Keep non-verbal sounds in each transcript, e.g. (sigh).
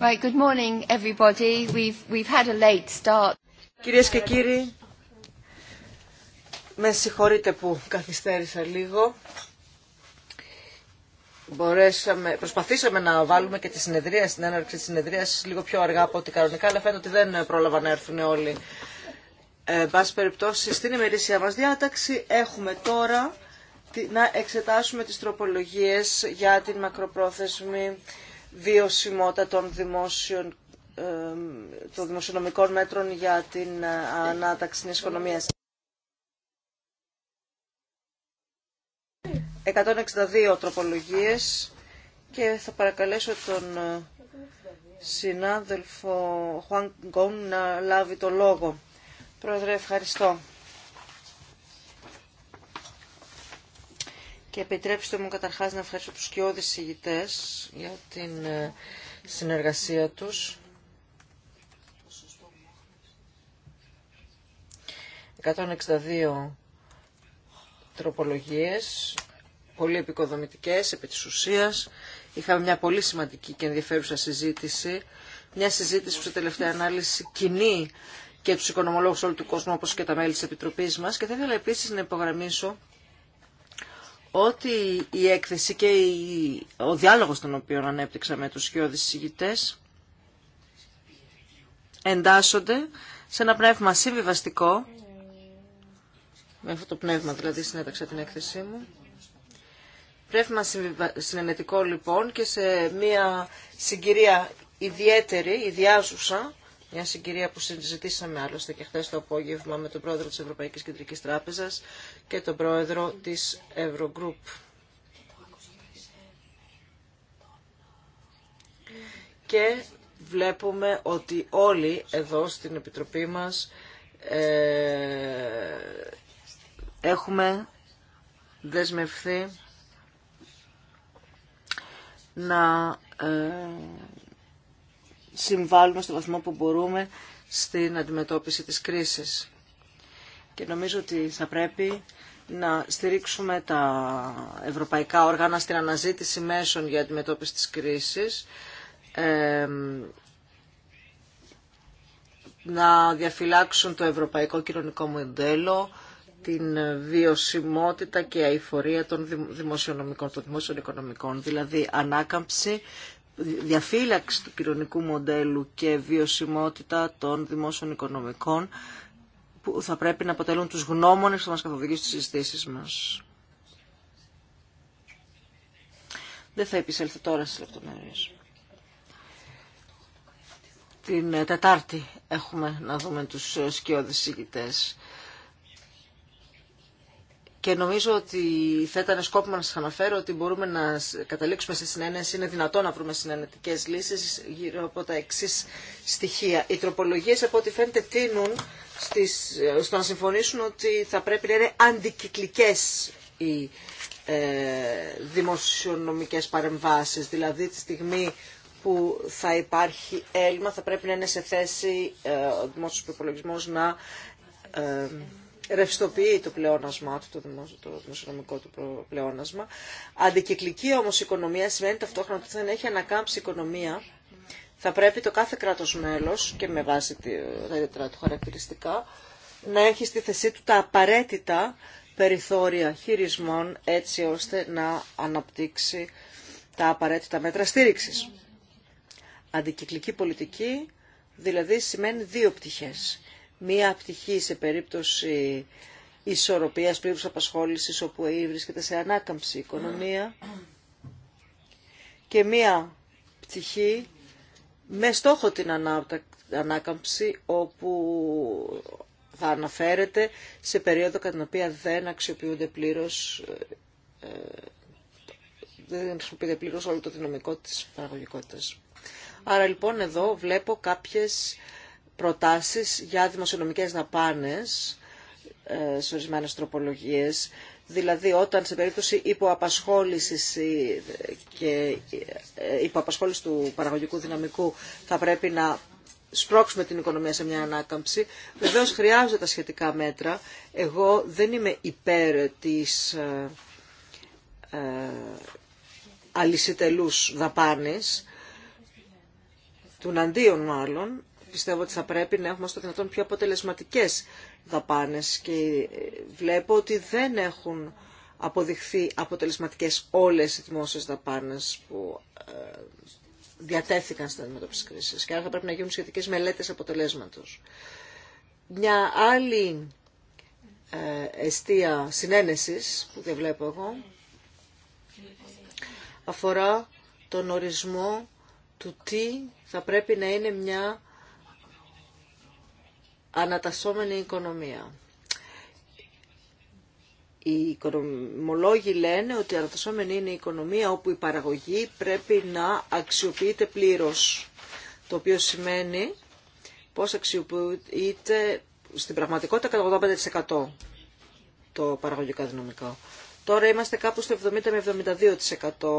Right, Κυρίες και κύριοι, με συγχωρείτε που καθυστέρησα λίγο. προσπαθήσαμε να βάλουμε και τη συνεδρία, την έναρξη της συνεδρίας λίγο πιο αργά από ό,τι κανονικά, αλλά φαίνεται ότι δεν πρόλαβα να έρθουν όλοι. Ε, εν περιπτώσει, στην ημερήσια μας διάταξη έχουμε τώρα να εξετάσουμε τις τροπολογίες για την μακροπρόθεσμη βιωσιμότητα των δημόσιων των δημοσιονομικών μέτρων για την ε, ανάταξη της οικονομίας. 162 τροπολογίες και θα παρακαλέσω τον ε, συνάδελφο Χουάν Γκόν να λάβει το λόγο. Πρόεδρε, ευχαριστώ. και επιτρέψτε μου καταρχάς να ευχαριστώ τους σκιώδεις ηγητές για την ε, συνεργασία τους. 162 τροπολογίες, πολύ επικοδομητικές επί της ουσίας. Είχαμε μια πολύ σημαντική και ενδιαφέρουσα συζήτηση. Μια συζήτηση που σε τελευταία ανάλυση κοινή και τους οικονομολόγους όλου του κόσμου όπως και τα μέλη της Επιτροπής μας. Και θα ήθελα επίσης να υπογραμμίσω ότι η έκθεση και ο διάλογος τον οποίο ανέπτυξα με τους σκιώδεις συζητητές εντάσσονται σε ένα πνεύμα συμβιβαστικό, με αυτό το πνεύμα δηλαδή συνέταξα την έκθεσή μου, πνεύμα συνενετικό λοιπόν και σε μια συγκυρία ιδιαίτερη, ιδιάζουσα, μια συγκυρία που συζητήσαμε άλλωστε και χθε το απόγευμα με τον πρόεδρο της Ευρωπαϊκής Κεντρικής Τράπεζας και τον πρόεδρο της Eurogroup. Και βλέπουμε ότι όλοι εδώ στην Επιτροπή μας ε, έχουμε δεσμευθεί να ε, συμβάλλουμε στο βαθμό που μπορούμε στην αντιμετώπιση της κρίσης. Και νομίζω ότι θα πρέπει να στηρίξουμε τα ευρωπαϊκά όργανα στην αναζήτηση μέσων για αντιμετώπιση της κρίσης, να διαφυλάξουν το ευρωπαϊκό κοινωνικό μοντέλο, την βιωσιμότητα και αηφορία των δημοσιονομικών, των δημοσιονομικών, δηλαδή ανάκαμψη διαφύλαξη του κοινωνικού μοντέλου και βιωσιμότητα των δημόσιων οικονομικών που θα πρέπει να αποτελούν τους γνώμονες που θα μας καθοδηγήσουν στις συζητήσει μας. Δεν θα επισέλθω τώρα στις λεπτομέρειες. Την Τετάρτη έχουμε να δούμε τους σκιώδεις συγκητές και νομίζω ότι θα ήταν σκόπιμο να σα αναφέρω ότι μπορούμε να καταλήξουμε σε συνένεση, είναι δυνατόν να βρούμε συνενετικές λύσεις γύρω από τα εξή στοιχεία. Οι τροπολογίε, από ό,τι φαίνεται τίνουν στις, ε, στο να συμφωνήσουν ότι θα πρέπει να είναι αντικυκλικές οι ε, δημοσιονομικές παρεμβάσεις, δηλαδή τη στιγμή που θα υπάρχει έλλειμμα θα πρέπει να είναι σε θέση ε, ο δημόσιο προπολογισμό να... Ε, ρευστοποιεί το πλεόνασμά του, το, δημοσιονομικό του πλεόνασμα. Αντικυκλική όμως οικονομία σημαίνει ταυτόχρονα ότι δεν έχει ανακάμψει οικονομία. Θα πρέπει το κάθε κράτος μέλος και με βάση τα ιδιαίτερα του χαρακτηριστικά να έχει στη θεσή του τα απαραίτητα περιθώρια χειρισμών έτσι ώστε να αναπτύξει τα απαραίτητα μέτρα στήριξης. Αντικυκλική πολιτική δηλαδή σημαίνει δύο πτυχές μία πτυχή σε περίπτωση ισορροπίας πλήρους απασχόλησης όπου βρίσκεται σε ανάκαμψη η οικονομία και μία πτυχή με στόχο την ανάκαμψη όπου θα αναφέρεται σε περίοδο κατά την οποία δεν αξιοποιούνται πλήρως ε, δεν χρησιμοποιείται πλήρω όλο το δυναμικό της παραγωγικότητας. Άρα λοιπόν εδώ βλέπω κάποιες προτάσεις για δημοσιονομικές δαπάνες ε, σε ορισμένες τροπολογίες. Δηλαδή όταν σε περίπτωση υποαπασχόλησης και ε, υποαπασχόληση του παραγωγικού δυναμικού θα πρέπει να σπρώξουμε την οικονομία σε μια ανάκαμψη. Βεβαίως χρειάζονται τα σχετικά μέτρα. Εγώ δεν είμαι υπέρ της ε, αλυσιτελούς δαπάνης, του αντίον μάλλον, πιστεύω ότι θα πρέπει να έχουμε στο δυνατόν πιο αποτελεσματικές δαπάνες και βλέπω ότι δεν έχουν αποδειχθεί αποτελεσματικές όλες οι δημόσιες δαπάνες που ε, διατέθηκαν στην αντιμετώπιση κρίση. Και άρα θα πρέπει να γίνουν σχετικές μελέτες αποτελέσματος. Μια άλλη εστία συνένεσης που διαβλέπω εγώ αφορά τον ορισμό του τι θα πρέπει να είναι μια ανατασσόμενη οικονομία. Οι οικονομολόγοι λένε ότι η ανατασσόμενη είναι η οικονομία όπου η παραγωγή πρέπει να αξιοποιείται πλήρως. Το οποίο σημαίνει πως αξιοποιείται στην πραγματικότητα κατά 85% το παραγωγικά δυναμικό. Τώρα είμαστε κάπου στο 70 με 72%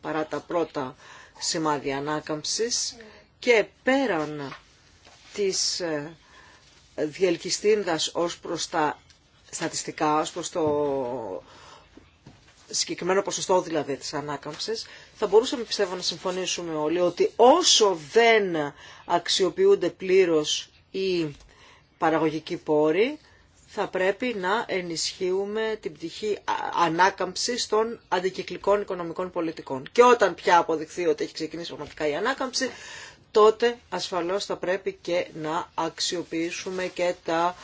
παρά τα πρώτα σημάδια ανάκαμψης και πέραν της ε, διελκυστήντας ως προς τα στατιστικά, ως προς το συγκεκριμένο ποσοστό δηλαδή της ανάκαμψης, θα μπορούσαμε πιστεύω να συμφωνήσουμε όλοι ότι όσο δεν αξιοποιούνται πλήρως οι παραγωγικοί πόροι, θα πρέπει να ενισχύουμε την πτυχή ανάκαμψη των αντικυκλικών οικονομικών πολιτικών. Και όταν πια αποδειχθεί ότι έχει ξεκινήσει πραγματικά η ανάκαμψη, τότε ασφαλώς θα πρέπει και να αξιοποιήσουμε και τα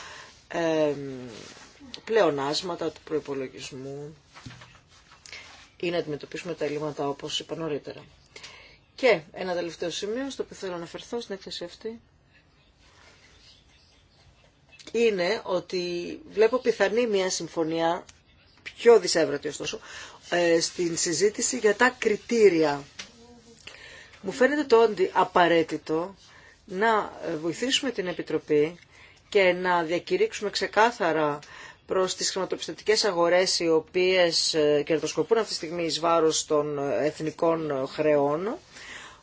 πλεονάσματα του προϋπολογισμού ή να αντιμετωπίσουμε τα ελλείμματα όπως είπα νωρίτερα. Και ένα τελευταίο σημείο στο οποίο θέλω να αναφερθώ στην έκθεση αυτή είναι ότι βλέπω πιθανή μια συμφωνία, πιο δυσέβρατη ωστόσο, ε, στην συζήτηση για τα κριτήρια μου φαίνεται το απαραίτητο να βοηθήσουμε την Επιτροπή και να διακηρύξουμε ξεκάθαρα προς τις χρηματοπιστωτικές αγορές οι οποίες ε, κερδοσκοπούν αυτή τη στιγμή εις βάρος των εθνικών χρεών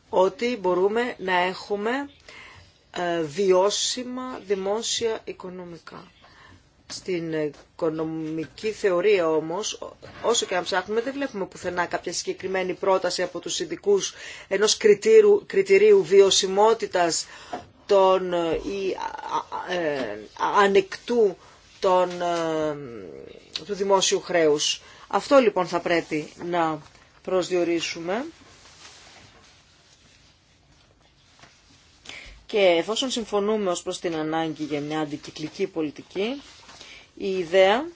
ότι μπορούμε να έχουμε ε, βιώσιμα δημόσια οικονομικά. Στην οικονομική θεωρία όμως, όσο και αν ψάχνουμε, δεν βλέπουμε πουθενά κάποια συγκεκριμένη πρόταση από τους ειδικού ενός κριτήριου, κριτηρίου βιωσιμότητας των, ή ε, ανεκτού των, ε, του δημόσιου χρέους. Αυτό λοιπόν θα πρέπει να προσδιορίσουμε. Και εφόσον συμφωνούμε ως προς την ανάγκη για μια αντικυκλική πολιτική, η ιδέα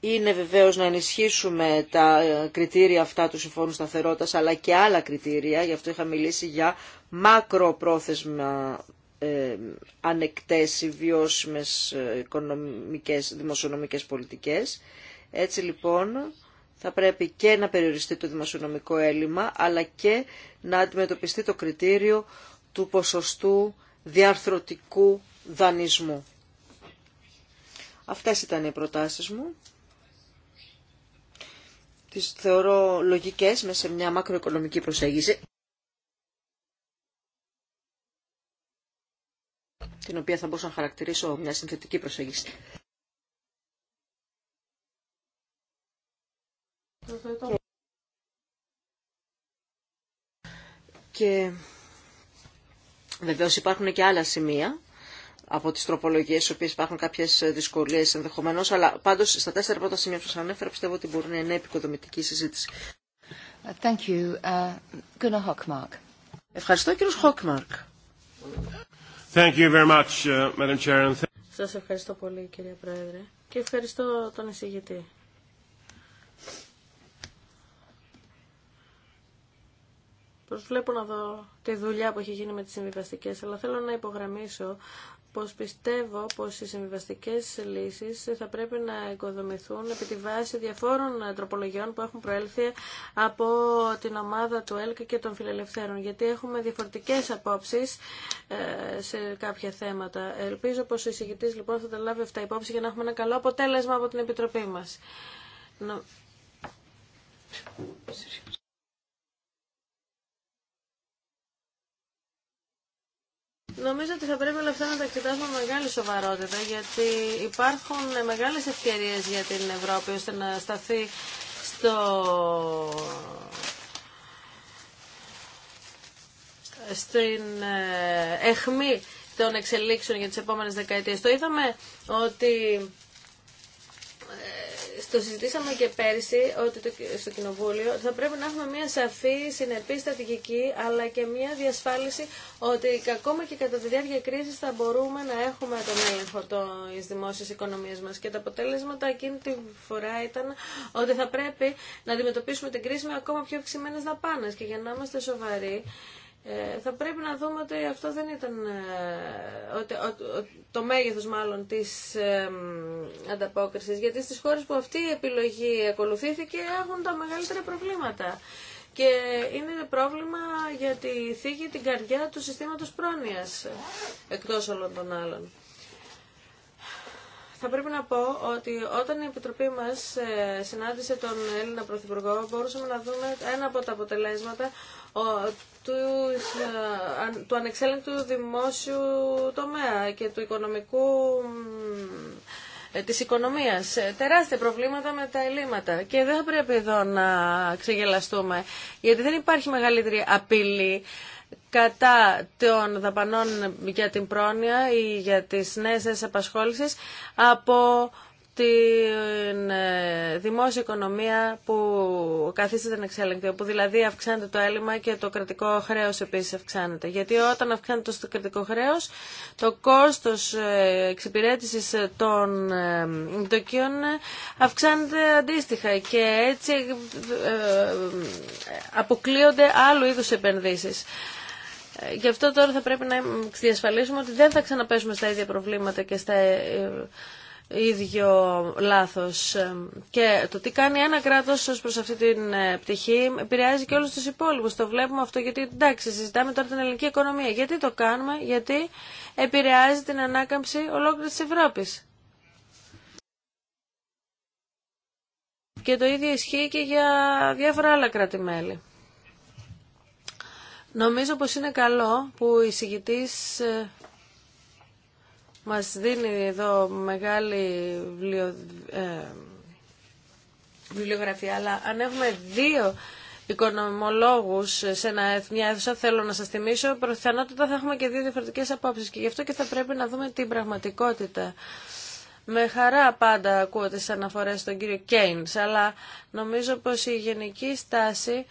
είναι βεβαίως να ενισχύσουμε τα κριτήρια αυτά του Συμφώνου Σταθερότητας αλλά και άλλα κριτήρια, γι' αυτό είχα μιλήσει για μακροπρόθεσμα ε, ή βιώσιμες ε, οικονομικές, δημοσιονομικές πολιτικές. Έτσι λοιπόν θα πρέπει και να περιοριστεί το δημοσιονομικό έλλειμμα, αλλά και να αντιμετωπιστεί το κριτήριο του ποσοστού διαρθρωτικού δανεισμού. Αυτές ήταν οι προτάσεις μου. Τις θεωρώ λογικές μέσα σε μια μακροοικονομική προσέγγιση. την οποία θα μπορούσα να χαρακτηρίσω μια συνθετική προσέγγιση. Και... βεβαίω βεβαίως υπάρχουν και άλλα σημεία από τις τροπολογίες, οι οποίες υπάρχουν κάποιες δυσκολίες ενδεχομένως, αλλά πάντως στα τέσσερα πρώτα σημεία που σας ανέφερα πιστεύω ότι μπορεί να είναι επικοδομητική συζήτηση. Thank you. Uh, ευχαριστώ κύριος Χόκμαρκ. Thank you very much, uh, Madam Chair. Σας ευχαριστώ πολύ κυρία Πρόεδρε και ευχαριστώ τον εισηγητή. Προσβλέπω να δω τη δουλειά που έχει γίνει με τις συμβιβαστικέ, αλλά θέλω να υπογραμμίσω πως πιστεύω πως οι συμβιβαστικέ λύσεις θα πρέπει να οικοδομηθούν επί τη βάση διαφόρων τροπολογιών που έχουν προέλθει από την ομάδα του ΕΛΚ και των φιλελευθέρων, γιατί έχουμε διαφορετικές απόψεις ε, σε κάποια θέματα. Ελπίζω πως ο εισηγητής λοιπόν θα τα λάβει αυτά υπόψη για να έχουμε ένα καλό αποτέλεσμα από την Επιτροπή μας. Νομίζω ότι θα πρέπει όλα αυτά να τα κοιτάζουμε με μεγάλη σοβαρότητα, γιατί υπάρχουν μεγάλες ευκαιρίες για την Ευρώπη ώστε να σταθεί στο στην εχμή των εξελίξεων για τις επόμενες δεκαετίες. Το είδαμε ότι το συζητήσαμε και πέρσι ότι το, στο Κοινοβούλιο θα πρέπει να έχουμε μια σαφή συνεπή στρατηγική αλλά και μια διασφάλιση ότι ακόμα και κατά τη διάρκεια κρίση θα μπορούμε να έχουμε τον έλεγχο τη δημόσια οικονομία μα. Και τα αποτέλεσματα εκείνη τη φορά ήταν ότι θα πρέπει να αντιμετωπίσουμε την κρίση με ακόμα πιο αυξημένε δαπάνε. Και για να είμαστε σοβαροί, ε, θα πρέπει να δούμε ότι αυτό δεν ήταν ε, ότι, το μέγεθος μάλλον της ανταπόκρισης γιατί στις χώρες που αυτή η επιλογή ακολουθήθηκε έχουν τα μεγαλύτερα προβλήματα και είναι πρόβλημα γιατί θίγει την καρδιά του συστήματος πρόνοιας εκτός όλων των άλλων. Θα πρέπει να πω ότι όταν η Επιτροπή μας ε, συνάντησε τον Έλληνα Πρωθυπουργό μπορούσαμε να δούμε ένα από τα αποτελέσματα ε, του ανεξέλεγκτου δημόσιου τομέα και του οικονομικού ε, της οικονομίας. Ε, τεράστια προβλήματα με τα ελλείμματα. Και δεν πρέπει εδώ να ξεγελαστούμε, γιατί δεν υπάρχει μεγαλύτερη απειλή κατά των δαπανών για την πρόνοια ή για τις νέες απασχόλησεις από την ε, δημόσια οικονομία που καθίσταται ανεξέλεγκτη, όπου δηλαδή αυξάνεται το έλλειμμα και το κρατικό χρέος επίσης αυξάνεται. Γιατί όταν αυξάνεται το κρατικό χρέος, το κόστος ε, εξυπηρέτησης των δοκίων ε, αυξάνεται αντίστοιχα και έτσι αποκλείονται άλλου είδους επενδύσεις. Γι' αυτό τώρα θα πρέπει να διασφαλίσουμε ότι δεν θα ξαναπέσουμε στα ίδια προβλήματα και στα ίδιο λάθος. Και το τι κάνει ένα κράτος ως προς αυτή την ε, πτυχή επηρεάζει και όλους τους υπόλοιπους. Το βλέπουμε αυτό γιατί εντάξει συζητάμε τώρα την ελληνική οικονομία. Γιατί το κάνουμε, γιατί επηρεάζει την ανάκαμψη ολόκληρης της Ευρώπης. Και το ίδιο ισχύει και για διάφορα άλλα κράτη-μέλη. Νομίζω πως είναι καλό που η συγκητής ε, μας δίνει εδώ μεγάλη ε, βιβλιογραφία, αλλά αν έχουμε δύο οικονομολόγους σε ένα, μια αίθουσα, θέλω να σας θυμίσω, προφανώ θα έχουμε και δύο διαφορετικές απόψεις και γι' αυτό και θα πρέπει να δούμε την πραγματικότητα. Με χαρά πάντα ακούω τις αναφορές στον κύριο Κέινς, αλλά νομίζω πως η γενική στάση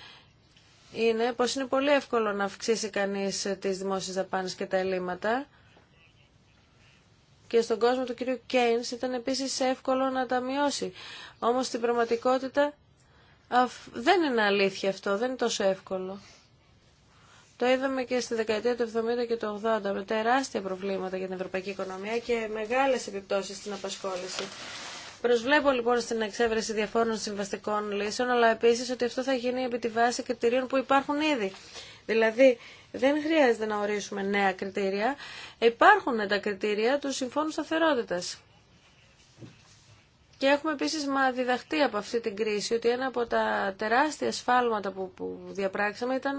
είναι πως είναι πολύ εύκολο να αυξήσει κανείς τις δημόσιες δαπάνες και τα ελλείμματα και στον κόσμο του κυρίου Κέινς ήταν επίσης εύκολο να τα μειώσει. Όμως στην πραγματικότητα δεν είναι αλήθεια αυτό, δεν είναι τόσο εύκολο. Το είδαμε και στη δεκαετία του 70 και του 80 με τεράστια προβλήματα για την ευρωπαϊκή οικονομία και μεγάλες επιπτώσεις στην απασχόληση. Προσβλέπω λοιπόν στην εξέβρεση διαφόρων συμβαστικών λύσεων, αλλά επίσης ότι αυτό θα γίνει επί τη βάση κριτηρίων που υπάρχουν ήδη. Δηλαδή, δεν χρειάζεται να ορίσουμε νέα κριτήρια. Υπάρχουν τα κριτήρια του Συμφώνου σταθερότητα. Και έχουμε επίσης μα διδαχτεί από αυτή την κρίση ότι ένα από τα τεράστια σφάλματα που, που διαπράξαμε ήταν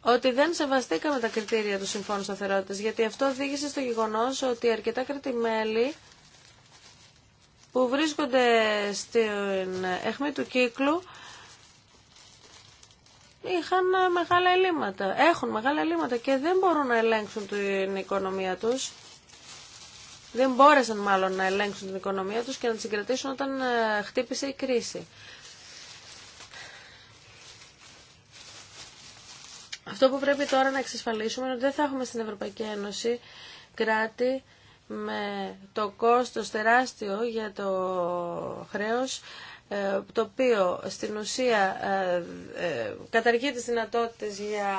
ότι δεν σεβαστήκαμε τα κριτήρια του Συμφώνου Σταθερότητα, γιατί αυτό οδήγησε στο γεγονός ότι αρκετά κρατημέλη που βρίσκονται στην αιχμή του κύκλου είχαν μεγάλα ελλείμματα, έχουν μεγάλα ελλείμματα και δεν μπορούν να ελέγξουν την οικονομία τους. Δεν μπόρεσαν μάλλον να ελέγξουν την οικονομία τους και να την συγκρατήσουν όταν ε, χτύπησε η κρίση. Αυτό που πρέπει τώρα να εξασφαλίσουμε είναι ότι δεν θα έχουμε στην Ευρωπαϊκή Ένωση κράτη με το κόστος τεράστιο για το χρέος ε, το οποίο στην ουσία ε, ε, καταργεί τις δυνατότητες για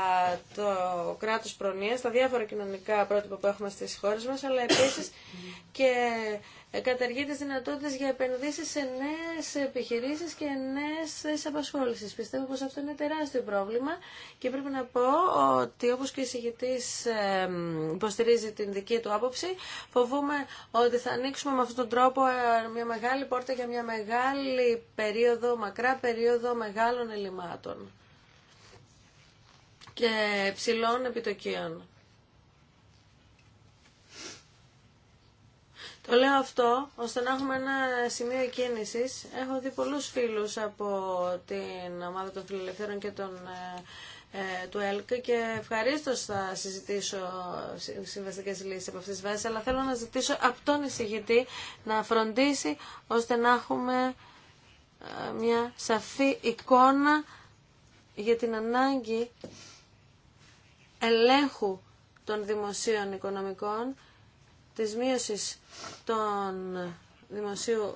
το κράτος προνοίας, τα διάφορα κοινωνικά πρότυπα που έχουμε στις χώρες μας, αλλά επίσης και ε, καταργεί τις δυνατότητες για επενδύσεις σε νέες επιχειρήσεις και νέες θέσεις Πιστεύω πως αυτό είναι τεράστιο πρόβλημα και πρέπει να πω ότι όπως και η συγητής υποστηρίζει την δική του άποψη, φοβούμε ότι θα ανοίξουμε με αυτόν τον τρόπο ε, μια μεγάλη πόρτα για μια μεγάλη περίοδο, μακρά περίοδο μεγάλων ελλημάτων και ψηλών επιτοκίων. Το λέω αυτό ώστε να έχουμε ένα σημείο κίνησης. Έχω δει πολλούς φίλους από την ομάδα των φιλελευθέρων και των ε, ε, του ΕΛΚ και ευχαρίστω θα συζητήσω συμβαστικέ λύσει από αυτέ τι βάσει, αλλά θέλω να ζητήσω από τον εισηγητή να φροντίσει ώστε να έχουμε ε, μια σαφή εικόνα για την ανάγκη ελέγχου των δημοσίων οικονομικών της μείωσης των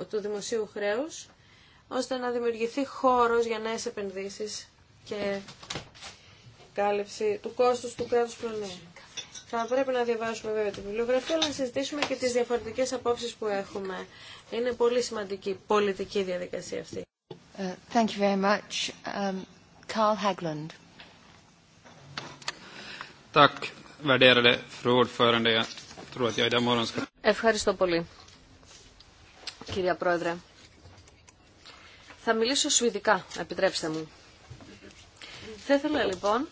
του δημοσίου χρέους, ώστε να δημιουργηθεί χώρος για νέες επενδύσεις και κάλυψη του κόστους του κράτους πλονή. Θα πρέπει να διαβάσουμε βέβαια την βιβλιογραφία, αλλά να συζητήσουμε και τις διαφορετικές απόψεις που έχουμε. Είναι πολύ σημαντική πολιτική διαδικασία αυτή. Ε, um, Tack, värderade ordförande. Ευχαριστώ πολύ, κυρία Πρόεδρε. Θα μιλήσω σουηδικά, επιτρέψτε μου. Θα ήθελα λοιπόν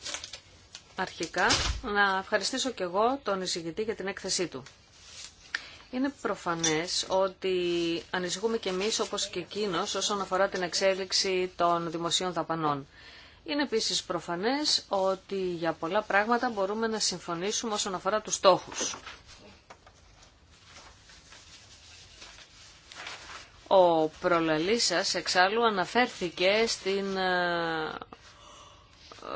αρχικά να ευχαριστήσω και εγώ τον εισηγητή για την έκθεσή του. Είναι προφανές ότι ανησυχούμε και εμείς όπως και εκείνος όσον αφορά την εξέλιξη των δημοσίων δαπανών. Είναι επίσης προφανές ότι για πολλά πράγματα μπορούμε να συμφωνήσουμε όσον αφορά τους στόχους. Ο προλαλής εξάλλου αναφέρθηκε στην ε,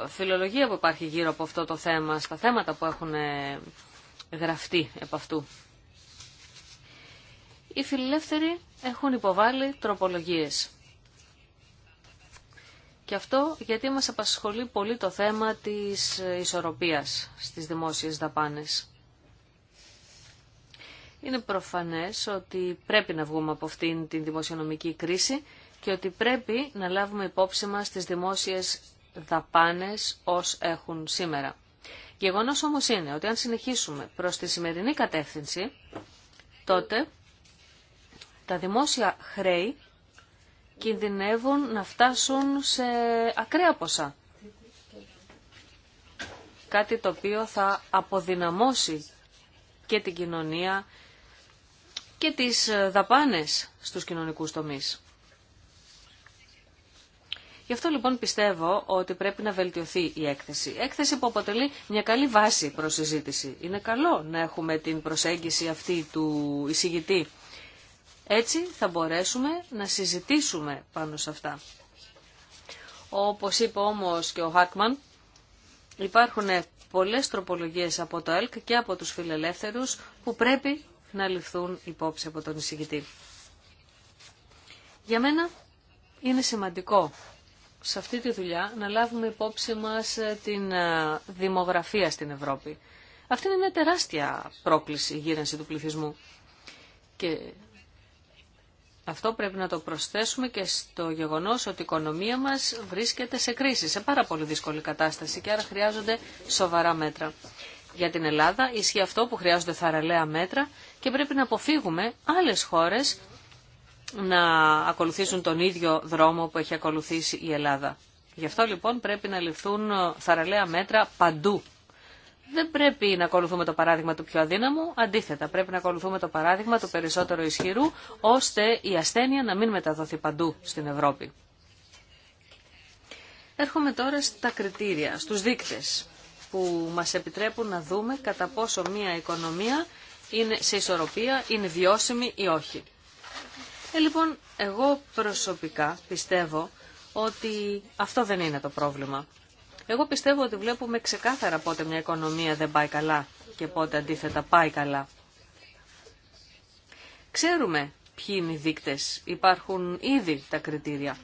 φιλολογία που υπάρχει γύρω από αυτό το θέμα, στα θέματα που έχουν ε, γραφτεί από αυτού. Οι φιλελεύθεροι έχουν υποβάλει τροπολογίες. Και αυτό γιατί μας απασχολεί πολύ το θέμα της ε, ισορροπίας στις δημόσιες δαπάνες είναι προφανές ότι πρέπει να βγούμε από αυτήν την δημοσιονομική κρίση και ότι πρέπει να λάβουμε υπόψη μας τις δημόσιες δαπάνες ως έχουν σήμερα. Γεγονός όμως είναι ότι αν συνεχίσουμε προς τη σημερινή κατεύθυνση, τότε τα δημόσια χρέη κινδυνεύουν να φτάσουν σε ακραία ποσά. Κάτι το οποίο θα αποδυναμώσει και την κοινωνία και τις ε, δαπάνες στους κοινωνικούς τομείς. Γι' αυτό λοιπόν πιστεύω ότι πρέπει να βελτιωθεί η έκθεση. Έκθεση που αποτελεί μια καλή βάση προς συζήτηση. Είναι καλό να έχουμε την προσέγγιση αυτή του εισηγητή. Έτσι θα μπορέσουμε να συζητήσουμε πάνω σε αυτά. Όπως είπε όμως και ο Χάκμαν, υπάρχουν πολλές τροπολογίες από το ΕΛΚ και από τους φιλελεύθερους που πρέπει να ληφθούν υπόψη από τον εισηγητή. Για μένα είναι σημαντικό σε αυτή τη δουλειά να λάβουμε υπόψη μας ε, την ε, δημογραφία στην Ευρώπη. Αυτή είναι μια τεράστια πρόκληση η γύρανση του πληθυσμού. Και αυτό πρέπει να το προσθέσουμε και στο γεγονός ότι η οικονομία μας βρίσκεται σε κρίση, σε πάρα πολύ δύσκολη κατάσταση και άρα χρειάζονται σοβαρά μέτρα. Για την Ελλάδα ισχύει αυτό που χρειάζονται θαραλέα μέτρα και πρέπει να αποφύγουμε άλλες χώρες να ακολουθήσουν τον ίδιο δρόμο που έχει ακολουθήσει η Ελλάδα. Γι' αυτό λοιπόν πρέπει να ληφθούν θαραλέα μέτρα παντού. Δεν πρέπει να ακολουθούμε το παράδειγμα του πιο αδύναμου, αντίθετα πρέπει να ακολουθούμε το παράδειγμα του περισσότερο ισχυρού, ώστε η ασθένεια να μην μεταδοθεί παντού στην Ευρώπη. Έρχομαι τώρα στα κριτήρια, στους δείκτες που μας επιτρέπουν να δούμε κατά πόσο μία οικονομία είναι σε ισορροπία, είναι βιώσιμη ή όχι. Ε, λοιπόν, εγώ προσωπικά πιστεύω ότι αυτό δεν είναι το πρόβλημα. Εγώ πιστεύω ότι βλέπουμε ξεκάθαρα πότε μια οικονομία δεν πάει καλά και πότε αντίθετα πάει καλά. Ξέρουμε ποιοι είναι οι δείκτες, υπάρχουν ήδη τα κριτήρια.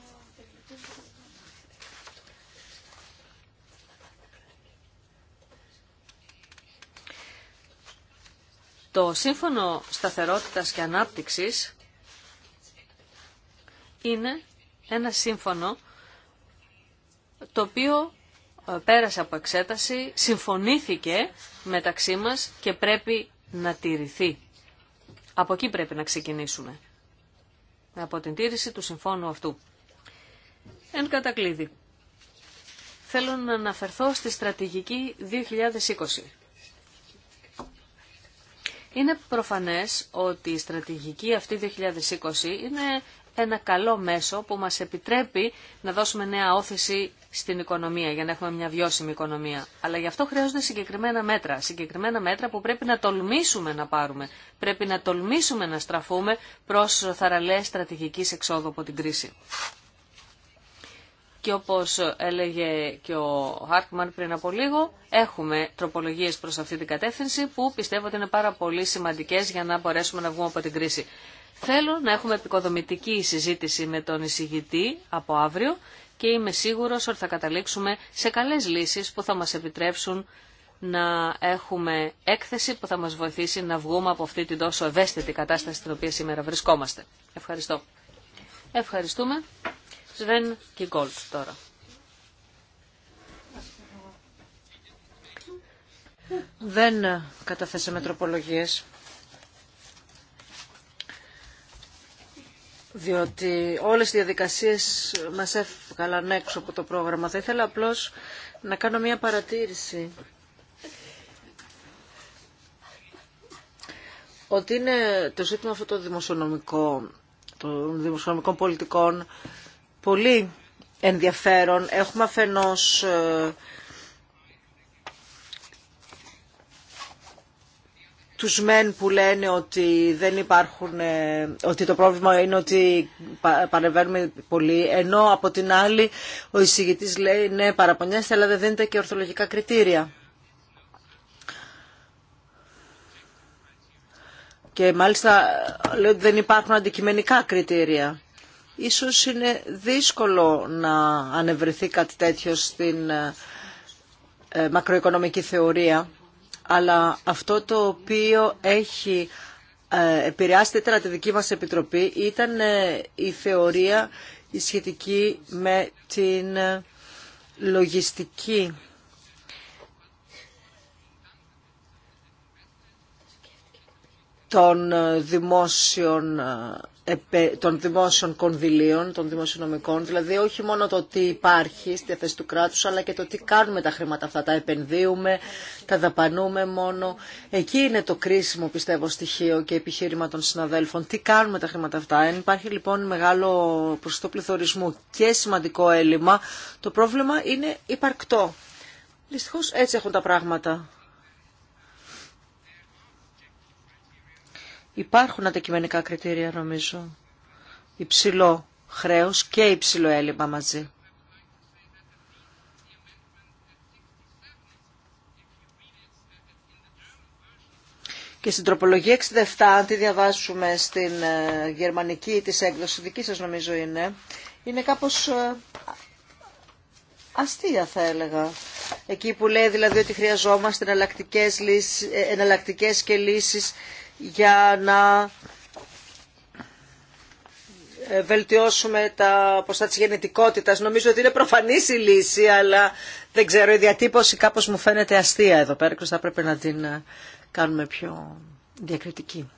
Το Σύμφωνο Σταθερότητας και Ανάπτυξης είναι ένα σύμφωνο το οποίο ε, πέρασε από εξέταση, συμφωνήθηκε μεταξύ μας και πρέπει να τηρηθεί. Από εκεί πρέπει να ξεκινήσουμε. Από την τήρηση του συμφώνου αυτού. Εν κατακλείδη, θέλω να αναφερθώ στη στρατηγική 2020. Είναι προφανές ότι η στρατηγική αυτή 2020 είναι ένα καλό μέσο που μας επιτρέπει να δώσουμε νέα όθηση στην οικονομία, για να έχουμε μια βιώσιμη οικονομία. Αλλά γι' αυτό χρειάζονται συγκεκριμένα μέτρα. Συγκεκριμένα μέτρα που πρέπει να τολμήσουμε να πάρουμε. Πρέπει να τολμήσουμε να στραφούμε προς θαραλές στρατηγικής εξόδου από την κρίση. Και όπως έλεγε και ο Χάρκμαν πριν από λίγο, έχουμε τροπολογίες προς αυτή την κατεύθυνση που πιστεύω ότι είναι πάρα πολύ σημαντικές για να μπορέσουμε να βγούμε από την κρίση. Θέλω να έχουμε επικοδομητική συζήτηση με τον εισηγητή από αύριο και είμαι σίγουρος ότι θα καταλήξουμε σε καλές λύσεις που θα μας επιτρέψουν να έχουμε έκθεση που θα μας βοηθήσει να βγούμε από αυτή την τόσο ευαίσθητη κατάσταση στην οποία σήμερα βρισκόμαστε. Ευχαριστώ. Ευχαριστούμε. Σβέν και τώρα. Δεν καταθέσαμε τροπολογίες. διότι όλες οι διαδικασίες μας έφυγαν έξω από το πρόγραμμα. Θα ήθελα απλώς να κάνω μια παρατήρηση. Ότι είναι το ζήτημα αυτό το δημοσιονομικό, των δημοσιονομικών πολιτικών, πολύ ενδιαφέρον. Έχουμε αφενός ε, τους μεν που λένε ότι, δεν υπάρχουν, ε, ότι το πρόβλημα είναι ότι παρεμβαίνουμε πολύ, ενώ από την άλλη ο εισηγητής λέει ναι παραπονιέστε αλλά δεν δίνεται και ορθολογικά κριτήρια. Και μάλιστα ε, ότι δεν υπάρχουν αντικειμενικά κριτήρια. Ίσως είναι δύσκολο να ανεβρεθεί κάτι τέτοιο στην ε, ε, μακροοικονομική θεωρία, αλλά αυτό το οποίο έχει ε, επηρεάσει τέτοια τη δική μας Επιτροπή ήταν η θεωρία η σχετική με την λογιστική. των δημόσιων των δημόσιων κονδυλίων, των δημοσιονομικών, δηλαδή όχι μόνο το τι υπάρχει στη θέση του κράτους, αλλά και το τι κάνουμε τα χρήματα αυτά, τα επενδύουμε, τα δαπανούμε μόνο. Εκεί είναι το κρίσιμο, πιστεύω, στοιχείο και επιχείρημα των συναδέλφων. Τι κάνουμε τα χρήματα αυτά. Αν υπάρχει λοιπόν μεγάλο ποσοστό πληθωρισμού και σημαντικό έλλειμμα, το πρόβλημα είναι υπαρκτό. Δυστυχώ έτσι έχουν τα πράγματα. Υπάρχουν αντικειμενικά κριτήρια νομίζω. Υψηλό χρέος και υψηλό έλλειμμα μαζί. Και στην τροπολογία 67, αν τη διαβάσουμε στην ε, γερμανική της έκδοση, δική σας νομίζω είναι, είναι κάπως ε, αστεία θα έλεγα. Εκεί που λέει δηλαδή ότι χρειαζόμαστε εναλλακτικές, λύσεις, ε, εναλλακτικές και λύσεις για να ε, βελτιώσουμε τα ποσά της γενετικότητας. Νομίζω ότι είναι προφανής η λύση, αλλά δεν ξέρω, η διατύπωση κάπως μου φαίνεται αστεία εδώ πέρα θα πρέπει να την ε, κάνουμε πιο διακριτική.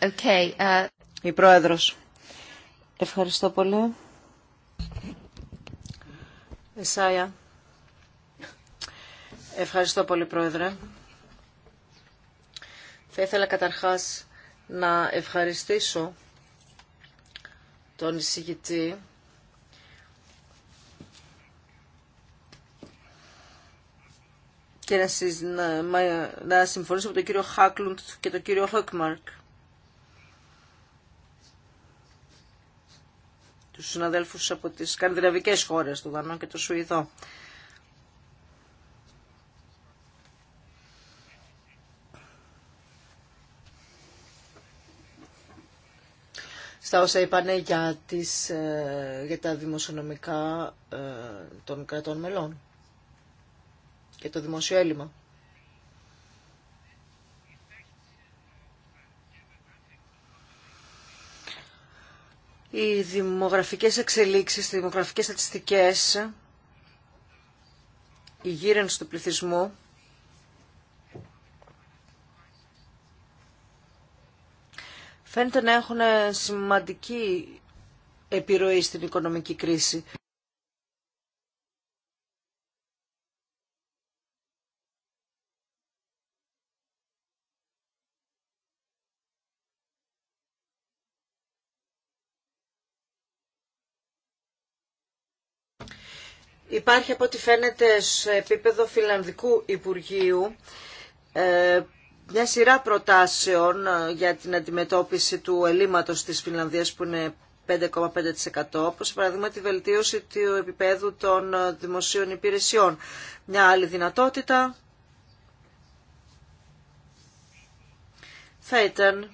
Okay, uh, Η Πρόεδρος. Ευχαριστώ πολύ. Εσάια. Ευχαριστώ πολύ, Πρόεδρε. Θα ήθελα καταρχάς να ευχαριστήσω τον εισηγητή και να συμφωνήσω με τον κύριο Χάκλουντ και τον κύριο Χόκμαρκ. τους συναδέλφους από τις Σκανδιναβικέ χώρες του Δανών και του Σουηδό. στα όσα είπανε για, τις, ε, για τα δημοσιονομικά ε, των κρατών μελών και το δημόσιο έλλειμμα. Οι δημογραφικές εξελίξεις, οι δημογραφικές στατιστικές, η γύρενση του πληθυσμού φαίνεται να έχουν σημαντική επιρροή στην οικονομική κρίση. Υπάρχει από ό,τι φαίνεται σε επίπεδο Φιλανδικού Υπουργείου ε, μια σειρά προτάσεων ε, για την αντιμετώπιση του ελλείμματος της Φινλανδίας που είναι 5,5% όπως παραδείγμα τη βελτίωση του επίπεδου των ε, δημοσίων υπηρεσιών. Μια άλλη δυνατότητα θα ήταν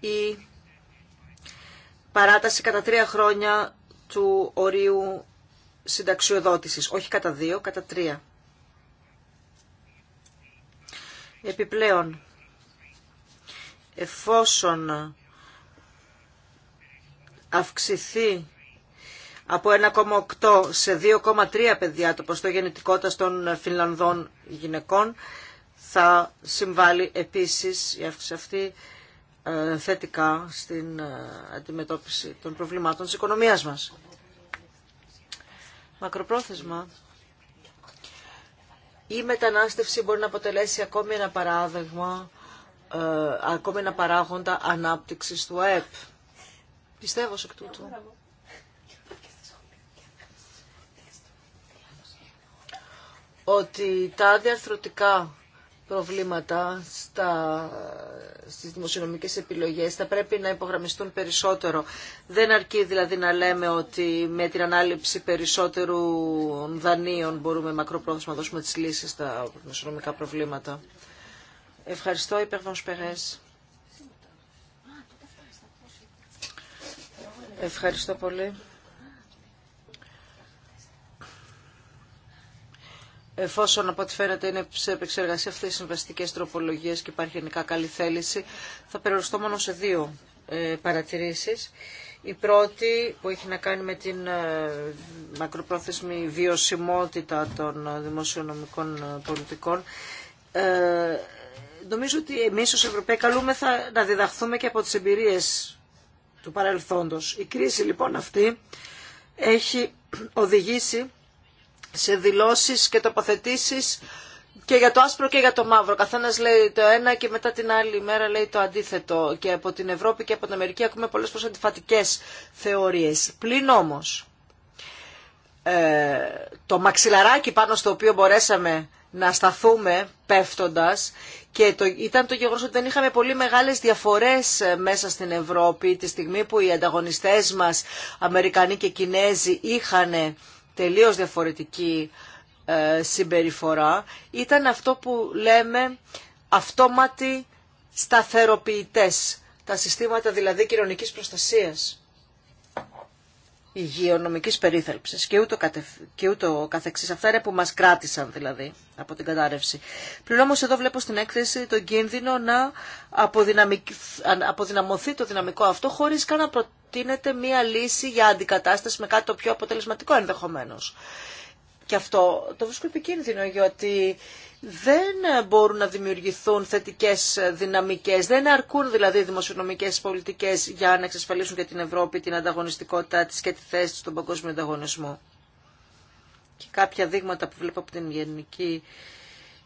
η παράταση κατά τρία χρόνια του ορίου συνταξιοδότησης, όχι κατά δύο, κατά τρία. Επιπλέον, εφόσον αυξηθεί από 1,8 σε 2,3 παιδιά το ποστό γεννητικότητα των Φινλανδών γυναικών θα συμβάλλει επίσης η αύξηση αυτή ε, θετικά στην ε, αντιμετώπιση των προβλημάτων της οικονομίας μας. Μακροπρόθεσμα η μετανάστευση μπορεί να αποτελέσει ακόμη ένα παράδειγμα, ε, ακόμη ένα παράγοντα ανάπτυξης του ΑΕΠ. Πιστεύω σε εκ ότι τα διαρθρωτικά προβλήματα στα, στις δημοσιονομικές επιλογές θα πρέπει να υπογραμμιστούν περισσότερο. Δεν αρκεί δηλαδή να λέμε ότι με την ανάληψη περισσότερου δανείων μπορούμε μακροπρόθεσμα να δώσουμε τις λύσεις στα δημοσιονομικά προβλήματα. Ευχαριστώ, υπερβάνος Περές. Ευχαριστώ πολύ. εφόσον από ό,τι φαίνεται είναι σε επεξεργασία αυτές οι συμβαστικές τροπολογίες και υπάρχει γενικά καλή θέληση, θα περιοριστώ μόνο σε δύο ε, παρατηρήσεις. Η πρώτη που έχει να κάνει με την ε, μακροπρόθεσμη βιωσιμότητα των δημοσιονομικών ε, πολιτικών. Ε, νομίζω ότι εμείς ως Ευρωπαίοι καλούμεθα να διδαχθούμε και από τις εμπειρίες του παρελθόντος. Η κρίση λοιπόν αυτή έχει οδηγήσει σε δηλώσεις και τοποθετήσεις και για το άσπρο και για το μαύρο. Καθένα λέει το ένα και μετά την άλλη μέρα λέει το αντίθετο. Και από την Ευρώπη και από την Αμερική ακούμε πολλέ προ αντιφατικέ θεωρίε. Πλην όμω, ε, το μαξιλαράκι πάνω στο οποίο μπορέσαμε να σταθούμε πέφτοντας και το, ήταν το γεγονός ότι δεν είχαμε πολύ μεγάλες διαφορές ε, μέσα στην Ευρώπη τη στιγμή που οι ανταγωνιστές μας, Αμερικανοί και Κινέζοι, είχαν τελείως διαφορετική ε, συμπεριφορά ήταν αυτό που λέμε αυτόματοι σταθεροποιητές, τα συστήματα δηλαδή κοινωνικής προστασίας υγειονομικής περίθαλψης και ούτω, και ούτω καθεξής. Αυτά είναι που μας κράτησαν δηλαδή από την κατάρρευση. Πλην όμω εδώ βλέπω στην έκθεση τον κίνδυνο να αποδυναμωθεί το δυναμικό αυτό χωρίς καν να προτείνεται μία λύση για αντικατάσταση με κάτι το πιο αποτελεσματικό ενδεχομένως. Και αυτό το βρίσκω επικίνδυνο γιατί δεν μπορούν να δημιουργηθούν θετικές δυναμικές, δεν αρκούν δηλαδή δημοσιονομικέ δημοσιονομικές πολιτικές για να εξασφαλίσουν για την Ευρώπη την ανταγωνιστικότητά της και τη θέση της στον παγκόσμιο ανταγωνισμό. Και κάποια δείγματα που βλέπω από την Γενική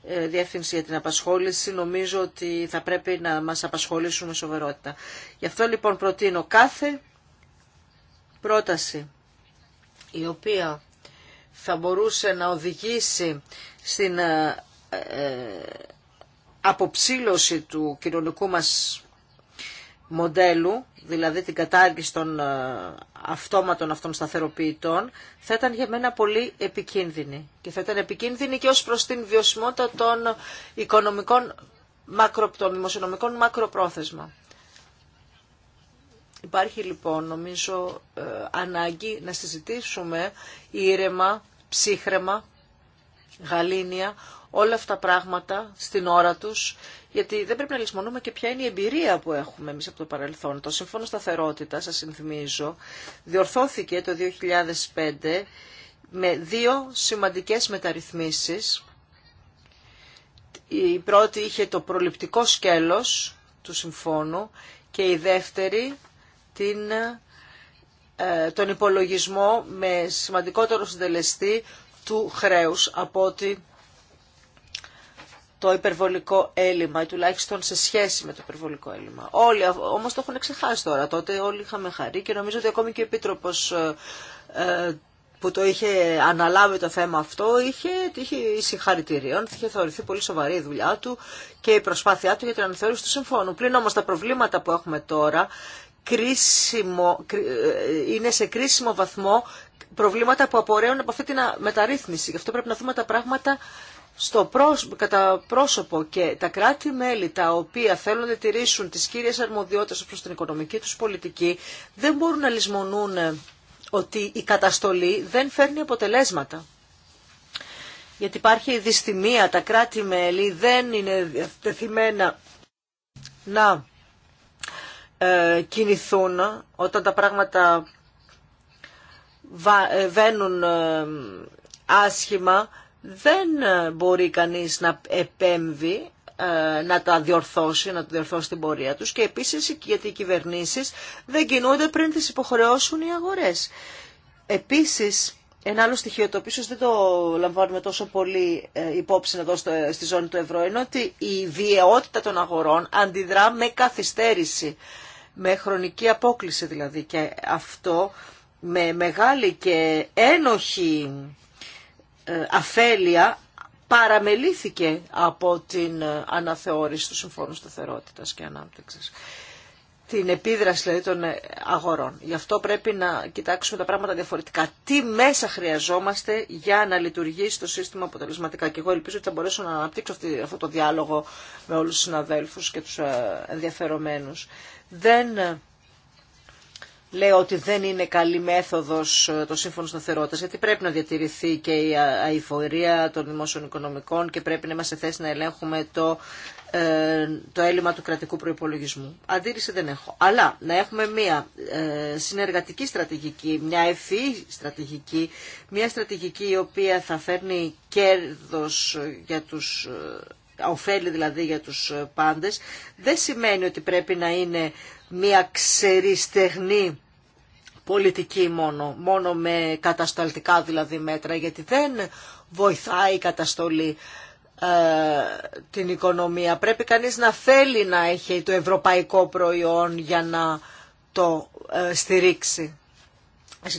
ε, Διεύθυνση για την Απασχόληση νομίζω ότι θα πρέπει να μας απασχολήσουν με σοβαρότητα. Γι' αυτό λοιπόν προτείνω κάθε πρόταση η οποία θα μπορούσε να οδηγήσει στην ε, ε, αποψήλωση του κοινωνικού μας μοντέλου, δηλαδή την κατάργηση των ε, αυτόματων αυτών σταθεροποιητών, θα ήταν για μένα πολύ επικίνδυνη. Και θα ήταν επικίνδυνη και ως προς την βιωσιμότητα των οικονομικών μακροπτών, μακροπρόθεσμα. Υπάρχει λοιπόν νομίζω ε, ανάγκη να συζητήσουμε ήρεμα, ψύχρεμα, γαλήνια, όλα αυτά τα πράγματα στην ώρα τους, γιατί δεν πρέπει να λησμονούμε και ποια είναι η εμπειρία που έχουμε εμείς από το παρελθόν. Το Σύμφωνο Σταθερότητα, σας ενθυμίζω, διορθώθηκε το 2005 με δύο σημαντικές μεταρρυθμίσεις. Η πρώτη είχε το προληπτικό σκέλος του Συμφώνου και η δεύτερη την, ε, τον υπολογισμό με σημαντικότερο συντελεστή του χρέους από ότι το υπερβολικό έλλειμμα ή τουλάχιστον σε σχέση με το υπερβολικό έλλειμμα. Όλοι όμως το έχουν ξεχάσει τώρα. Τότε όλοι είχαμε χαρεί και νομίζω ότι ακόμη και ο Επίτροπος ε, ε, που το είχε αναλάβει το θέμα αυτό είχε, είχε συγχαρητηρίων, είχε θεωρηθεί πολύ σοβαρή η δουλειά του και η προσπάθειά του για την αναθεώρηση του συμφώνου. Πλην όμως τα προβλήματα που έχουμε τώρα κρίσιμο, ε, είναι σε κρίσιμο βαθμό προβλήματα που απορρέουν από αυτή την μεταρρύθμιση. Γι' αυτό πρέπει να δούμε τα πράγματα στο κατά πρόσωπο και τα κράτη-μέλη τα οποία θέλουν να τηρήσουν τις κύριες αρμοδιότητες προς την οικονομική τους πολιτική δεν μπορούν να λησμονούν ε, ότι η καταστολή δεν φέρνει αποτελέσματα. Γιατί υπάρχει η δυστημία, τα κράτη-μέλη δεν είναι διαθεθειμένα να ε, κινηθούν όταν τα πράγματα ε, βαίνουν ε, άσχημα δεν μπορεί κανείς να επέμβει να τα διορθώσει, να τα διορθώσει την πορεία τους και επίσης γιατί οι κυβερνήσεις δεν κινούνται πριν τις υποχρεώσουν οι αγορές. Επίσης, ένα άλλο στοιχείο το οποίο δεν το λαμβάνουμε τόσο πολύ υπόψη εδώ στη ζώνη του ευρώ είναι ότι η βιαιότητα των αγορών αντιδρά με καθυστέρηση με χρονική απόκληση δηλαδή και αυτό με μεγάλη και ένοχη ε, αφέλεια παραμελήθηκε από την ε, αναθεώρηση του Συμφώνου Σταθερότητας και Ανάπτυξης. Την επίδραση δηλαδή των ε, αγορών. Γι' αυτό πρέπει να κοιτάξουμε τα πράγματα διαφορετικά. Τι μέσα χρειαζόμαστε για να λειτουργήσει το σύστημα αποτελεσματικά. Και εγώ ελπίζω ότι θα μπορέσω να αναπτύξω αυτό το διάλογο με όλους τους συναδέλφους και τους ενδιαφερομένους δεν ε, λέω ότι δεν είναι καλή μέθοδος ε, το σύμφωνο σταθερότητας, γιατί πρέπει να διατηρηθεί και η αηφορία των δημόσιων οικονομικών και πρέπει να είμαστε θέση να ελέγχουμε το, ε, το έλλειμμα του κρατικού προϋπολογισμού. Αντίρρηση δεν έχω. Αλλά να έχουμε μια συνεργατική στρατηγική, μια ευφυή στρατηγική, μια στρατηγική η οποία θα φέρνει κέρδος για τους ωφέλη δηλαδή για τους ε, πάντες, δεν σημαίνει ότι πρέπει να είναι μια ξερή στεγνή πολιτική μόνο, μόνο με κατασταλτικά δηλαδή μέτρα, γιατί δεν βοηθάει η καταστολή ε, την οικονομία. Πρέπει κανείς να θέλει να έχει το ευρωπαϊκό προϊόν για να το ε, στηρίξει.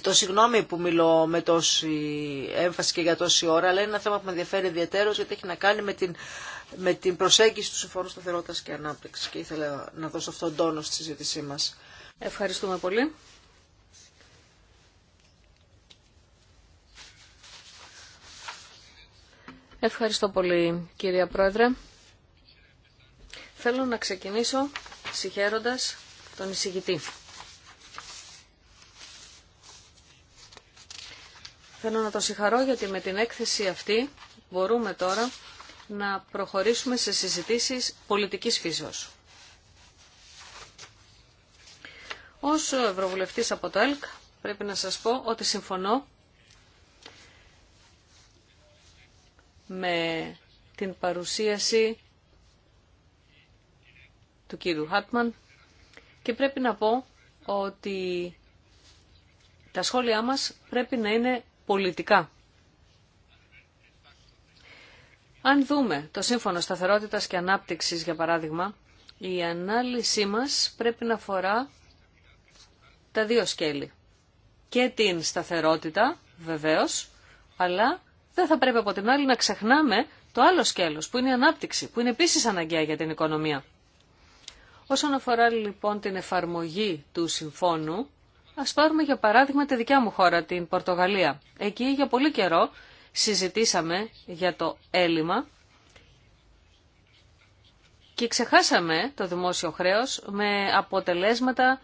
το συγγνώμη που μιλώ με τόση έμφαση και για τόση ώρα, αλλά είναι ένα θέμα που με ενδιαφέρει ιδιαίτερω γιατί έχει να κάνει με την με την προσέγγιση του Συμφώνου Σταθερότητα και Ανάπτυξη. Και ήθελα να δώσω αυτόν τον τόνο στη συζήτησή μα. Ευχαριστούμε πολύ. Ευχαριστώ πολύ κυρία Πρόεδρε. Θέλω να ξεκινήσω συγχαίροντας τον εισηγητή. Θέλω να τον συγχαρώ γιατί με την έκθεση αυτή μπορούμε τώρα να προχωρήσουμε σε συζητήσεις πολιτικής φύσεως. Ως Ευρωβουλευτής από το ΕΛΚ πρέπει να σας πω ότι συμφωνώ με την παρουσίαση του κύριου Χάτμαν και πρέπει να πω ότι τα σχόλιά μας πρέπει να είναι πολιτικά. Αν δούμε το Σύμφωνο Σταθερότητας και Ανάπτυξης, για παράδειγμα, η ανάλυση μας πρέπει να αφορά τα δύο σκέλη. Και την σταθερότητα, βεβαίως, αλλά δεν θα πρέπει από την άλλη να ξεχνάμε το άλλο σκέλος, που είναι η ανάπτυξη, που είναι επίσης αναγκαία για την οικονομία. Όσον αφορά λοιπόν την εφαρμογή του συμφώνου, ας πάρουμε για παράδειγμα τη δικιά μου χώρα, την Πορτογαλία. Εκεί για πολύ καιρό συζητήσαμε για το έλλειμμα και ξεχάσαμε το δημόσιο χρέος με αποτελέσματα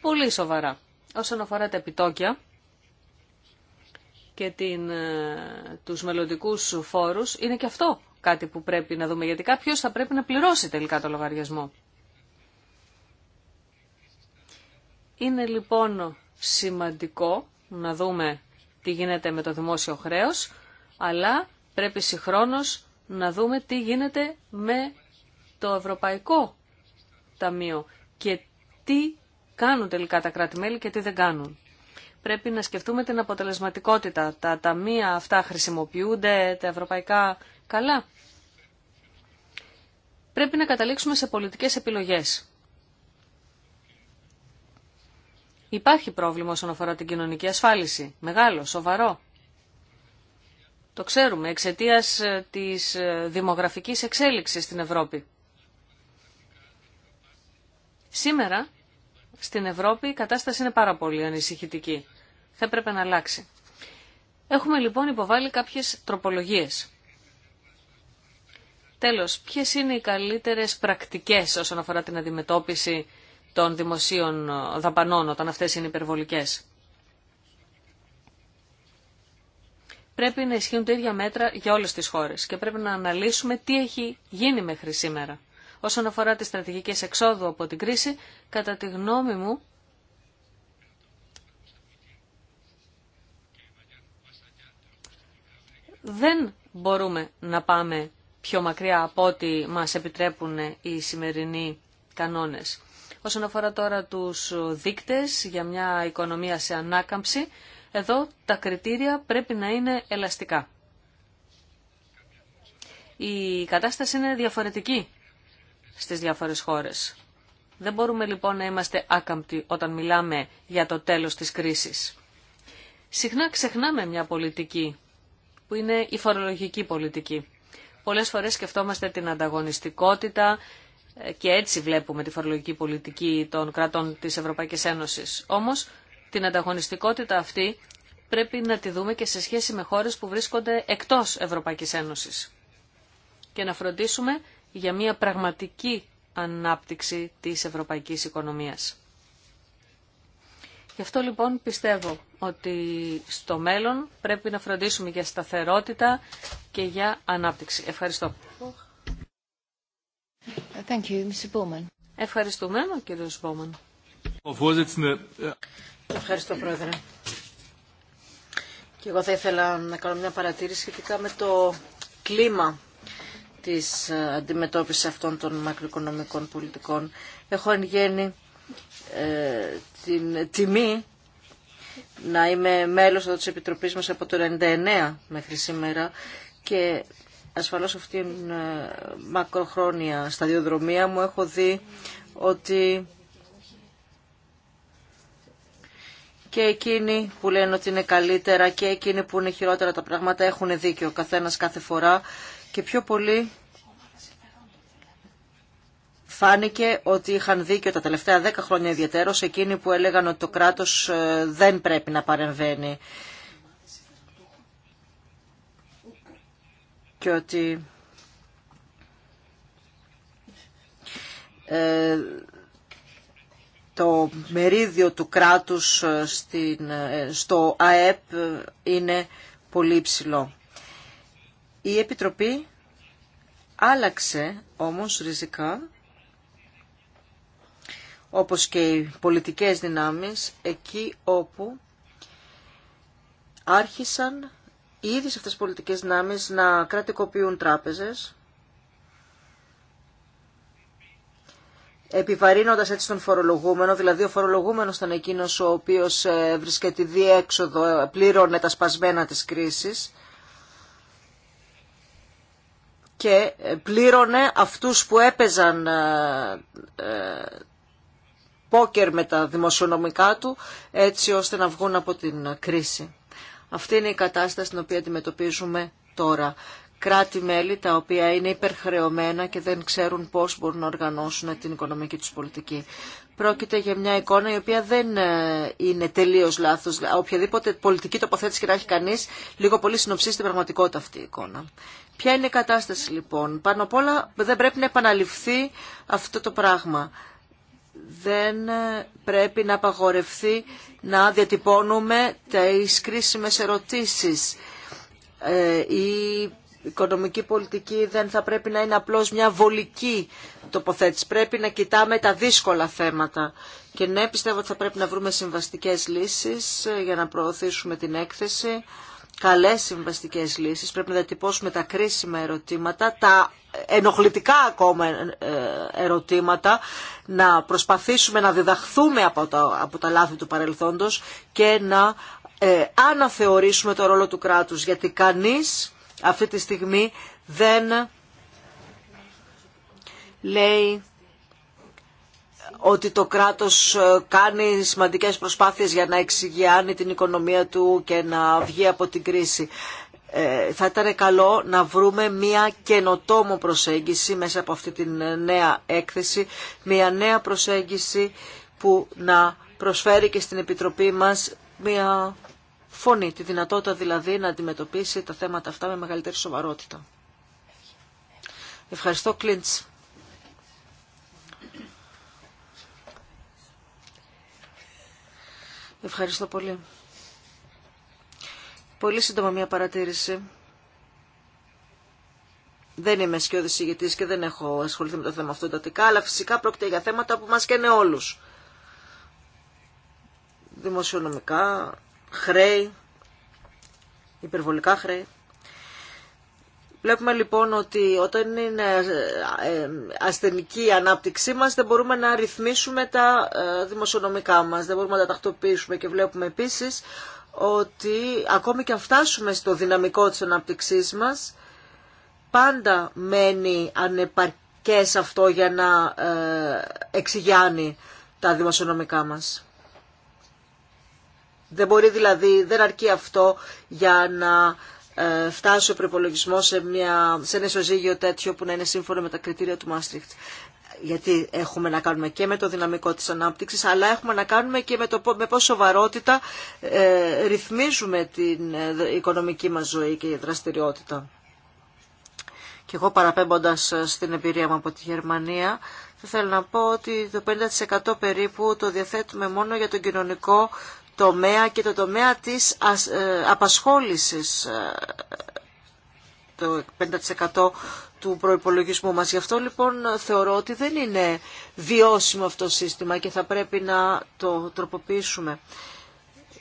πολύ σοβαρά. Όσον αφορά τα επιτόκια και την, ε, τους μελλοντικού φόρους, είναι και αυτό κάτι που πρέπει να δούμε, γιατί κάποιος θα πρέπει να πληρώσει τελικά το λογαριασμό. Είναι λοιπόν σημαντικό να δούμε τι γίνεται με το δημόσιο χρέος, αλλά πρέπει συγχρόνως να δούμε τι γίνεται με το Ευρωπαϊκό Ταμείο και τι κάνουν τελικά τα κράτη-μέλη και τι δεν κάνουν. Πρέπει να σκεφτούμε την αποτελεσματικότητα. Τα ταμεία αυτά χρησιμοποιούνται, τα ευρωπαϊκά καλά. Πρέπει να καταλήξουμε σε πολιτικές επιλογές. Υπάρχει πρόβλημα όσον αφορά την κοινωνική ασφάλιση. Μεγάλο, σοβαρό. Το ξέρουμε εξαιτία ε, της ε, δημογραφικής εξέλιξης στην Ευρώπη. Σήμερα στην Ευρώπη η κατάσταση είναι πάρα πολύ ανησυχητική. Θα έπρεπε να αλλάξει. Έχουμε λοιπόν υποβάλει κάποιες τροπολογίες. Τέλος, ποιες είναι οι καλύτερες πρακτικές όσον αφορά την αντιμετώπιση των δημοσίων ε, δαπανών όταν αυτές είναι υπερβολικές. Πρέπει να ισχύουν τα ίδια μέτρα για όλες τις χώρες και πρέπει να αναλύσουμε τι έχει γίνει μέχρι σήμερα. Όσον αφορά τις στρατηγικές εξόδου από την κρίση, κατά τη γνώμη μου, δεν μπορούμε να πάμε πιο μακριά από ό,τι μας επιτρέπουν οι σημερινοί κανόνες. Όσον αφορά τώρα τους δείκτες για μια οικονομία σε ανάκαμψη, εδώ τα κριτήρια πρέπει να είναι ελαστικά. Η κατάσταση είναι διαφορετική στις διάφορες χώρες. Δεν μπορούμε λοιπόν να είμαστε άκαμπτοι όταν μιλάμε για το τέλος της κρίσης. Συχνά ξεχνάμε μια πολιτική που είναι η φορολογική πολιτική. Πολλές φορές σκεφτόμαστε την ανταγωνιστικότητα, και έτσι βλέπουμε τη φορολογική πολιτική των κρατών της Ευρωπαϊκής Ένωσης. Όμως την ανταγωνιστικότητα αυτή πρέπει να τη δούμε και σε σχέση με χώρες που βρίσκονται εκτός Ευρωπαϊκής Ένωσης και να φροντίσουμε για μια πραγματική ανάπτυξη της ευρωπαϊκής οικονομίας. Γι' αυτό λοιπόν πιστεύω ότι στο μέλλον πρέπει να φροντίσουμε για σταθερότητα και για ανάπτυξη. Ευχαριστώ. Thank you, Mr. Ευχαριστούμε, ο κύριος ε, Ευχαριστώ, Πρόεδρε. Και εγώ θα ήθελα να κάνω μια παρατήρηση σχετικά με το κλίμα της ε, αντιμετώπισης αυτών των μακροοικονομικών πολιτικών. Έχω εν γέννη ε, την τιμή να είμαι μέλος εδώ της Επιτροπής μας από το 1999 μέχρι σήμερα και ασφαλώς αυτήν ε, μακροχρόνια σταδιοδρομία μου έχω δει ότι και εκείνοι που λένε ότι είναι καλύτερα και εκείνοι που είναι χειρότερα τα πράγματα έχουν δίκιο καθένας κάθε φορά και πιο πολύ φάνηκε ότι είχαν δίκιο τα τελευταία δέκα χρόνια ιδιαίτερως εκείνοι που έλεγαν ότι το κράτος ε, δεν πρέπει να παρεμβαίνει και ότι ε, το μερίδιο του κράτους ε, στην, ε, στο ΑΕΠ είναι πολύ υψηλό. Η Επιτροπή άλλαξε όμως ριζικά, όπως και οι πολιτικές δυνάμεις, εκεί όπου άρχισαν οι ίδιες αυτές πολιτικές δυνάμεις να κρατικοποιούν τράπεζες, επιβαρύνοντας έτσι τον φορολογούμενο, δηλαδή ο φορολογούμενος ήταν εκείνος ο οποίος ε, βρίσκεται διέξοδο, ε, πλήρωνε τα σπασμένα της κρίσης και ε, πλήρωνε αυτούς που έπαιζαν πόκερ με τα δημοσιονομικά του έτσι ώστε να βγουν από την κρίση. Αυτή είναι η κατάσταση την οποία αντιμετωπίζουμε τώρα. Κράτη-μέλη τα οποία είναι υπερχρεωμένα και δεν ξέρουν πώς μπορούν να οργανώσουν την οικονομική τους πολιτική. Πρόκειται για μια εικόνα η οποία δεν ε, είναι τελείως λάθος. Οποιαδήποτε πολιτική τοποθέτηση και να έχει κανείς, λίγο πολύ συνοψίζει την πραγματικότητα αυτή η εικόνα. Ποια είναι η κατάσταση λοιπόν. Πάνω απ' όλα δεν πρέπει να επαναληφθεί αυτό το πράγμα δεν πρέπει να απαγορευθεί να διατυπώνουμε τις κρίσιμες ερωτήσεις. Ε, η οικονομική πολιτική δεν θα πρέπει να είναι απλώς μια βολική τοποθέτηση. Πρέπει να κοιτάμε τα δύσκολα θέματα. Και ναι, πιστεύω ότι θα πρέπει να βρούμε συμβαστικές λύσεις ε, για να προωθήσουμε την έκθεση καλές συμβαστικές λύσεις, πρέπει να διατυπώσουμε τα κρίσιμα ερωτήματα, τα ενοχλητικά ακόμα ε, ερωτήματα, να προσπαθήσουμε να διδαχθούμε από τα, από τα λάθη του παρελθόντος και να ε, αναθεωρήσουμε το ρόλο του κράτους, γιατί κανείς αυτή τη στιγμή δεν λέει ότι το κράτος ε, κάνει σημαντικές προσπάθειες για να εξηγιάνει την οικονομία του και να βγει από την κρίση. Ε, θα ήταν καλό να βρούμε μια καινοτόμο προσέγγιση μέσα από αυτή την ε, νέα έκθεση, μια νέα προσέγγιση που να προσφέρει και στην Επιτροπή μας μια φωνή, τη δυνατότητα δηλαδή να αντιμετωπίσει τα θέματα αυτά με μεγαλύτερη σοβαρότητα. Ευχαριστώ Κλίντς. Ευχαριστώ πολύ. Πολύ σύντομα μια παρατήρηση. Δεν είμαι σκιώδης ηγητής και δεν έχω ασχοληθεί με το θέμα αυτό εντατικά, αλλά φυσικά πρόκειται για θέματα που μας καίνε όλους. Δημοσιονομικά, χρέη, υπερβολικά χρέη. Βλέπουμε λοιπόν ότι όταν είναι ε, ασθενική η ανάπτυξή μας δεν μπορούμε να ρυθμίσουμε τα ε, δημοσιονομικά μας, δεν μπορούμε να τα τακτοποιήσουμε και βλέπουμε επίσης ότι ακόμη και αν φτάσουμε στο δυναμικό της ανάπτυξής μας πάντα μένει ανεπαρκές αυτό για να ε, εξηγιάνει τα δημοσιονομικά μας. Δεν μπορεί δηλαδή, δεν αρκεί αυτό για να ε, φτάσει ο προπολογισμό σε, σε ένα ισοζύγιο τέτοιο που να είναι σύμφωνο με τα κριτήρια του Μάστριχτ. Γιατί έχουμε να κάνουμε και με το δυναμικό της ανάπτυξης, αλλά έχουμε να κάνουμε και με, το, με πόσο σοβαρότητα ε, ρυθμίζουμε την ε, οικονομική μας ζωή και η δραστηριότητα. Και εγώ παραπέμποντας στην εμπειρία μου από τη Γερμανία, θα θέλω να πω ότι το 50% περίπου το διαθέτουμε μόνο για τον κοινωνικό τομέα και το τομέα της ε, απασχόλησης ε, το 50% του προϋπολογισμού μας. Γι' αυτό λοιπόν θεωρώ ότι δεν είναι βιώσιμο αυτό το σύστημα και θα πρέπει να το τροποποιήσουμε.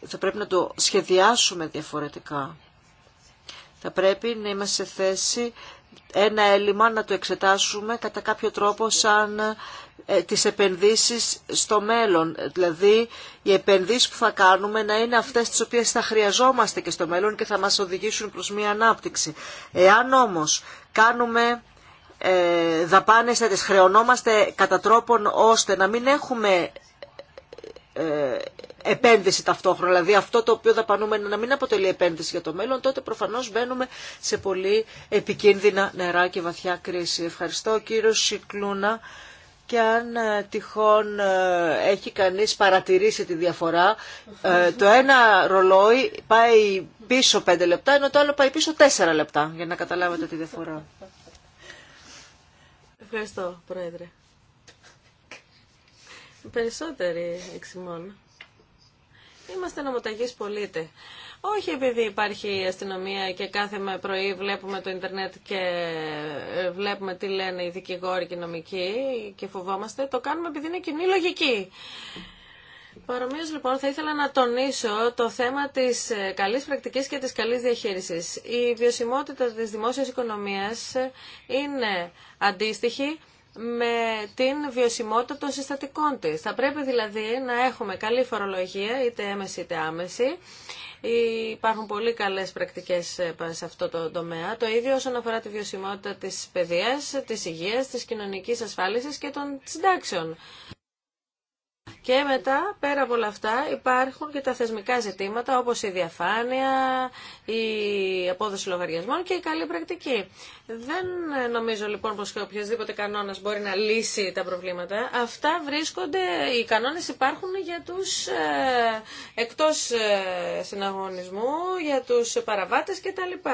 Θα πρέπει να το σχεδιάσουμε διαφορετικά. Θα πρέπει να είμαστε σε θέση ένα έλλειμμα να το εξετάσουμε κατά κάποιο τρόπο σαν ε, τις επενδύσεις στο μέλλον. Δηλαδή, οι επενδύσεις που θα κάνουμε να είναι αυτές τις οποίες θα χρειαζόμαστε και στο μέλλον και θα μας οδηγήσουν προς μια ανάπτυξη. Εάν όμως κάνουμε ε, δαπάνες, χρεωνόμαστε κατά τρόπον ώστε να μην έχουμε ε, επένδυση ταυτόχρονα. Δηλαδή αυτό το οποίο δαπανούμε να μην αποτελεί επένδυση για το μέλλον, τότε προφανώς μπαίνουμε σε πολύ επικίνδυνα νερά και βαθιά κρίση. Ευχαριστώ κύριο Σικλούνα. Και αν ε, τυχόν ε, έχει κανείς παρατηρήσει τη διαφορά, ε, το ένα ρολόι πάει πίσω πέντε λεπτά, ενώ το άλλο πάει πίσω τέσσερα λεπτά, για να καταλάβετε τη διαφορά. Ευχαριστώ, Πρόεδρε. Περισσότεροι εξημών. Είμαστε νομοταγείς πολίτε. Όχι επειδή υπάρχει αστυνομία και κάθε πρωί βλέπουμε το ίντερνετ και ε, βλέπουμε τι λένε οι δικηγόροι και οι νομικοί και φοβόμαστε. Το κάνουμε επειδή είναι κοινή λογική. Παρομοίω λοιπόν θα ήθελα να τονίσω το θέμα τη ε, καλή πρακτική και τη καλή διαχείριση. Η βιωσιμότητα τη δημόσια οικονομία ε, είναι αντίστοιχη με την βιωσιμότητα των συστατικών της. Θα πρέπει δηλαδή να έχουμε καλή φορολογία, είτε έμεση είτε άμεση. Υπάρχουν πολύ καλές πρακτικές ε, σε αυτό το τομέα. Το ίδιο όσον αφορά τη βιωσιμότητα της παιδείας, της υγείας, της κοινωνικής ασφάλισης και των συντάξεων. Και μετά, πέρα από όλα αυτά, υπάρχουν και τα θεσμικά ζητήματα όπως η διαφάνεια, η απόδοση λογαριασμών και η καλή πρακτική. Δεν νομίζω λοιπόν πως οποιοδήποτε κανόνας μπορεί να λύσει τα προβλήματα. Αυτά βρίσκονται, οι κανόνες υπάρχουν για τους ε, εκτός ε, συναγωνισμού, για τους παραβάτες κτλ.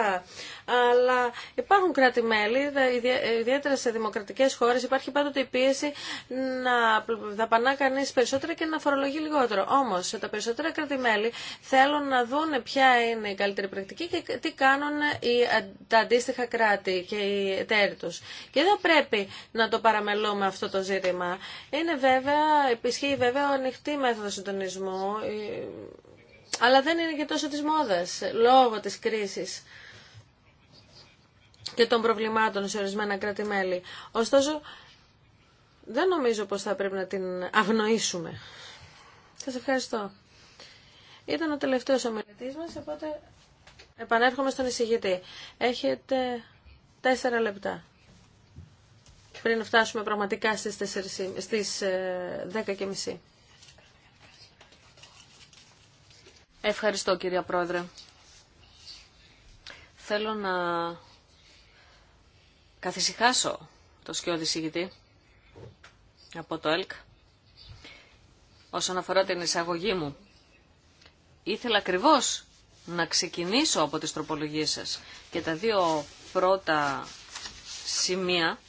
Αλλά υπάρχουν κράτη-μέλη, ε, ιδιαίτερα σε δημοκρατικές χώρες υπάρχει πάντοτε η πίεση να δαπανά κανείς περισσότερα και να φορολογεί λιγότερο. Όμω, τα περισσότερα θέλουν να δουν ποια είναι η καλύτερη πρακτική και τι κάνουν οι, τα αντίστοιχα κράτη και οι εταίροι του. Και δεν πρέπει να το παραμελούμε αυτό το ζήτημα. Είναι βέβαια, επισχύει βέβαια ο ανοιχτή μέθοδο συντονισμού, αλλά δεν είναι και τόσο τη μόδα λόγω τη κρίση και των προβλημάτων σε ορισμένα κράτη-μέλη. Ωστόσο, δεν νομίζω πως θα πρέπει να την αγνοήσουμε. Σας ευχαριστώ. Ήταν ο τελευταίος ομιλητής μας, οπότε επανέρχομαι στον εισηγητή. Έχετε τέσσερα λεπτά πριν φτάσουμε πραγματικά στις, 4, στις ε, μισή. Ευχαριστώ κυρία Πρόεδρε. Θέλω να καθησυχάσω το σκιώδη συγητή από το ΕΛΚ όσον αφορά την εισαγωγή μου. Ήθελα ακριβώ να ξεκινήσω από τις τροπολογίες σας και τα δύο πρώτα σημεία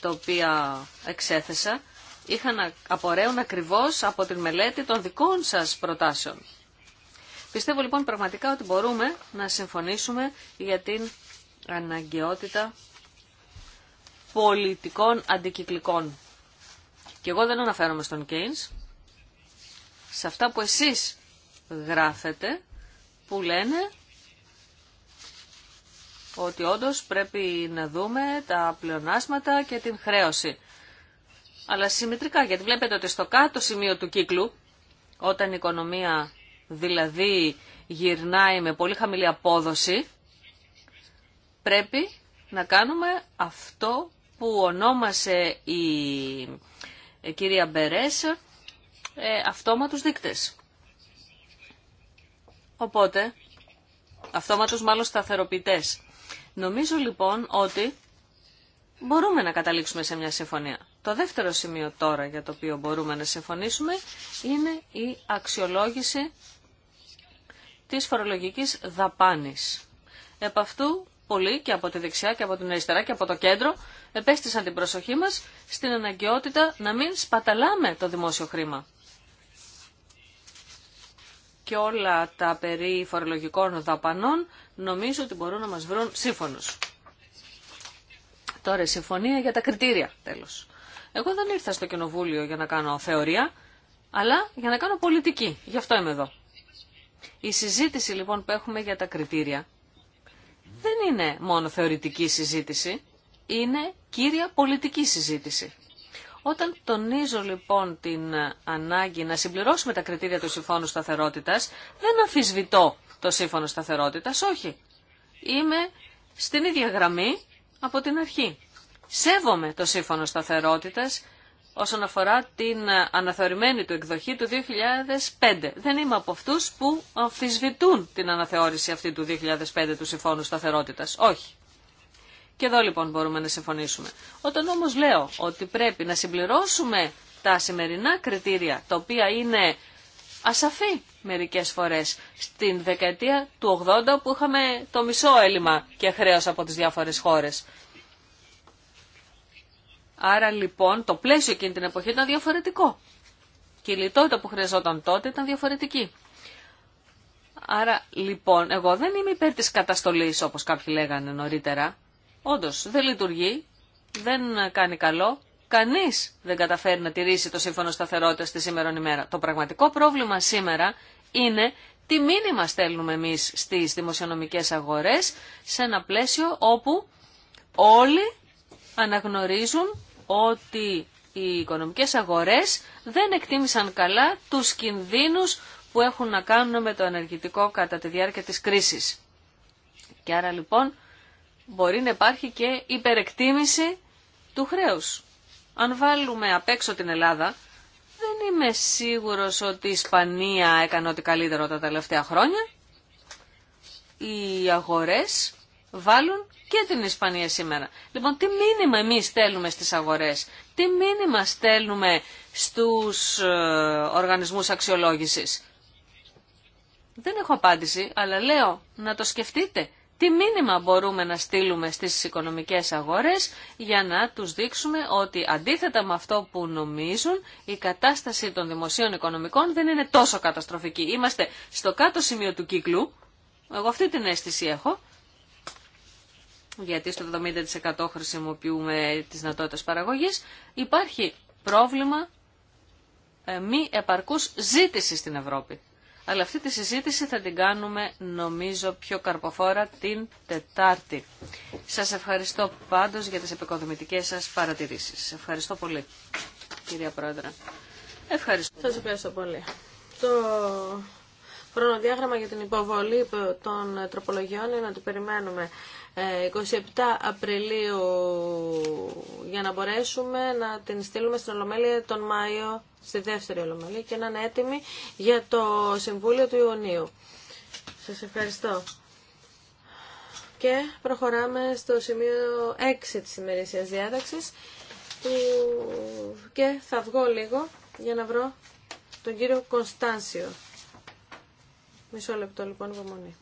τα οποία εξέθεσα είχαν απορρέουν ακριβώς από την μελέτη των δικών σας προτάσεων. Πιστεύω λοιπόν πραγματικά ότι μπορούμε να συμφωνήσουμε για την αναγκαιότητα πολιτικών αντικυκλικών και εγώ δεν αναφέρομαι στον Κέινς. Σε αυτά που εσείς γράφετε, που λένε ότι όντως πρέπει να δούμε τα πλεονάσματα και την χρέωση. Αλλά συμμετρικά, γιατί βλέπετε ότι στο κάτω σημείο του κύκλου, όταν η οικονομία δηλαδή γυρνάει με πολύ χαμηλή απόδοση, πρέπει να κάνουμε αυτό που ονόμασε η ε, κυρία Μπερές ε, αυτόματους δείκτες. Οπότε, αυτόματους μάλλον σταθεροποιητές. Νομίζω λοιπόν ότι μπορούμε να καταλήξουμε σε μια συμφωνία. Το δεύτερο σημείο τώρα για το οποίο μπορούμε να συμφωνήσουμε είναι η αξιολόγηση της φορολογικής δαπάνης. Επ' αυτού πολλοί και από τη δεξιά και από την αριστερά και από το κέντρο επέστησαν την προσοχή μας στην αναγκαιότητα να μην σπαταλάμε το δημόσιο χρήμα. Και όλα τα περί φορολογικών δαπανών νομίζω ότι μπορούν να μας βρουν σύμφωνος. Τώρα, συμφωνία για τα κριτήρια, τέλος. Εγώ δεν ήρθα στο κοινοβούλιο για να κάνω θεωρία, αλλά για να κάνω πολιτική. Γι' αυτό είμαι εδώ. Η συζήτηση λοιπόν που έχουμε για τα κριτήρια δεν είναι μόνο θεωρητική συζήτηση, είναι κύρια πολιτική συζήτηση. Όταν τονίζω λοιπόν την ανάγκη να συμπληρώσουμε τα κριτήρια του Συμφώνου Σταθερότητας, δεν αμφισβητώ το Σύμφωνο Σταθερότητας, όχι. Είμαι στην ίδια γραμμή από την αρχή. Σέβομαι το Σύμφωνο Σταθερότητας όσον αφορά την αναθεωρημένη του εκδοχή του 2005. Δεν είμαι από αυτούς που αμφισβητούν την αναθεώρηση αυτή του 2005 του Συμφώνου Σταθερότητας. Όχι. Και εδώ λοιπόν μπορούμε να συμφωνήσουμε. Όταν όμως λέω ότι πρέπει να συμπληρώσουμε τα σημερινά κριτήρια, τα οποία είναι ασαφή μερικές φορές, στην δεκαετία του 80 που είχαμε το μισό έλλειμμα και χρέος από τις διάφορες χώρες. Άρα λοιπόν το πλαίσιο εκείνη την εποχή ήταν διαφορετικό. Και η λιτότητα που χρειαζόταν τότε ήταν διαφορετική. Άρα λοιπόν εγώ δεν είμαι υπέρ της καταστολής όπως κάποιοι λέγανε νωρίτερα. Όντως δεν λειτουργεί, δεν κάνει καλό, κανείς δεν καταφέρει να τηρήσει το σύμφωνο σταθερότητα στη σήμερα ημέρα. Το πραγματικό πρόβλημα σήμερα είναι τι μήνυμα στέλνουμε εμείς στις δημοσιονομικές αγορές σε ένα πλαίσιο όπου όλοι αναγνωρίζουν ότι οι οικονομικές αγορές δεν εκτίμησαν καλά τους κινδύνους που έχουν να κάνουν με το ενεργητικό κατά τη διάρκεια της κρίσης. Και άρα λοιπόν μπορεί να υπάρχει και υπερεκτίμηση του χρέους. Αν βάλουμε απ' έξω την Ελλάδα, δεν είμαι σίγουρος ότι η Ισπανία έκανε ό,τι καλύτερο τα τελευταία χρόνια. Οι αγορές βάλουν και την Ισπανία σήμερα. Λοιπόν, τι μήνυμα εμείς στέλνουμε στις αγορές, τι μήνυμα στέλνουμε στους ε, οργανισμούς αξιολόγησης. Δεν έχω απάντηση, αλλά λέω να το σκεφτείτε. Τι μήνυμα μπορούμε να στείλουμε στις οικονομικές αγορές για να τους δείξουμε ότι αντίθετα με αυτό που νομίζουν η κατάσταση των δημοσίων οικονομικών δεν είναι τόσο καταστροφική. Είμαστε στο κάτω σημείο του κύκλου, εγώ αυτή την αίσθηση έχω γιατί στο 70% χρησιμοποιούμε τις δυνατότητε παραγωγής, υπάρχει πρόβλημα ε, μη επαρκούς ζήτηση στην Ευρώπη. Αλλά αυτή τη συζήτηση θα την κάνουμε νομίζω πιο καρποφόρα την Τετάρτη. Σας ευχαριστώ πάντως για τις επικοδομητικές σας παρατηρήσεις. Ευχαριστώ πολύ, κυρία Πρόεδρε. Ευχαριστώ. Σας ευχαριστώ πολύ. Το χρονοδιάγραμμα για την υποβολή των τροπολογιών είναι ότι περιμένουμε 27 ε, Απριλίου για να μπορέσουμε να την στείλουμε στην Ολομέλεια τον Μάιο, στη δεύτερη Ολομέλεια και να είναι έτοιμη για το Συμβούλιο του Ιουνίου. Σας ευχαριστώ. Και προχωράμε στο σημείο 6 της ημερήσιας διάταξης και θα βγω λίγο για να βρω τον κύριο Κωνστάνσιο. Μισό λεπτό λοιπόν υπομονή.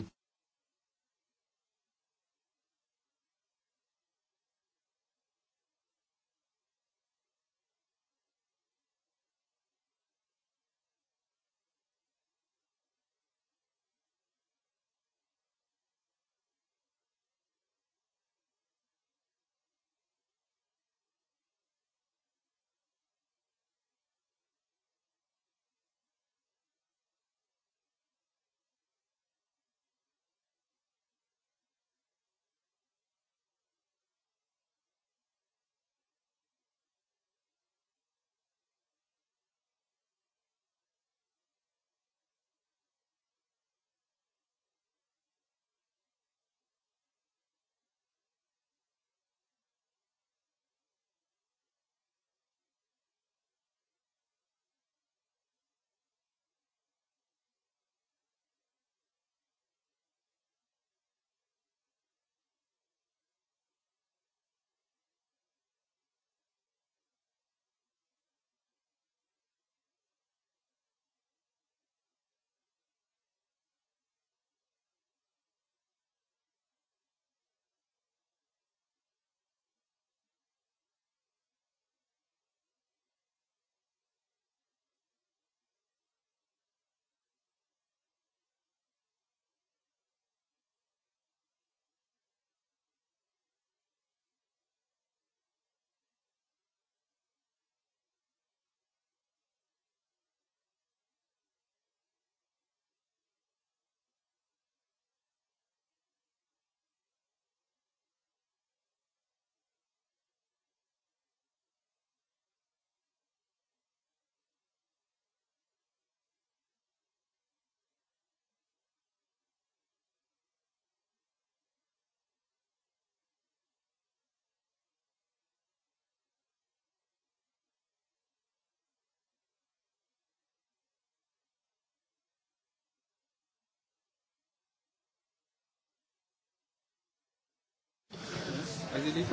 you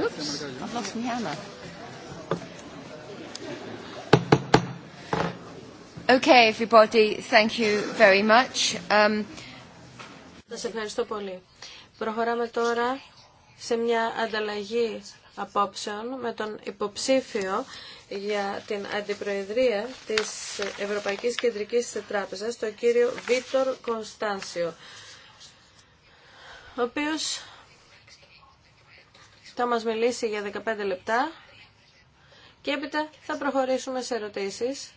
very um, ευχαριστώ πολύ. Προχωράμε τώρα σε μια ανταλλαγή απόψεων με τον υποψήφιο για την Αντιπροεδρία της Ευρωπαϊκής Κεντρικής Τράπεζας, τον κύριο Βίτορ Κωνστάνσιο, ο οποίος θα μας μιλήσει για 15 λεπτά και έπειτα θα προχωρήσουμε σε ερωτήσεις.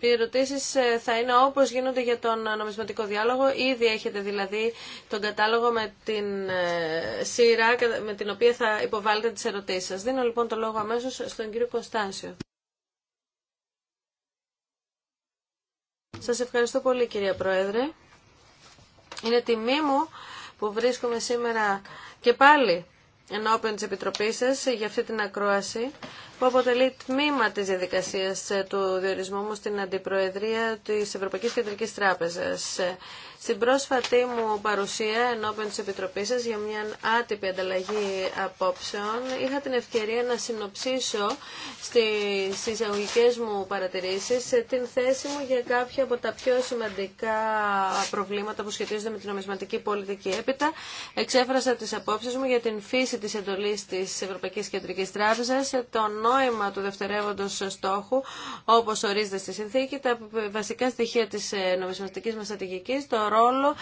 Οι ερωτήσει ε, θα είναι όπως γίνονται για τον νομισματικό διάλογο. Ήδη έχετε δηλαδή τον κατάλογο με την ε, σειρά με την οποία θα υποβάλλετε τις ερωτήσεις σα. Δίνω λοιπόν το λόγο αμέσως στον κύριο Κωνστάσιο. Σας ευχαριστώ πολύ κυρία Πρόεδρε. Είναι τιμή μου που βρίσκομαι σήμερα και πάλι ενώπιον της Επιτροπής σας για αυτή την ακρόαση που αποτελεί τμήμα της διαδικασίας ε, του διορισμού μου στην Αντιπροεδρία της Ευρωπαϊκής Κεντρικής Τράπεζας. Ε, στην πρόσφατη μου παρουσία ενώπιον της Επιτροπής σας για μια άτυπη ανταλλαγή απόψεων είχα την ευκαιρία να συνοψίσω στις εισαγωγικέ μου παρατηρήσεις ε, την θέση μου για κάποια από τα πιο σημαντικά προβλήματα που σχετίζονται με την νομισματική πολιτική. Έπειτα εξέφρασα τις απόψεις μου για την φύση της εντολής της Ευρωπαϊκής Κεντρικής Τράπεζας, τον νόημα του δευτερεύοντος στόχου, όπως ορίζεται στη συνθήκη, τα βασικά στοιχεία της ε, νομισματικής μας στρατηγικής, το ρόλο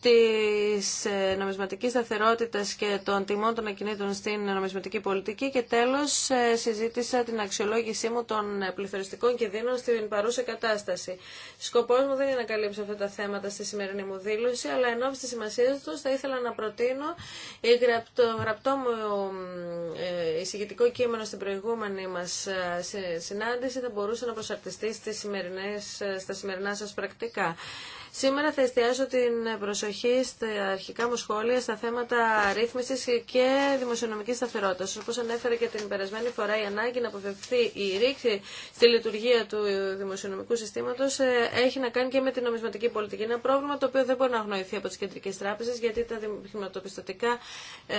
της ε, νομισματικής σταθερότητα και των τιμών των ακινήτων στην νομισματική πολιτική και τέλος ε, συζήτησα την αξιολόγησή μου των πληθωριστικών κινδύνων στην παρούσα κατάσταση. Σκοπός μου δεν είναι να καλύψω αυτά τα θέματα στη σημερινή μου δήλωση, αλλά εν ώψη σημασία θα ήθελα να προτείνω το γραπτό μου εισηγητικό κείμενο στην προηγούμενη επόμενη μας ε, συνάντηση θα μπορούσε να προσαρτηστεί σημερινές, ε, στα σημερινά σας πρακτικά. Σήμερα θα εστιάσω την προσοχή στα αρχικά μου σχόλια στα θέματα ρύθμιση και δημοσιονομική σταθερότητα. Όπω ανέφερε και την περασμένη φορά, η ανάγκη να αποφευθεί η ρήξη στη λειτουργία του δημοσιονομικού συστήματο ε, έχει να κάνει και με την νομισματική πολιτική. Είναι ένα πρόβλημα το οποίο δεν μπορεί να αγνοηθεί από τι κεντρικέ τράπεζε, γιατί τα χρηματοπιστωτικά ε,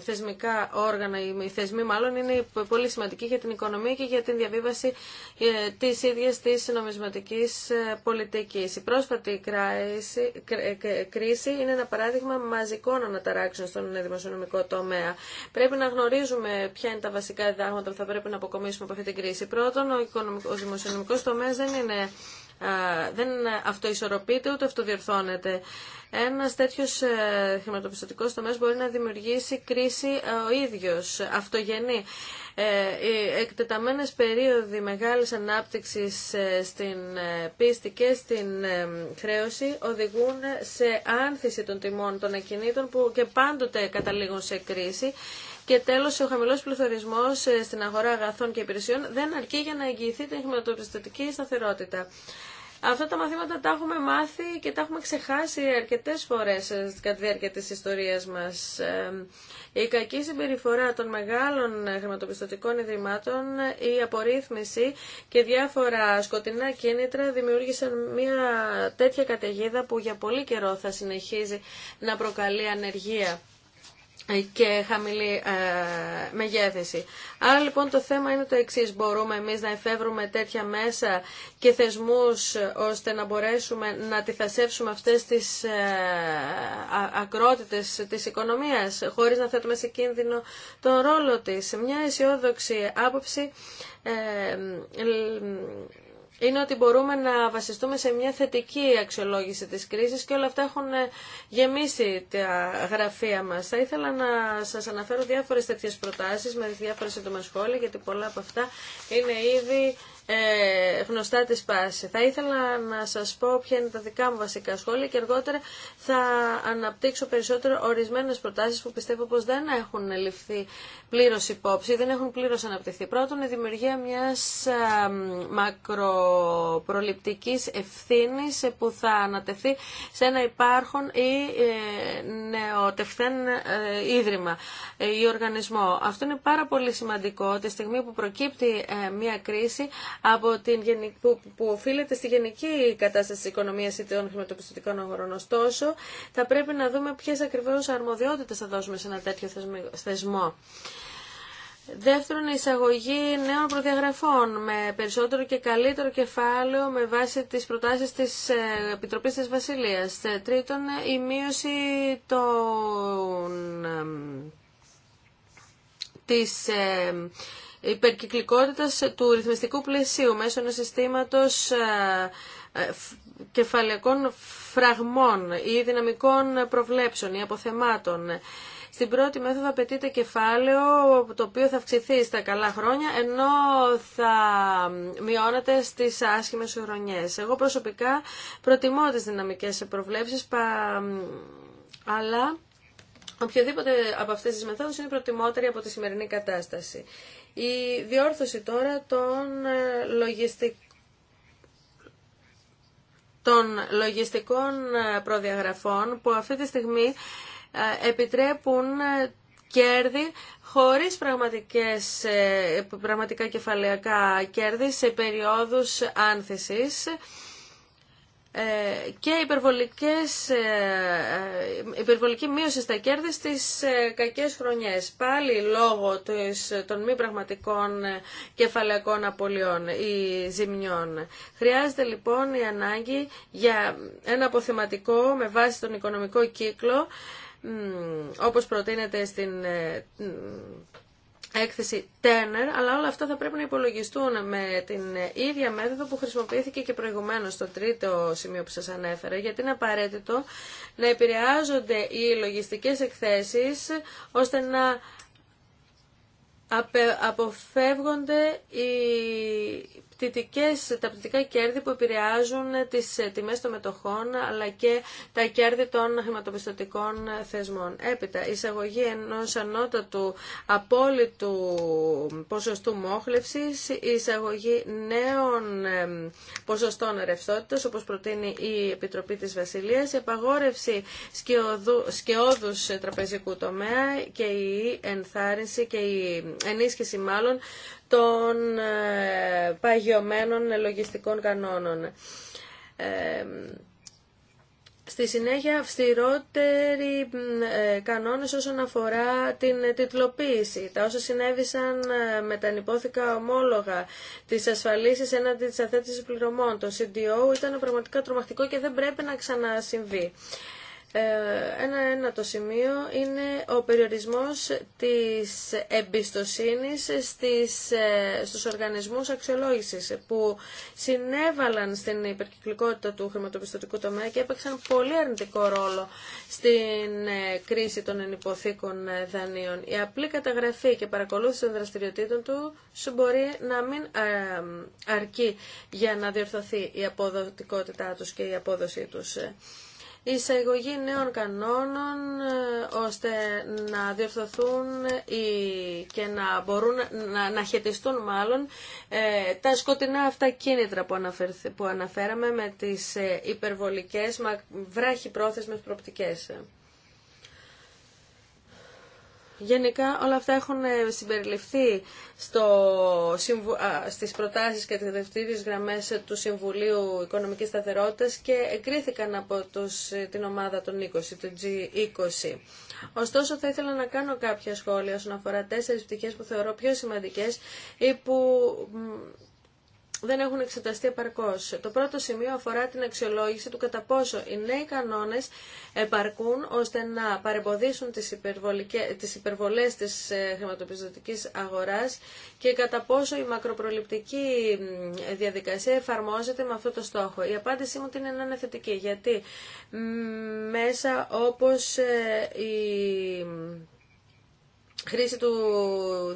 θεσμικά όργανα, οι θεσμοί μάλλον, είναι πολύ σημαντικοί για την οικονομία και για την διαβίβαση ε, τη ίδια τη νομισματική πολιτική ότι η κρίση είναι ένα παράδειγμα μαζικών αναταράξεων στον δημοσιονομικό τομέα. Πρέπει να γνωρίζουμε ποια είναι τα βασικά διδάγματα που θα πρέπει να αποκομίσουμε από αυτή την κρίση. Πρώτον, ο δημοσιονομικό τομέας δεν είναι δεν αυτοισορροπείται ούτε αυτοδιορθώνεται. Ένα τέτοιο ε, χρηματοπιστωτικό τομέα μπορεί να δημιουργήσει κρίση ε, ο ίδιο, αυτογενή. Ε, οι εκτεταμένες περίοδοι μεγάλης ανάπτυξης ε, στην ε, πίστη και στην χρέωση οδηγούν σε άνθηση των τιμών των ακινήτων που και πάντοτε καταλήγουν σε κρίση. Και τέλος, ο χαμηλός πληθωρισμός στην αγορά αγαθών και υπηρεσιών δεν αρκεί για να εγγυηθεί την χρηματοπιστωτική σταθερότητα. Αυτά τα μαθήματα τα έχουμε μάθει και τα έχουμε ξεχάσει αρκετές φορές ε, κατά τη διάρκεια της ιστορίας μας. Ε, η κακή συμπεριφορά των μεγάλων χρηματοπιστωτικών ιδρυμάτων, η απορρίθμιση και διάφορα σκοτεινά κίνητρα δημιούργησαν μια τέτοια καταιγίδα που για πολύ καιρό θα συνεχίζει να προκαλεί ανεργία και χαμηλή ε, μεγέθυνση. Άρα λοιπόν το θέμα είναι το εξή. Μπορούμε εμεί να εφεύρουμε τέτοια μέσα και θεσμού ώστε να μπορέσουμε να αντιθασέψουμε αυτέ τι ε, ακρότητε τη οικονομία χωρί να θέτουμε σε κίνδυνο τον ρόλο τη. Μια αισιόδοξη άποψη ε, είναι ότι μπορούμε να βασιστούμε σε μια θετική αξιολόγηση της κρίσης και όλα αυτά έχουν ε, γεμίσει τα γραφεία μας. Θα ήθελα να σας αναφέρω διάφορες τέτοιες προτάσεις με διάφορες σύντομα σχόλια, γιατί πολλά από αυτά είναι ήδη ε, γνωστά τη πάση. Θα ήθελα να σας πω ποια είναι τα δικά μου βασικά σχόλια και αργότερα θα αναπτύξω περισσότερο ορισμένες προτάσεις που πιστεύω πως δεν έχουν ληφθεί πλήρως υπόψη, δεν έχουν πλήρως αναπτυχθεί. Πρώτον, η δημιουργία μιας μακροπροληπτικής ευθύνη που θα ανατεθεί σε ένα υπάρχον ή ε, νεοτεχθέν ε, ίδρυμα ή οργανισμό. Αυτό είναι πάρα πολύ σημαντικό τη στιγμή που προκύπτει ε, μια κρίση από την, που, που οφείλεται στη γενική κατάσταση της οικονομίας ή των χρηματοπιστωτικών αγορών. Ωστόσο, θα πρέπει να δούμε ποιες ακριβώς αρμοδιότητες θα δώσουμε σε ένα τέτοιο θεσμό. Δεύτερον, η εισαγωγή νέων προδιαγραφών με περισσότερο και καλύτερο κεφάλαιο με βάση τις προτάσεις της ε, Επιτροπής της Βασιλείας. Ε, τρίτον, η μείωση των... Ε, της υπερκυκλικότητας του ρυθμιστικού πλαισίου μέσω ενός συστήματος ε, ε, κεφαλαικών φραγμών ή δυναμικών προβλέψεων ή αποθεμάτων. Στην πρώτη μέθοδο απαιτείται κεφάλαιο το οποίο θα αυξηθεί στα καλά χρόνια ενώ θα μειώνεται στις άσχημες χρονιές. Εγώ προσωπικά προτιμώ τις δυναμικές προβλέψεις αλλά Οποιοδήποτε από αυτές τις μεθόδους είναι προτιμότερη από τη σημερινή κατάσταση. Η διόρθωση τώρα των ε, λογιστικών ε, προδιαγραφών που αυτή τη στιγμή ε, επιτρέπουν κέρδη χωρίς πραγματικά κεφαλαιακά κέρδη σε περιόδους άνθησης ε, και υπερβολικές, ε, ε, υπερβολική μείωση στα κέρδη στις κακές χρονιές. Πάλι λόγω των μη πραγματικών κεφαλαϊκών απολειών ή ζημιών. Χρειάζεται λοιπόν η ανάγκη για ένα αποθεματικό με βάση τον οικονομικό κύκλο όπως προτείνεται στην έκθεση Turner, αλλά όλα αυτά θα πρέπει να υπολογιστούν με την ίδια μέθοδο που χρησιμοποιήθηκε και προηγουμένως στο τρίτο σημείο που σας ανέφερα, γιατί είναι απαραίτητο να επηρεάζονται οι λογιστικές εκθέσεις ώστε να αποφεύγονται οι πτυτικές, τα πτυτικά κέρδη που επηρεάζουν τις ε, τιμές των μετοχών αλλά και τα κέρδη των χρηματοπιστωτικών θεσμών. Έπειτα, η εισαγωγή ενός ανώτατου απόλυτου ποσοστού μόχλευσης, η εισαγωγή νέων ποσοστών ρευστότητας όπως προτείνει η Επιτροπή της Βασιλείας, επαγόρευση απαγόρευση σκιώδους τραπεζικού τομέα και η ενθάρρυνση και η ενίσχυση μάλλον των ε, παγιωμένων λογιστικών κανόνων. Ε, στη συνέχεια αυστηρότεροι ε, κανόνες όσον αφορά την τιτλοποίηση. Τα όσα συνέβησαν με τα ανυπόθηκα ομόλογα, της ασφαλίσεις έναντι της αθέτησης πληρωμών, το CDO ήταν πραγματικά τρομακτικό και δεν πρέπει να ξανασυμβεί ένα-ένα ε, το σημείο είναι ο περιορισμός της εμπιστοσύνης στις, ε, στους οργανισμούς αξιολόγησης που συνέβαλαν στην υπερκυκλικότητα του χρηματοπιστωτικού τομέα και έπαιξαν πολύ αρνητικό ρόλο στην ε, κρίση των ενυποθήκων δανείων. Η απλή καταγραφή και παρακολούθηση των δραστηριοτήτων του μπορεί να μην αρκεί για να διορθωθεί η αποδοτικότητά τους και η απόδοσή τους η εισαγωγή νέων κανόνων ε, ώστε να διορθωθούν και να μπορούν να, να μάλλον ε, τα σκοτεινά αυτά κίνητρα που, που αναφέραμε με τις ε, υπερβολικές βράχοι πρόθεσμες προπτικές. Γενικά όλα αυτά έχουν ε, συμπεριληφθεί στο, στις προτάσεις και τις δευτήριες γραμμές ε, του Συμβουλίου Οικονομικής Σταθερότητας και εκρίθηκαν από τους, ε, την ομάδα των 20, του G20. Ωστόσο θα ήθελα να κάνω κάποια σχόλια όσον αφορά τέσσερις πτυχές που θεωρώ πιο σημαντικές ή που δεν έχουν εξεταστεί επαρκώς. Το πρώτο σημείο αφορά την αξιολόγηση του κατά πόσο οι νέοι κανόνες επαρκούν ώστε να παρεμποδίσουν τις, τις υπερβολές της ε, χρηματοπιστωτικής αγοράς και κατά πόσο η μακροπροληπτική διαδικασία εφαρμόζεται με αυτό το στόχο. Η απάντησή μου την είναι ναι, θετική, γιατί μέσα όπως ε, η χρήση του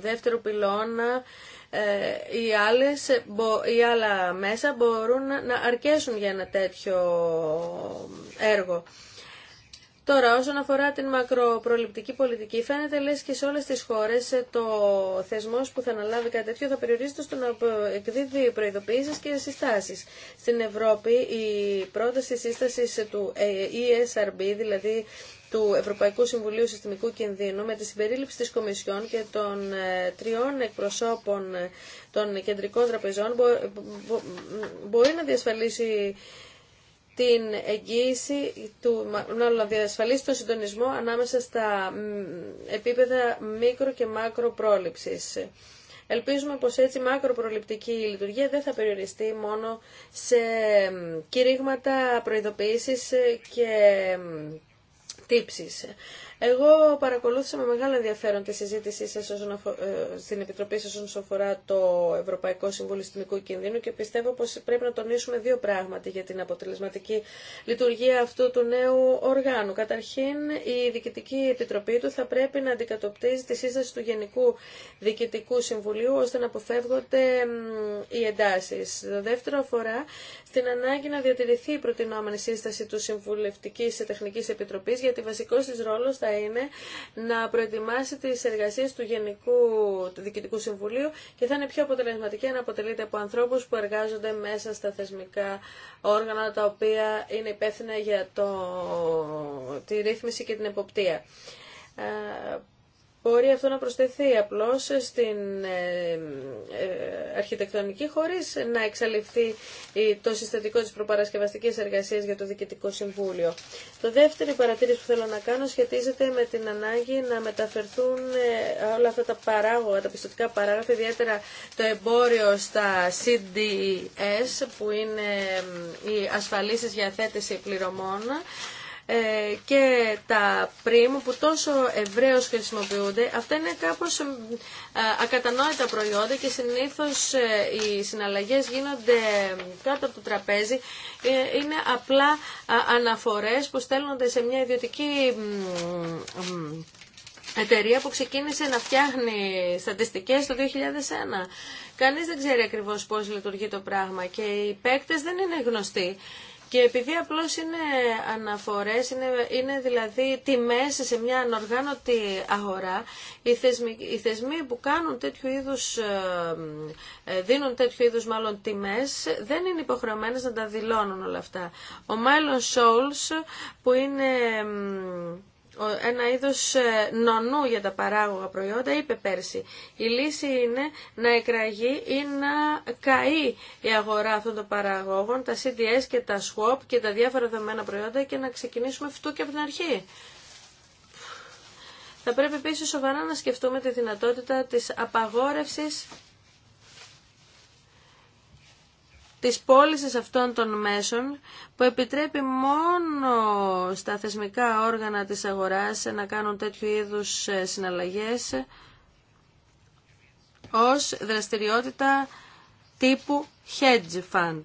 δεύτερου πυλώνα ε, οι, άλλες, ε, οι άλλα μέσα μπορούν να αρκέσουν για ένα τέτοιο έργο. Τώρα, όσον αφορά την μακροπροληπτική πολιτική, φαίνεται λες και σε όλες τις χώρες ε, το θεσμός που θα αναλάβει κάτι τέτοιο θα περιορίζεται στο να εκδίδει προειδοποιήσεις και συστάσεις. Στην Ευρώπη η πρόταση συστάση του ESRB, δηλαδή του Ευρωπαϊκού Συμβουλίου Συστημικού Κινδύνου με τη συμπερίληψη της Κομισιόν και των ε, τριών εκπροσώπων ε, των κεντρικών τραπεζών μπορεί να διασφαλίσει την εγγύηση, του, να διασφαλίσει τον συντονισμό ανάμεσα στα επίπεδα μικρο και μάκρο Ελπίζουμε πως έτσι η μακροπροληπτική λειτουργία δεν θα περιοριστεί μόνο σε κηρύγματα προειδοποίησης ε, και χτύψεις. Εγώ παρακολούθησα με μεγάλο ενδιαφέρον τη συζήτησή σας ε, στην Επιτροπή σα όσον αφορά το Ευρωπαϊκό Συμβούλιο Κίνδυνο Κινδύνου και πιστεύω πω πρέπει να τονίσουμε δύο πράγματα για την αποτελεσματική λειτουργία αυτού του νέου οργάνου. Καταρχήν, η Διοικητική Επιτροπή του θα πρέπει να αντικατοπτρίζει τη σύσταση του Γενικού Διοικητικού Συμβουλίου ώστε να αποφεύγονται οι εντάσει. δεύτερο αφορά στην ανάγκη να διατηρηθεί η προτινόμενη σύσταση του Συμβουλευτική τεχνική επιτροπή, γιατί βασικό της ρόλο είναι να προετοιμάσει τις εργασίες του Γενικού του Διοικητικού Συμβουλίου και θα είναι πιο αποτελεσματική να αποτελείται από ανθρώπους που εργάζονται μέσα στα θεσμικά όργανα τα οποία είναι υπεύθυνα για το, τη ρύθμιση και την εποπτεία ε, Μπορεί αυτό να προσθεθεί απλώς στην ε, ε, αρχιτεκτονική χωρίς να εξαλειφθεί το συστατικό της προπαρασκευαστικής εργασίας για το Διοικητικό Συμβούλιο. Το δεύτερο παρατήρηση που θέλω να κάνω σχετίζεται με την ανάγκη να μεταφερθούν ε, όλα αυτά τα παράγωγα, τα πιστοτικά παράγραφα, ιδιαίτερα το εμπόριο στα CDS που είναι οι ασφαλίσεις για θέτηση πληρωμών ε, και τα πριμ που τόσο ευρέως χρησιμοποιούνται, αυτά είναι κάπως ακατανόητα προϊόντα και συνήθως ε, οι συναλλαγές γίνονται κάτω από το τραπέζι. Ε, είναι απλά αναφορές που στέλνονται σε μια ιδιωτική εταιρεία που ξεκίνησε να φτιάχνει στατιστικές το 2001. Κανείς δεν ξέρει ακριβώς πώς λειτουργεί το πράγμα και οι παίκτες δεν είναι γνωστοί. Και επειδή απλώ είναι αναφορές, είναι, είναι δηλαδή τιμές σε μια ανοργάνωτη αγορά, οι θεσμοί, θεσμοί που κάνουν τέτοιου ε, ε, δίνουν τέτοιου είδου, μάλλον τιμές, δεν είναι υποχρεωμένε να τα δηλώνουν όλα αυτά. Ο Μάιλον σόλ, που είναι ένα είδος ε, νονού για τα παράγωγα προϊόντα, είπε πέρσι. Η λύση είναι να εκραγεί ή να καεί η αγορά αυτών των παραγόγων, τα CDS και τα swap και τα διάφορα δεδομένα προϊόντα και να ξεκινήσουμε αυτού και από την αρχή. Θα πρέπει επίσης σοβαρά να σκεφτούμε τη δυνατότητα της απαγόρευσης της πώληση αυτών των μέσων που επιτρέπει μόνο στα θεσμικά όργανα της αγοράς να κάνουν τέτοιου είδους ε, συναλλαγές ως δραστηριότητα τύπου hedge fund.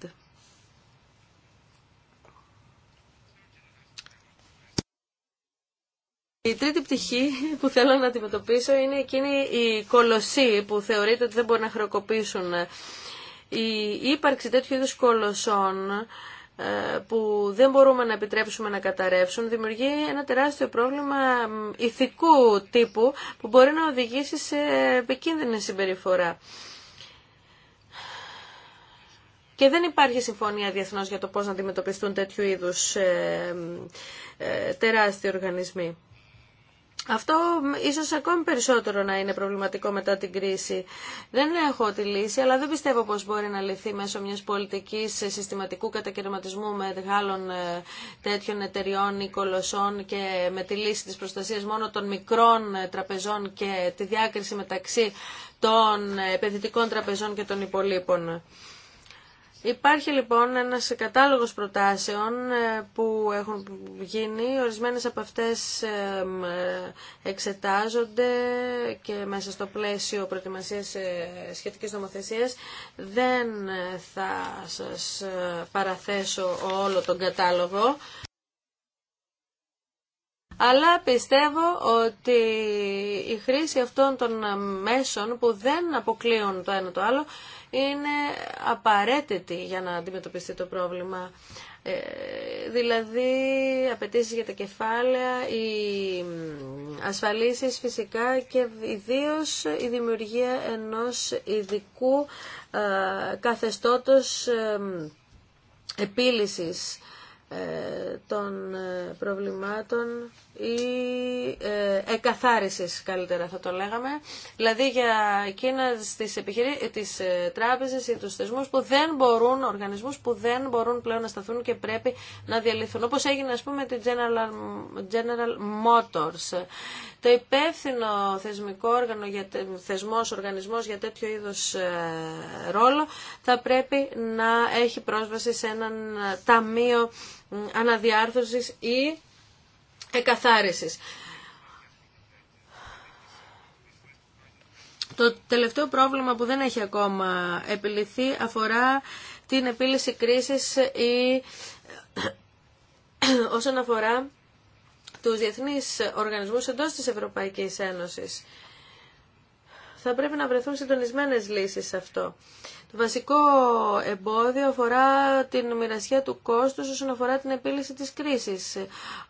Η τρίτη πτυχή που θέλω να αντιμετωπίσω είναι εκείνη η κολοσσή που θεωρείται ότι δεν μπορεί να χρεοκοπήσουν ε, η ύπαρξη τέτοιου είδους κολοσσών ε, που δεν μπορούμε να επιτρέψουμε να καταρρεύσουν, δημιουργεί ένα τεράστιο πρόβλημα ηθικού τύπου που μπορεί να οδηγήσει σε επικίνδυνη συμπεριφορά. Και δεν υπάρχει συμφωνία διεθνώς για το πώς να αντιμετωπιστούν τέτοιου είδους ε, ε, τεράστιοι οργανισμοί. Αυτό ίσως ακόμη περισσότερο να είναι προβληματικό μετά την κρίση. Δεν έχω τη λύση, αλλά δεν πιστεύω πως μπορεί να λυθεί μέσω μιας πολιτικής συστηματικού κατακαιρματισμού μεγάλων ε, τέτοιων εταιριών ή κολοσσών και με τη λύση της προστασίας μόνο των μικρών ε, τραπεζών και τη διάκριση μεταξύ των ε, επενδυτικών τραπεζών και των υπολείπων. Υπάρχει λοιπόν ένας κατάλογος προτάσεων ε, που έχουν γίνει, ορισμένες από αυτές ε, ε, εξετάζονται και μέσα στο πλαίσιο προετοιμασίας σχετικής νομοθεσίας δεν θα σας παραθέσω όλο τον κατάλογο. Αλλά πιστεύω ότι η χρήση αυτών των μέσων που δεν αποκλείουν το ένα το άλλο είναι απαραίτητη για να αντιμετωπιστεί το πρόβλημα. Ε, δηλαδή απαιτήσει για τα κεφάλαια, οι ασφαλίσεις φυσικά και ιδίως η δημιουργία ενός ειδικού ε, καθεστώτος ε, επίλυσης ε, των ε, προβλημάτων ή ε, εκαθάρισης καλύτερα θα το λέγαμε, δηλαδή για εκείνα τις, επιχειρή... τις ε, τράπεζες ή τους θεσμούς που δεν μπορούν, οργανισμούς που δεν μπορούν πλέον να σταθούν και πρέπει να διαλυθούν, όπως έγινε ας πούμε τη General, General Motors. Το υπεύθυνο θεσμικό όργανο, για, θεσμός, οργανισμός για τέτοιο είδος ε, ρόλο θα πρέπει να έχει πρόσβαση σε έναν ταμείο αναδιάρθρωσης ή εκαθάρισης. Το τελευταίο πρόβλημα που δεν έχει ακόμα επιληθεί αφορά την επίλυση κρίσης ή (clears throat) όσον αφορά τους διεθνείς οργανισμούς εντός της Ευρωπαϊκής Ένωσης. Θα πρέπει να βρεθούν συντονισμένες λύσεις σε αυτό. Το βασικό εμπόδιο αφορά την μοιρασιά του κόστους όσον αφορά την επίλυση της κρίσης.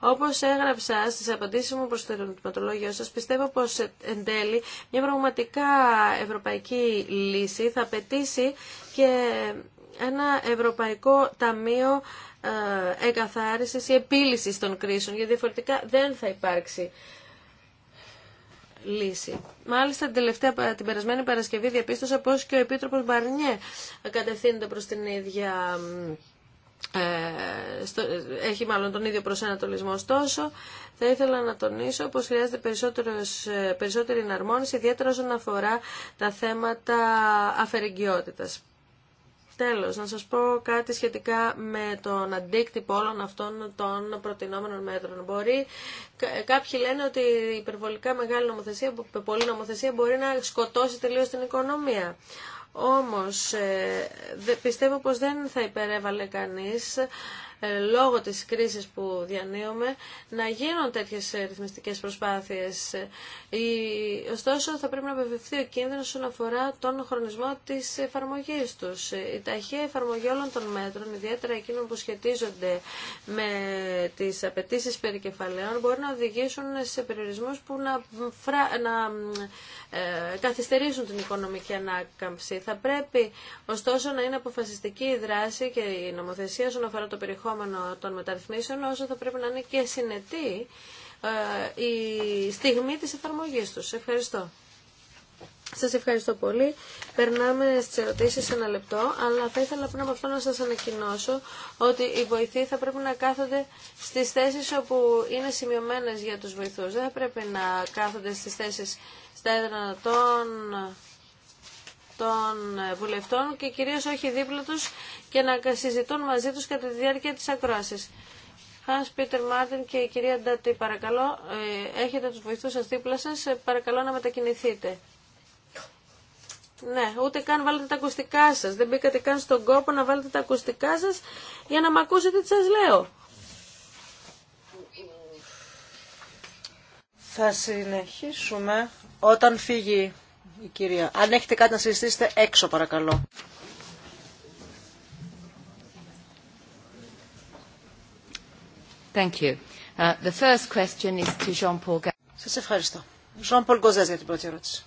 Όπως έγραψα στις απαντήσεις μου προς το ερωτηματολόγιο σας, πιστεύω πως εν τέλει μια πραγματικά ευρωπαϊκή λύση θα απαιτήσει και ένα ευρωπαϊκό ταμείο ε, εγκαθάρισης ή επίλυσης των κρίσεων, γιατί διαφορετικά δεν θα υπάρξει λύση. Μάλιστα την, τελευταία, την περασμένη Παρασκευή διαπίστωσα πως και ο Επίτροπος Μπαρνιέ κατευθύνεται προς την ίδια... Ε, έχει μάλλον τον ίδιο προσανατολισμό. Ωστόσο, θα ήθελα να τονίσω πως χρειάζεται ε, περισσότερη εναρμόνιση, ιδιαίτερα όσον αφορά τα θέματα αφαιρεγγιότητας. Τέλος, να σας πω κάτι σχετικά με τον αντίκτυπο όλων αυτών των προτινόμενων μέτρων. Μπορεί, κάποιοι λένε ότι η υπερβολικά μεγάλη νομοθεσία, πολλή νομοθεσία μπορεί να σκοτώσει τελείως την οικονομία. Όμως, ε, πιστεύω πως δεν θα υπερέβαλε κανείς ε, λόγω της κρίσης που διανύουμε να γίνουν τέτοιες ε, ρυθμιστικές προσπάθειες. Ε, ωστόσο θα πρέπει να απευθυνθεί ο κίνδυνος όσον αφορά τον χρονισμό της εφαρμογής τους. Η ταχεία εφαρμογή όλων των μέτρων, ιδιαίτερα εκείνων που σχετίζονται με τις απαιτήσει περί κεφαλαίων, μπορεί να οδηγήσουν σε περιορισμούς που να, να καθυστερήσουν την οικονομική ανάκαμψη. Θα πρέπει ωστόσο να είναι αποφασιστική η δράση και η νομοθεσία όσον αφορά το περιχώριο περιεχόμενο των μεταρρυθμίσεων, όσο θα πρέπει να είναι και συνετή ε, η στιγμή της εφαρμογής τους. Ευχαριστώ. Σας ευχαριστώ πολύ. Περνάμε στις ερωτήσεις σε ένα λεπτό, αλλά θα ήθελα πριν από αυτό να σας ανακοινώσω ότι οι βοηθοί θα πρέπει να κάθονται στις θέσεις όπου είναι σημειωμένες για τους βοηθούς. Δεν θα πρέπει να κάθονται στις θέσεις στα έδρανα των των βουλευτών και κυρίως όχι δίπλα τους και να συζητούν μαζί τους κατά τη διάρκεια της ακρόασης. Χάνς Πίτερ Μάρτιν και η κυρία Ντάτη, παρακαλώ, ε, έχετε τους βοηθούς σας δίπλα σας, ε, παρακαλώ να μετακινηθείτε. Ναι, ούτε καν βάλετε τα ακουστικά σας, δεν μπήκατε καν στον κόπο να βάλετε τα ακουστικά σας για να μ' ακούσετε τι σας λέω. Θα συνεχίσουμε όταν φύγει η κυρία. Αν έχετε κάτι να συζητήσετε έξω παρακαλώ. Thank you. Uh, the first question is to Jean-Paul Σας ευχαριστώ. Jean Paul Gauzès για την πρώτη ερώτηση.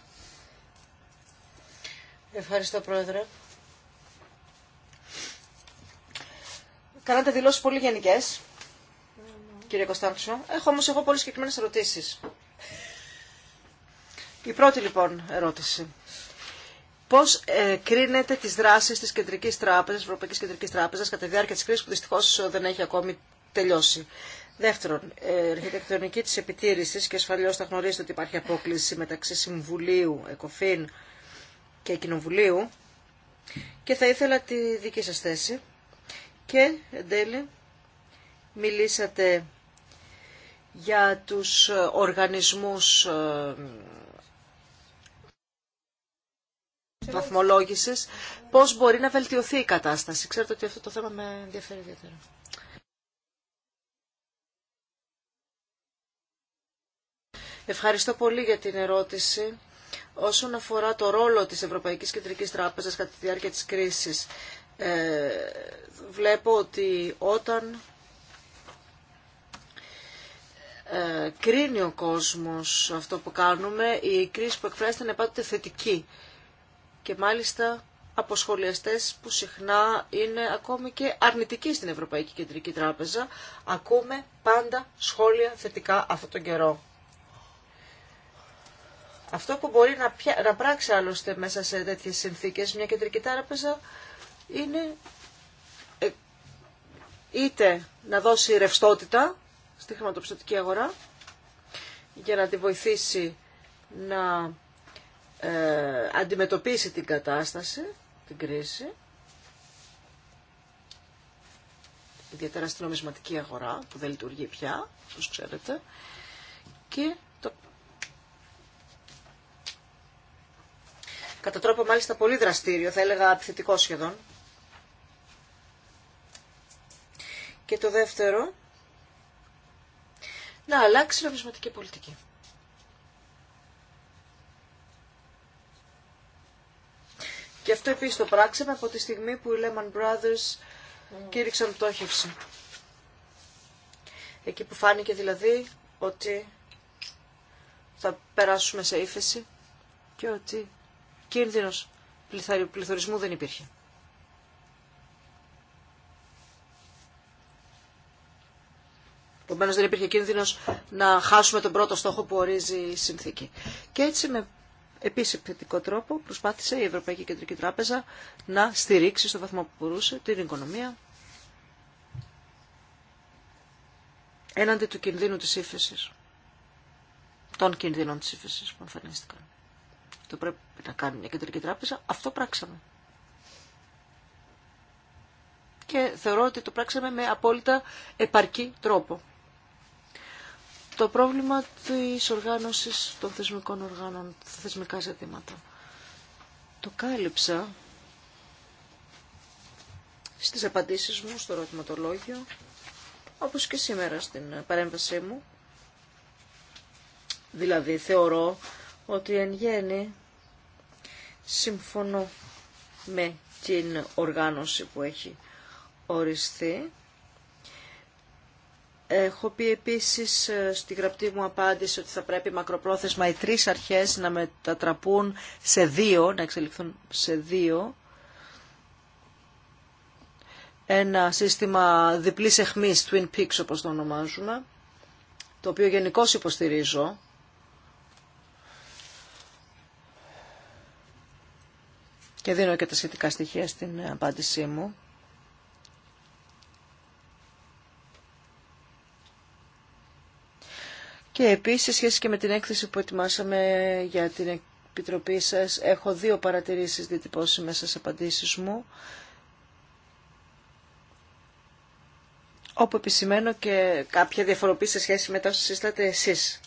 Ευχαριστώ Πρόεδρε. Κάνατε δηλώσεις πολύ γενικές, κύριε Κωνσταντσο. Έχω όμως εγώ πολύ συγκεκριμένες ερωτήσεις. Η πρώτη λοιπόν ερώτηση. Πώ ε, κρίνεται τι δράσει τη Κεντρική Τράπεζα, Ευρωπαϊκή Κεντρική Τράπεζα, κατά τη διάρκεια τη κρίση που δυστυχώ ε, δεν έχει ακόμη τελειώσει. Δεύτερον, η ε, αρχιτεκτονική τη επιτήρηση, και ασφαλώ θα γνωρίζετε ότι υπάρχει απόκληση μεταξύ Συμβουλίου, ΕΚΟΦΗΝ και Κοινοβουλίου. Και θα ήθελα τη δική σας θέση. Και εν τέλει, μιλήσατε για τους ε, οργανισμούς Πώ πώς μπορεί να βελτιωθεί η κατάσταση. Ξέρετε ότι αυτό το θέμα με ενδιαφέρει ιδιαίτερα. Ευχαριστώ πολύ για την ερώτηση. Όσον αφορά το ρόλο της Ευρωπαϊκής Κεντρικής Τράπεζας κατά τη διάρκεια της κρίσης, ε, βλέπω ότι όταν ε, κρίνει ο κόσμος αυτό που κάνουμε, η κρίση που εκφράζεται είναι πάντοτε θετική και μάλιστα από σχολιαστές που συχνά είναι ακόμη και αρνητικοί στην Ευρωπαϊκή Κεντρική Τράπεζα. Ακούμε πάντα σχόλια θετικά αυτόν τον καιρό. Αυτό που μπορεί να, πια, να πράξει άλλωστε μέσα σε τέτοιες συνθήκες μια κεντρική τράπεζα είναι ε, είτε να δώσει ρευστότητα στη χρηματοπιστωτική αγορά για να τη βοηθήσει να ε, αντιμετωπίσει την κατάσταση, την κρίση, ιδιαίτερα στην νομισματική αγορά που δεν λειτουργεί πια, όπως ξέρετε, και το... κατά τρόπο μάλιστα πολύ δραστήριο, θα έλεγα επιθετικό σχεδόν. Και το δεύτερο, να αλλάξει η νομισματική πολιτική. Και αυτό επίσης το πράξαμε από τη στιγμή που οι Lehman Brothers κήρυξαν πτώχευση. Εκεί που φάνηκε δηλαδή ότι θα περάσουμε σε ύφεση και ότι κίνδυνος πληθωρισμού δεν υπήρχε. Επομένω δεν υπήρχε κίνδυνος να χάσουμε τον πρώτο στόχο που ορίζει η συνθήκη. Και έτσι με επίσης επιθετικό τρόπο προσπάθησε η Ευρωπαϊκή Κεντρική Τράπεζα να στηρίξει στο βαθμό που μπορούσε την οικονομία έναντι του κινδύνου της ύφεσης, των κινδύνων της ύφεσης που εμφανίστηκαν. Το πρέπει να κάνει μια κεντρική τράπεζα, αυτό πράξαμε. Και θεωρώ ότι το πράξαμε με απόλυτα επαρκή τρόπο το πρόβλημα της οργάνωσης των θεσμικών οργάνων, τα θεσμικά ζητήματα. Το κάλυψα στις απαντήσεις μου στο ερωτηματολόγιο, όπως και σήμερα στην παρέμβασή μου. Δηλαδή θεωρώ ότι εν γέννη συμφωνώ με την οργάνωση που έχει οριστεί Έχω πει επίσης ε, στη γραπτή μου απάντηση ότι θα πρέπει μακροπρόθεσμα οι τρεις αρχές να μετατραπούν σε δύο, να εξελιχθούν σε δύο. Ένα σύστημα διπλής εχμής, Twin Peaks όπως το ονομάζουμε, το οποίο γενικώ υποστηρίζω. Και δίνω και τα σχετικά στοιχεία στην απάντησή μου. Και επίσης, σε σχέση και με την έκθεση που ετοιμάσαμε για την Επιτροπή σας, έχω δύο παρατηρήσεις διατυπώσει μέσα σε απαντήσεις μου, όπου επισημαίνω και κάποια διαφοροποίηση σε σχέση με τα όσα εσείς.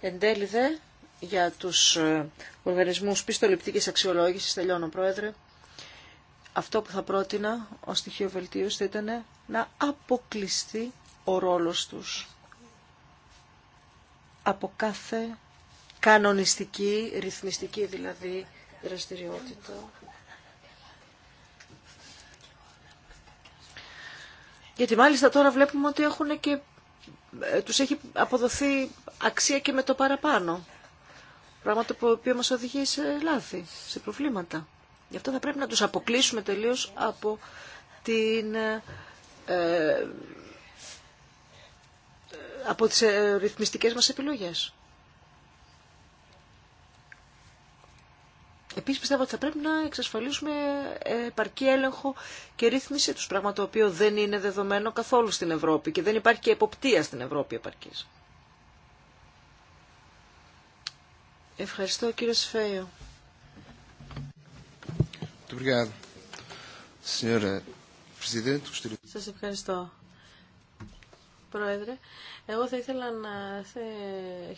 Εν τέλει δε, για τους ε, οργανισμούς πιστοληπτικής αξιολόγησης, τελειώνω πρόεδρε, αυτό που θα πρότεινα ως στοιχείο βελτίωση ήταν να αποκλειστεί ο ρόλος τους από κάθε κανονιστική, ρυθμιστική δηλαδή δραστηριότητα. Γιατί μάλιστα τώρα βλέπουμε ότι έχουν και, ε, τους έχει αποδοθεί αξία και με το παραπάνω. Πράγμα το οποίο μας οδηγεί σε λάθη, σε προβλήματα. Γι' αυτό θα πρέπει να τους αποκλείσουμε τελείως από την ε, ε, από τις ε, ρυθμιστικές μας επιλογές. Επίσης πιστεύω ότι θα πρέπει να εξασφαλίσουμε ε, επαρκή έλεγχο και ρύθμιση τους, πράγμα το οποίο δεν είναι δεδομένο καθόλου στην Ευρώπη και δεν υπάρχει και εποπτεία στην Ευρώπη επαρκής. Ευχαριστώ κύριε Σφέιο. Σας ευχαριστώ Πρόεδρε. Εγώ θα ήθελα να θε...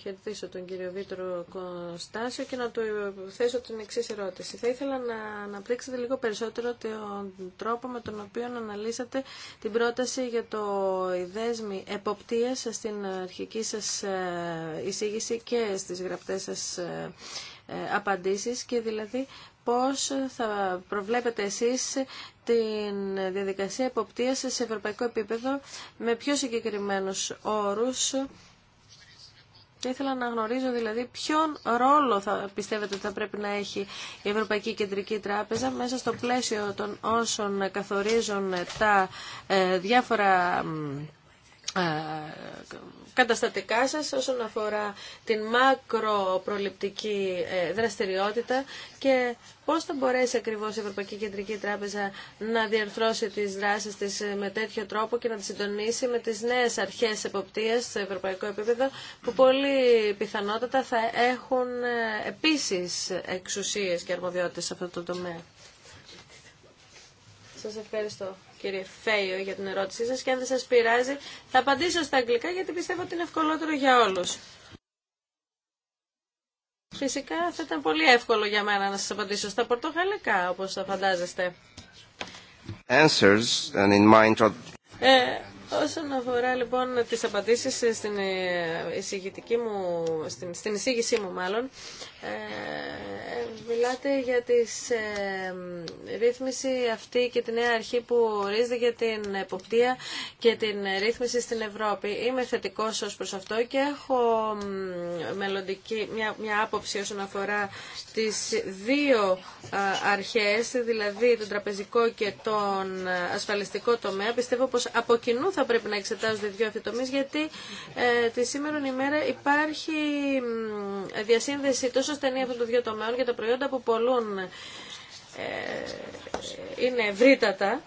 χαιρετήσω τον κύριο Βίτρο Κωνστάσιο και να του θέσω την εξή ερώτηση. Θα ήθελα να αναπτύξετε λίγο περισσότερο τον τρόπο με τον οποίο αναλύσατε την πρόταση για το ιδέσμη εποπτείας στην αρχική σας ε, εισήγηση και στι γραπτές σας ε, ε, απαντήσεις και δηλαδή πώς θα προβλέπετε εσείς την διαδικασία εποπτείας σε ευρωπαϊκό επίπεδο με πιο συγκεκριμένους όρους και ήθελα να γνωρίζω δηλαδή ποιον ρόλο θα πιστεύετε ότι θα πρέπει να έχει η Ευρωπαϊκή Κεντρική Τράπεζα μέσα στο πλαίσιο των όσων καθορίζουν τα ε, διάφορα ε, καταστατικά σας όσον αφορά την μακροπροληπτική ε, δραστηριότητα και πώς θα μπορέσει ακριβώς η Ευρωπαϊκή Κεντρική Τράπεζα να διαρθρώσει τις δράσεις της ε, με τέτοιο τρόπο και να τις συντονίσει με τις νέες αρχές εποπτείας στο ευρωπαϊκό επίπεδο που πολύ πιθανότατα θα έχουν ε, επίσης εξουσίες και αρμοδιότητες σε αυτό το τομέα. Σας ευχαριστώ κύριε Φέιο, για την ερώτησή σας και αν δεν σας πειράζει θα απαντήσω στα αγγλικά γιατί πιστεύω ότι είναι ευκολότερο για όλους. Φυσικά θα ήταν πολύ εύκολο για μένα να σας απαντήσω στα πορτογαλικά, όπως θα φαντάζεστε. Answers ε, Όσον αφορά λοιπόν τις απαντήσεις στην ε, εισηγητική μου, στην, στην εισήγησή μου μάλλον, ε, μιλάτε για τη ε, ρύθμιση αυτή και τη νέα αρχή που ορίζεται για την εποπτεία και την ρύθμιση στην Ευρώπη. Είμαι θετικός ως προς αυτό και έχω μελλοντική, μια, μια άποψη όσον αφορά τις δύο αρχές, δηλαδή τον τραπεζικό και τον ασφαλιστικό τομέα. Πιστεύω πως από θα πρέπει να εξετάζονται οι δύο αυτοί γιατί ε, τη σήμερα ημέρα υπάρχει διασύνδεση τόσο στενή αυτών των δύο τομέων για τα προϊόντα που πολλούν ε, ε είναι ευρύτατα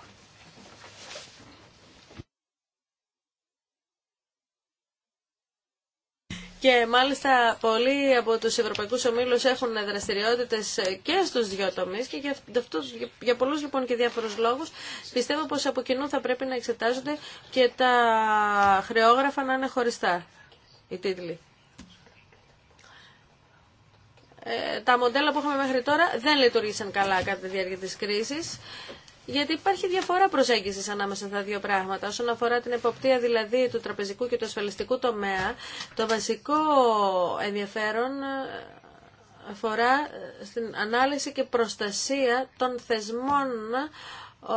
Και μάλιστα πολλοί από τους ευρωπαϊκούς ομίλους έχουν δραστηριότητες και στους δυο τομείς και για, αυτούς, για πολλούς λοιπόν και διάφορους λόγους πιστεύω πως από κοινού θα πρέπει να εξετάζονται και τα χρεόγραφα να είναι χωριστά οι τίτλοι. Ε, τα μοντέλα που έχουμε μέχρι τώρα δεν λειτουργήσαν καλά κατά τη διάρκεια της κρίσης γιατί υπάρχει διαφορά προσέγγισης ανάμεσα στα δύο πράγματα. Όσον αφορά την εποπτεία δηλαδή του τραπεζικού και του ασφαλιστικού τομέα, το βασικό ενδιαφέρον ε, αφορά ε, στην ανάλυση και προστασία των θεσμών ε,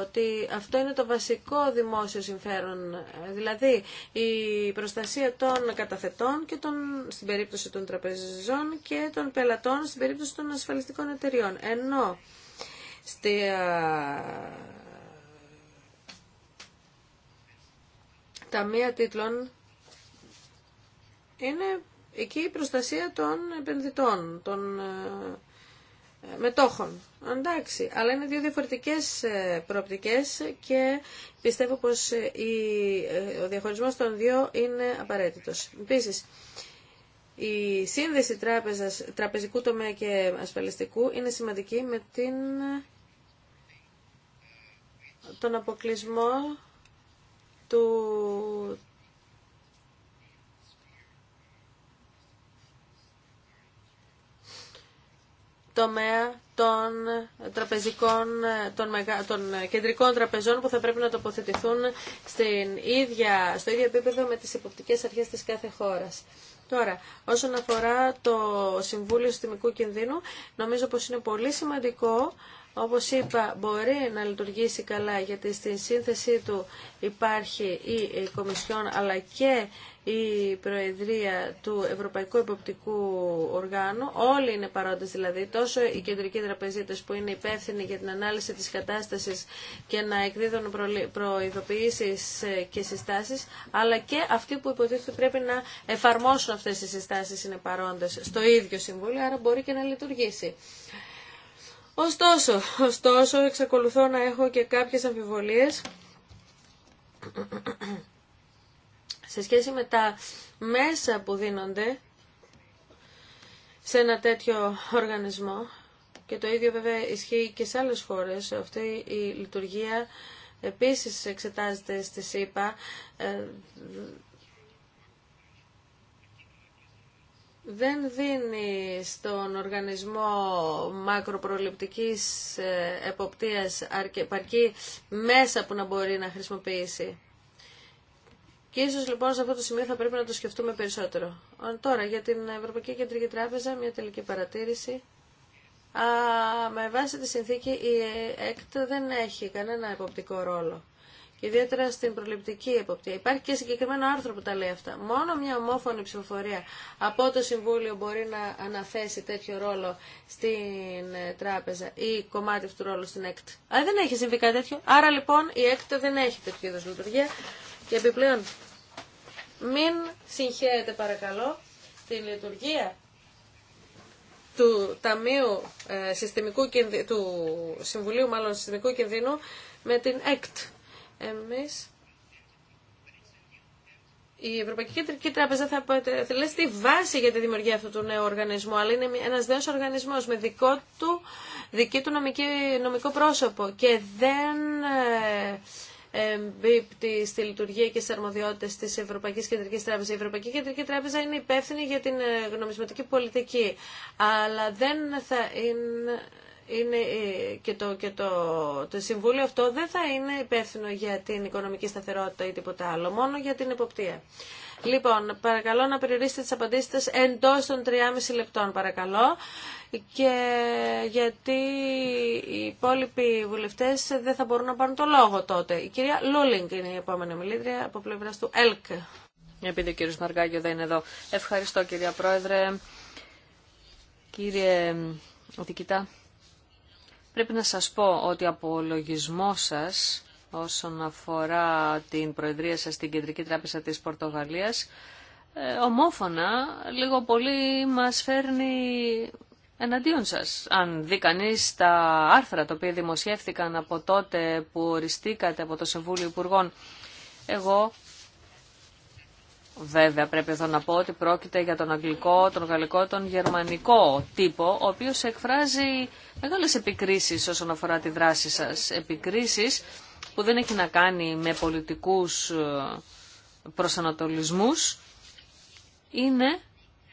ότι αυτό είναι το βασικό δημόσιο συμφέρον, δηλαδή η προστασία των καταθετών και των, στην περίπτωση των τραπεζών και των πελατών στην περίπτωση των ασφαλιστικών εταιριών. Ενώ στη, ε, τα μία τίτλων είναι εκεί η προστασία των επενδυτών, των ε, μετόχων. Εντάξει, αλλά είναι δύο διαφορετικές ε, προοπτικές και πιστεύω πως η, ο διαχωρισμός των δύο είναι απαραίτητος. Επίσης, η σύνδεση τράπεζας, τραπεζικού τομέα και ασφαλιστικού είναι σημαντική με την, τον αποκλεισμό του, τομέα των τραπεζικών, των, κεντρικών τραπεζών που θα πρέπει να τοποθετηθούν στην ίδια, στο ίδιο επίπεδο με τις υποπτικές αρχές της κάθε χώρας. Τώρα, όσον αφορά το Συμβούλιο Συστημικού Κινδύνου, νομίζω πως είναι πολύ σημαντικό όπως είπα, μπορεί να λειτουργήσει καλά γιατί στην σύνθεσή του υπάρχει η Κομισιόν αλλά και η Προεδρία του Ευρωπαϊκού Εποπτικού Οργάνου. Όλοι είναι παρόντες δηλαδή, τόσο οι κεντρικοί τραπεζίτες που είναι υπεύθυνοι για την ανάλυση της κατάστασης και να εκδίδουν προειδοποιήσεις ε, και συστάσεις, αλλά και αυτοί που υποτίθεται πρέπει να εφαρμόσουν αυτές τις συστάσεις είναι παρόντες στο ίδιο Συμβούλιο, άρα μπορεί και να λειτουργήσει. Ωστόσο, ωστόσο, εξακολουθώ να έχω και κάποιες αμφιβολίες σε σχέση με τα μέσα που δίνονται σε ένα τέτοιο οργανισμό και το ίδιο βέβαια ισχύει και σε άλλες χώρες. Αυτή η λειτουργία επίσης εξετάζεται στη ΣΥΠΑ. Ε, δεν δίνει στον οργανισμό μακροπροληπτικής ε, εποπτείας αρκεπαρκή μέσα που να μπορεί να χρησιμοποιήσει. Και ίσω λοιπόν σε αυτό το σημείο θα πρέπει να το σκεφτούμε περισσότερο. Τώρα για την Ευρωπαϊκή Κεντρική Τράπεζα μια τελική παρατήρηση. Α, με βάση τη συνθήκη η ΕΚΤ δεν έχει κανένα εποπτικό ρόλο. Και ιδιαίτερα στην προληπτική εποπτεία. Υπάρχει και συγκεκριμένο άρθρο που τα λέει αυτά. Μόνο μια ομόφωνη ψηφοφορία από το Συμβούλιο μπορεί να αναθέσει τέτοιο ρόλο στην ε, τράπεζα ή κομμάτι του ρόλου στην ΕΚΤ. Α, δεν έχει συμβεί κάτι τέτοιο. Άρα λοιπόν η ΕΚΤ δεν έχει τέτοιου λειτουργία. Και επιπλέον, μην συγχαίρετε παρακαλώ την λειτουργία του Ταμείου ε, Συστημικού του Συμβουλίου μάλλον Συστημικού Κινδύνου με την ΕΚΤ. Εμείς η Ευρωπαϊκή Κεντρική Τράπεζα θα αποτελέσει τη βάση για τη δημιουργία αυτού του νέου οργανισμού, αλλά είναι ένας νέος οργανισμός με δικό του, δική του νομική, νομικό πρόσωπο και δεν ε, εμπίπτει στη λειτουργία και στι αρμοδιότητε τη Ευρωπαϊκή Κεντρική Τράπεζα. Η Ευρωπαϊκή Κεντρική Τράπεζα είναι υπεύθυνη για την ε, γνωμισματική πολιτική, αλλά δεν θα είναι είναι ε, και, το, και το, το Συμβούλιο αυτό δεν θα είναι υπεύθυνο για την οικονομική σταθερότητα ή τίποτα άλλο, μόνο για την εποπτεία. Λοιπόν, παρακαλώ να περιορίσετε τις απαντήσεις σας εντός των 3,5 λεπτών, παρακαλώ. Και γιατί οι υπόλοιποι βουλευτές δεν θα μπορούν να πάρουν το λόγο τότε. Η κυρία Λούλινγκ είναι η επόμενη μιλήτρια από πλευρά του ΕΛΚ. Επειδή ο κύριος Μαργάγιο δεν είναι εδώ. Ευχαριστώ κυρία Πρόεδρε. Κύριε Οδικητά, πρέπει να σας πω ότι από λογισμό σας όσον αφορά την προεδρία σας στην Κεντρική Τράπεζα της Πορτογαλίας, ε, ομόφωνα λίγο πολύ μας φέρνει εναντίον σας. Αν δει κανεί τα άρθρα τα οποία δημοσιεύτηκαν από τότε που οριστήκατε από το Συμβούλιο Υπουργών, εγώ βέβαια πρέπει εδώ να πω ότι πρόκειται για τον αγγλικό, τον γαλλικό, τον γερμανικό τύπο, ο οποίος εκφράζει μεγάλες επικρίσεις όσον αφορά τη δράση σας. Επικρίσεις που δεν έχει να κάνει με πολιτικούς ε, προσανατολισμούς, είναι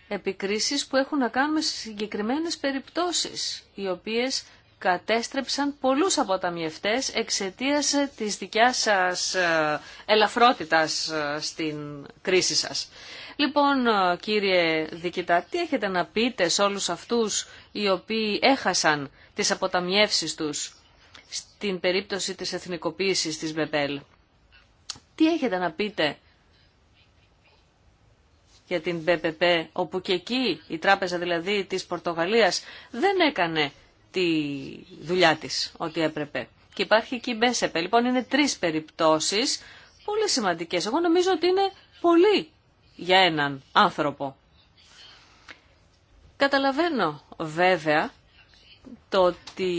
επικρίσεις που έχουν να κάνουν με συγκεκριμένες περιπτώσεις, οι οποίες κατέστρεψαν πολλούς αποταμιευτές εξαιτίας ε, της δικιάς σας ε, ελαφρότητας στην κρίση σας. Λοιπόν, κύριε Δικητά, τι έχετε να πείτε σε όλους αυτούς οι οποίοι έχασαν τις αποταμιεύσεις τους την περίπτωση της εθνικοποίησης της ΜΠΕΛ. Τι έχετε να πείτε για την BPP, όπου και εκεί η τράπεζα δηλαδή της Πορτογαλίας δεν έκανε τη δουλειά της ό,τι έπρεπε. Και υπάρχει και η Μπέσεπε. Λοιπόν, είναι τρεις περιπτώσεις πολύ σημαντικές. Εγώ νομίζω ότι είναι πολύ για έναν άνθρωπο. Καταλαβαίνω βέβαια το ότι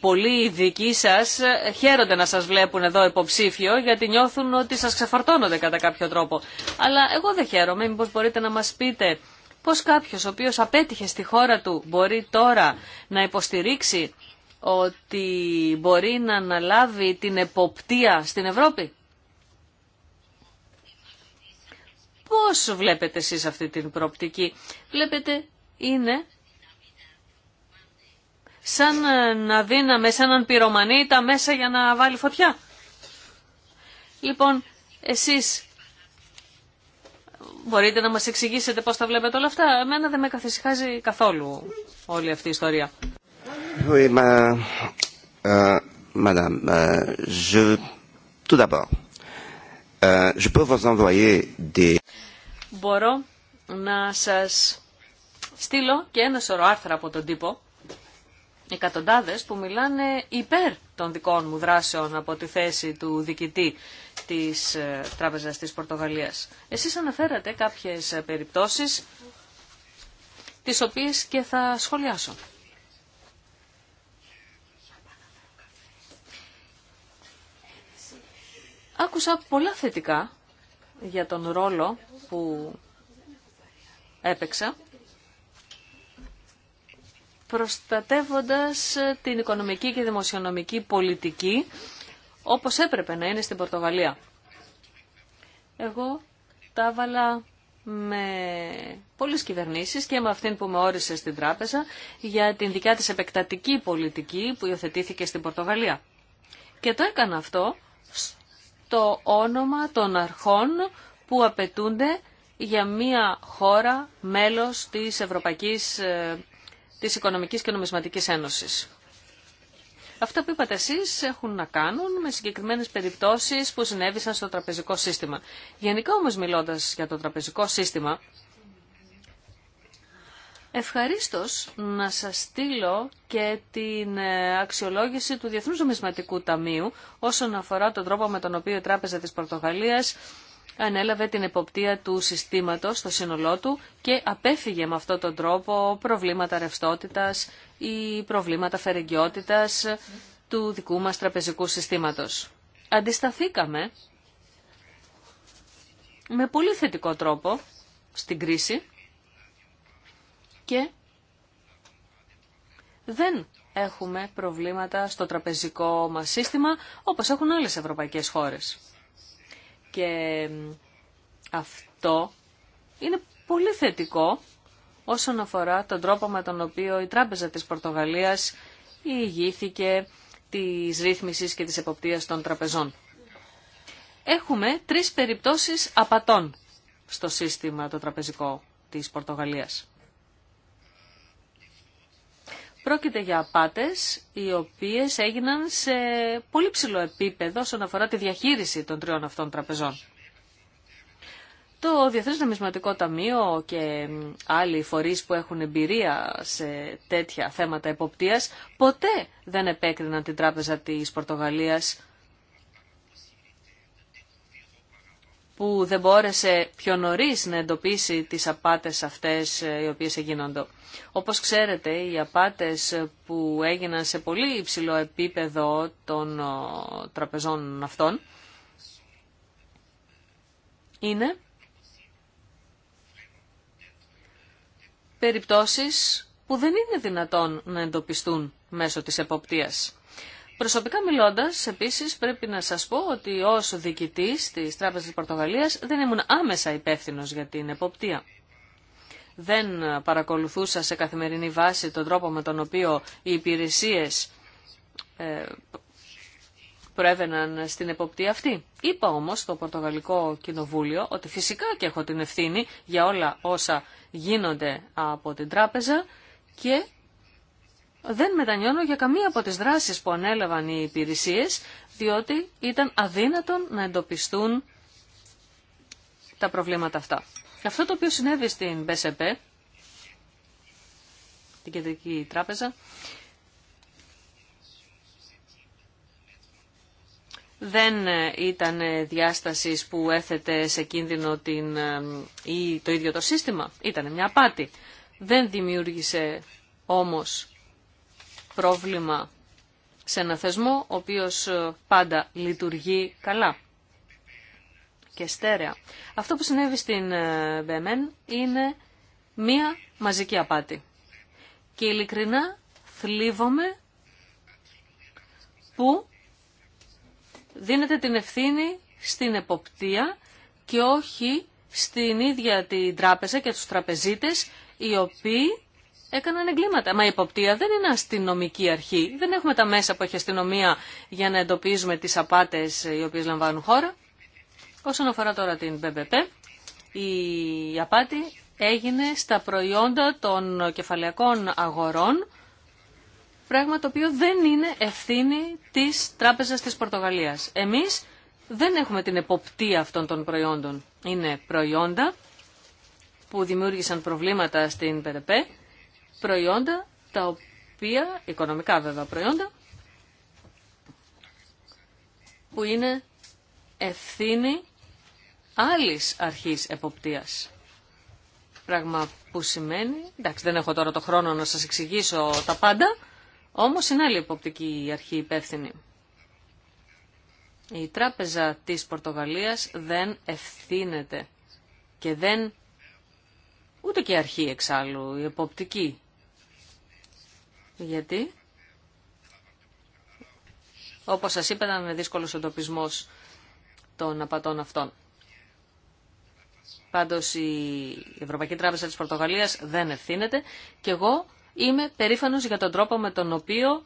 πολλοί δικοί σας χαίρονται να σας βλέπουν εδώ υποψήφιο γιατί νιώθουν ότι σας ξεφορτώνονται κατά κάποιο τρόπο. Αλλά εγώ δεν χαίρομαι, μήπω μπορείτε να μας πείτε πώς κάποιος ο οποίο απέτυχε στη χώρα του μπορεί τώρα να υποστηρίξει ότι μπορεί να αναλάβει την εποπτεία στην Ευρώπη. Πώς βλέπετε εσείς αυτή την προοπτική. Βλέπετε είναι σαν ε, να δίναμε σε έναν πυρομανή τα μέσα για να βάλει φωτιά. Λοιπόν, εσείς μπορείτε να μας εξηγήσετε πώς τα βλέπετε όλα αυτά. Εμένα δεν με καθησυχάζει καθόλου όλη αυτή η ιστορία. Oui, euh, madame, euh, je, tout d'abord, euh, je peux vous envoyer des... Μπορώ να σας στείλω και ένα σωρό άρθρα από τον τύπο εκατοντάδες που μιλάνε υπέρ των δικών μου δράσεων από τη θέση του διοικητή της ε, Τράπεζας της Πορτογαλίας. Εσείς αναφέρατε κάποιες περιπτώσεις τις οποίες και θα σχολιάσω. Άκουσα πολλά θετικά για τον ρόλο που έπαιξα προστατεύοντας την οικονομική και δημοσιονομική πολιτική όπως έπρεπε να είναι στην Πορτογαλία. Εγώ τα έβαλα με πολλές κυβερνήσεις και με αυτήν που με όρισε στην τράπεζα για την δικιά της επεκτατική πολιτική που υιοθετήθηκε στην Πορτογαλία. Και το έκανα αυτό στο όνομα των αρχών που απαιτούνται για μια χώρα μέλος της Ευρωπαϊκής ε, της Οικονομικής και Νομισματικής Ένωσης. Αυτά που είπατε εσείς έχουν να κάνουν με συγκεκριμένες περιπτώσεις που συνέβησαν στο τραπεζικό σύστημα. Γενικά όμως μιλώντας για το τραπεζικό σύστημα, ευχαρίστως να σας στείλω και την ε, αξιολόγηση του Διεθνούς Νομισματικού Ταμείου όσον αφορά τον τρόπο με τον οποίο η Τράπεζα της Πορτογαλίας ανέλαβε την εποπτεία του συστήματος στο σύνολό του και απέφυγε με αυτόν τον τρόπο προβλήματα ρευστότητας ή προβλήματα φερεγγιότητας του δικού μας τραπεζικού συστήματος. Αντισταθήκαμε με πολύ θετικό τρόπο στην κρίση και δεν έχουμε προβλήματα στο τραπεζικό μας σύστημα όπως έχουν άλλες ευρωπαϊκές χώρες. Και αυτό είναι πολύ θετικό όσον αφορά τον τρόπο με τον οποίο η Τράπεζα της Πορτογαλίας ηγήθηκε της ρύθμισης και της εποπτείας των τραπεζών. Έχουμε τρεις περιπτώσεις απατών στο σύστημα το τραπεζικό της Πορτογαλίας. Πρόκειται για απάτες οι οποίες έγιναν σε πολύ ψηλό επίπεδο όσον αφορά τη διαχείριση των τριών αυτών τραπεζών. Το Διεθνές Νομισματικό Ταμείο και άλλοι φορείς που έχουν εμπειρία σε τέτοια θέματα εποπτείας ποτέ δεν επέκριναν την Τράπεζα της Πορτογαλίας που δεν μπόρεσε πιο νωρί να εντοπίσει τις απάτες αυτές ε, οι οποίες έγινονται. Όπως ξέρετε, οι απάτες που έγιναν σε πολύ υψηλό επίπεδο των ε, τραπεζών αυτών είναι περιπτώσεις που δεν είναι δυνατόν να εντοπιστούν μέσω της εποπτείας. Προσωπικά μιλώντας, επίσης πρέπει να σας πω ότι ω διοικητή τη Τράπεζα της Πορτογαλίας δεν ήμουν άμεσα υπεύθυνο για την εποπτεία. Δεν παρακολουθούσα σε καθημερινή βάση τον τρόπο με τον οποίο οι υπηρεσίες ε, προέβαιναν στην εποπτεία αυτή. Είπα όμω στο Πορτογαλικό Κοινοβούλιο ότι φυσικά και έχω την ευθύνη για όλα όσα γίνονται από την τράπεζα και δεν μετανιώνω για καμία από τις δράσεις που ανέλαβαν οι υπηρεσίες, διότι ήταν αδύνατον να εντοπιστούν τα προβλήματα αυτά. Αυτό το οποίο συνέβη στην BSP, την Κεντρική Τράπεζα, δεν ε, ήταν ε, διάστασης που έθετε σε κίνδυνο την, ε, ή το ίδιο το σύστημα. Ήταν μια απάτη. Δεν δημιούργησε όμως πρόβλημα σε ένα θεσμό ο οποίος ε, πάντα λειτουργεί καλά και στέρεα. Αυτό που συνέβη στην ε, Μπεμέν είναι μία μαζική απάτη. Και ειλικρινά θλίβομαι που δίνεται την ευθύνη στην εποπτεία και όχι στην ίδια την τράπεζα και τους τραπεζίτες οι οποίοι έκαναν εγκλήματα. Μα η υποπτία δεν είναι αστυνομική αρχή. Δεν έχουμε τα μέσα που έχει αστυνομία για να εντοπίζουμε τις απάτες οι οποίες λαμβάνουν χώρα. Όσον αφορά τώρα την ΜΠΠ, η απάτη έγινε στα προϊόντα των κεφαλαιακών αγορών, πράγμα το οποίο δεν είναι ευθύνη της Τράπεζας της Πορτογαλίας. Εμείς δεν έχουμε την εποπτεία αυτών των προϊόντων. Είναι προϊόντα που δημιούργησαν προβλήματα στην ΠΕΡΕΠΕ προϊόντα τα οποία, οικονομικά βέβαια προϊόντα, που είναι ευθύνη άλλης αρχής εποπτείας. Πράγμα που σημαίνει, εντάξει δεν έχω τώρα το χρόνο να σας εξηγήσω τα πάντα, όμως είναι άλλη εποπτική αρχή υπεύθυνη. Η τράπεζα της Πορτογαλίας δεν ευθύνεται και δεν ούτε και αρχή εξάλλου, η εποπτική γιατί όπως σας είπα ήταν δύσκολος ο τοπισμός των απατών αυτών. Πάντως η Ευρωπαϊκή Τράπεζα της Πορτογαλίας δεν ευθύνεται και εγώ είμαι περήφανος για τον τρόπο με τον οποίο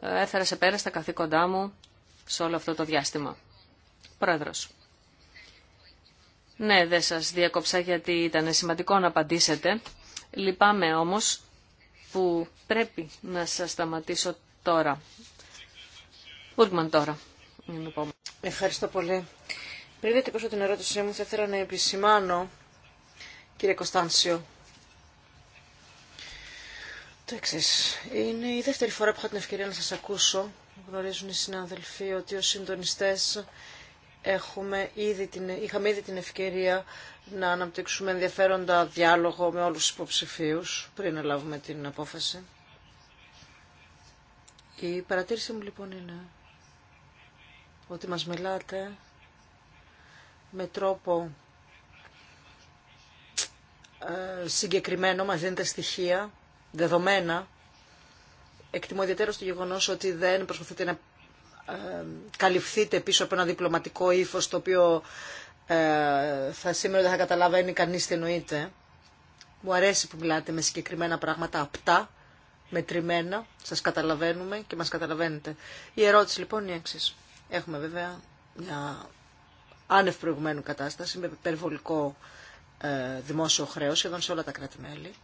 ε, έφερα σε πέρα στα καθήκοντά μου σε όλο αυτό το διάστημα. Πρόεδρος. Ναι, δεν σας διακόψα γιατί ήταν σημαντικό να απαντήσετε. Λυπάμαι όμως που πρέπει να σας σταματήσω τώρα. Ούργμαν τώρα. Ευχαριστώ πολύ. Πριν διατυπώσω την ερώτησή μου, θα ήθελα να επισημάνω, κύριε Κωνστανσιο, το εξή. Είναι η δεύτερη φορά που έχω την ευκαιρία να σας ακούσω. Γνωρίζουν οι συνάδελφοι ότι ως συντονιστές έχουμε ήδη την, είχαμε ήδη την ευκαιρία να αναπτύξουμε ενδιαφέροντα διάλογο με όλους τους υποψηφίους πριν λάβουμε την απόφαση. Η παρατήρηση μου λοιπόν είναι ότι μας μιλάτε με τρόπο ε, συγκεκριμένο, μας δίνετε στοιχεία, δεδομένα. Εκτιμώ ιδιαίτερα στο γεγονός ότι δεν προσπαθείτε να καλυφθείτε πίσω από ένα διπλωματικό ύφο το οποίο ε, θα σήμερα δεν θα καταλαβαίνει κανείς τι εννοείται. Μου αρέσει που μιλάτε με συγκεκριμένα πράγματα απτά, μετρημένα, σας καταλαβαίνουμε και μας καταλαβαίνετε. Η ερώτηση λοιπόν είναι η Έχουμε βέβαια μια άνευ προηγουμένου κατάσταση με περιβολικό ε, δημόσιο χρέος σχεδόν σε όλα τα κράτη-μέλη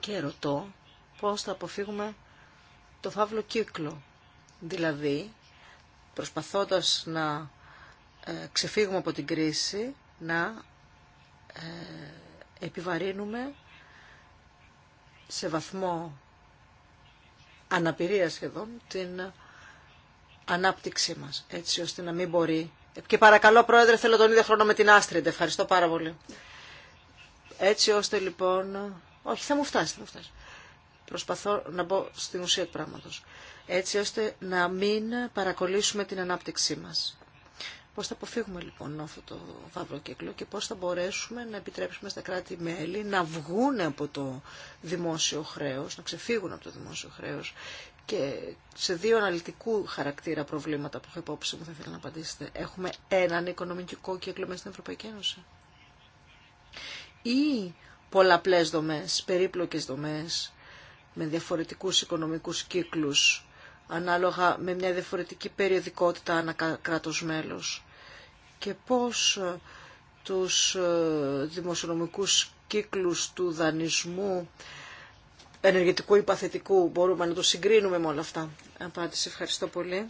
και ρωτώ πώς θα αποφύγουμε το φαύλο κύκλο Δηλαδή, προσπαθώντας να ε, ξεφύγουμε από την κρίση, να ε, επιβαρύνουμε σε βαθμό αναπηρία σχεδόν την ανάπτυξή μας, έτσι ώστε να μην μπορεί... Και παρακαλώ, Πρόεδρε, θέλω τον ίδιο χρόνο με την Άστριντ. Ευχαριστώ πάρα πολύ. Έτσι ώστε λοιπόν... Όχι, θα μου φτάσει, θα μου φτάσει. Προσπαθώ να μπω στην ουσία του πράγματος. Έτσι ώστε να μην παρακολύσουμε την ανάπτυξή μας. Πώς θα αποφύγουμε λοιπόν αυτό το φαύλο κύκλο και πώς θα μπορέσουμε να επιτρέψουμε στα κράτη-μέλη να βγουν από το δημόσιο χρέος, να ξεφύγουν από το δημόσιο χρέος και σε δύο αναλυτικού χαρακτήρα προβλήματα που έχω υπόψη μου θα ήθελα να απαντήσετε. Έχουμε έναν οικονομικό κύκλο μέσα στην Ευρωπαϊκή Ένωση. Ή πολλαπλές δομές, περίπλοκες δομές, με διαφορετικούς οικονομικούς κύκλους, ανάλογα με μια διαφορετική περιοδικότητα ανά κράτος μέλος και πώς ε, τους ε, δημοσιονομικούς κύκλους του δανεισμού ενεργητικού ή παθητικού μπορούμε να το συγκρίνουμε με όλα αυτά. Απάντηση, ευχαριστώ πολύ.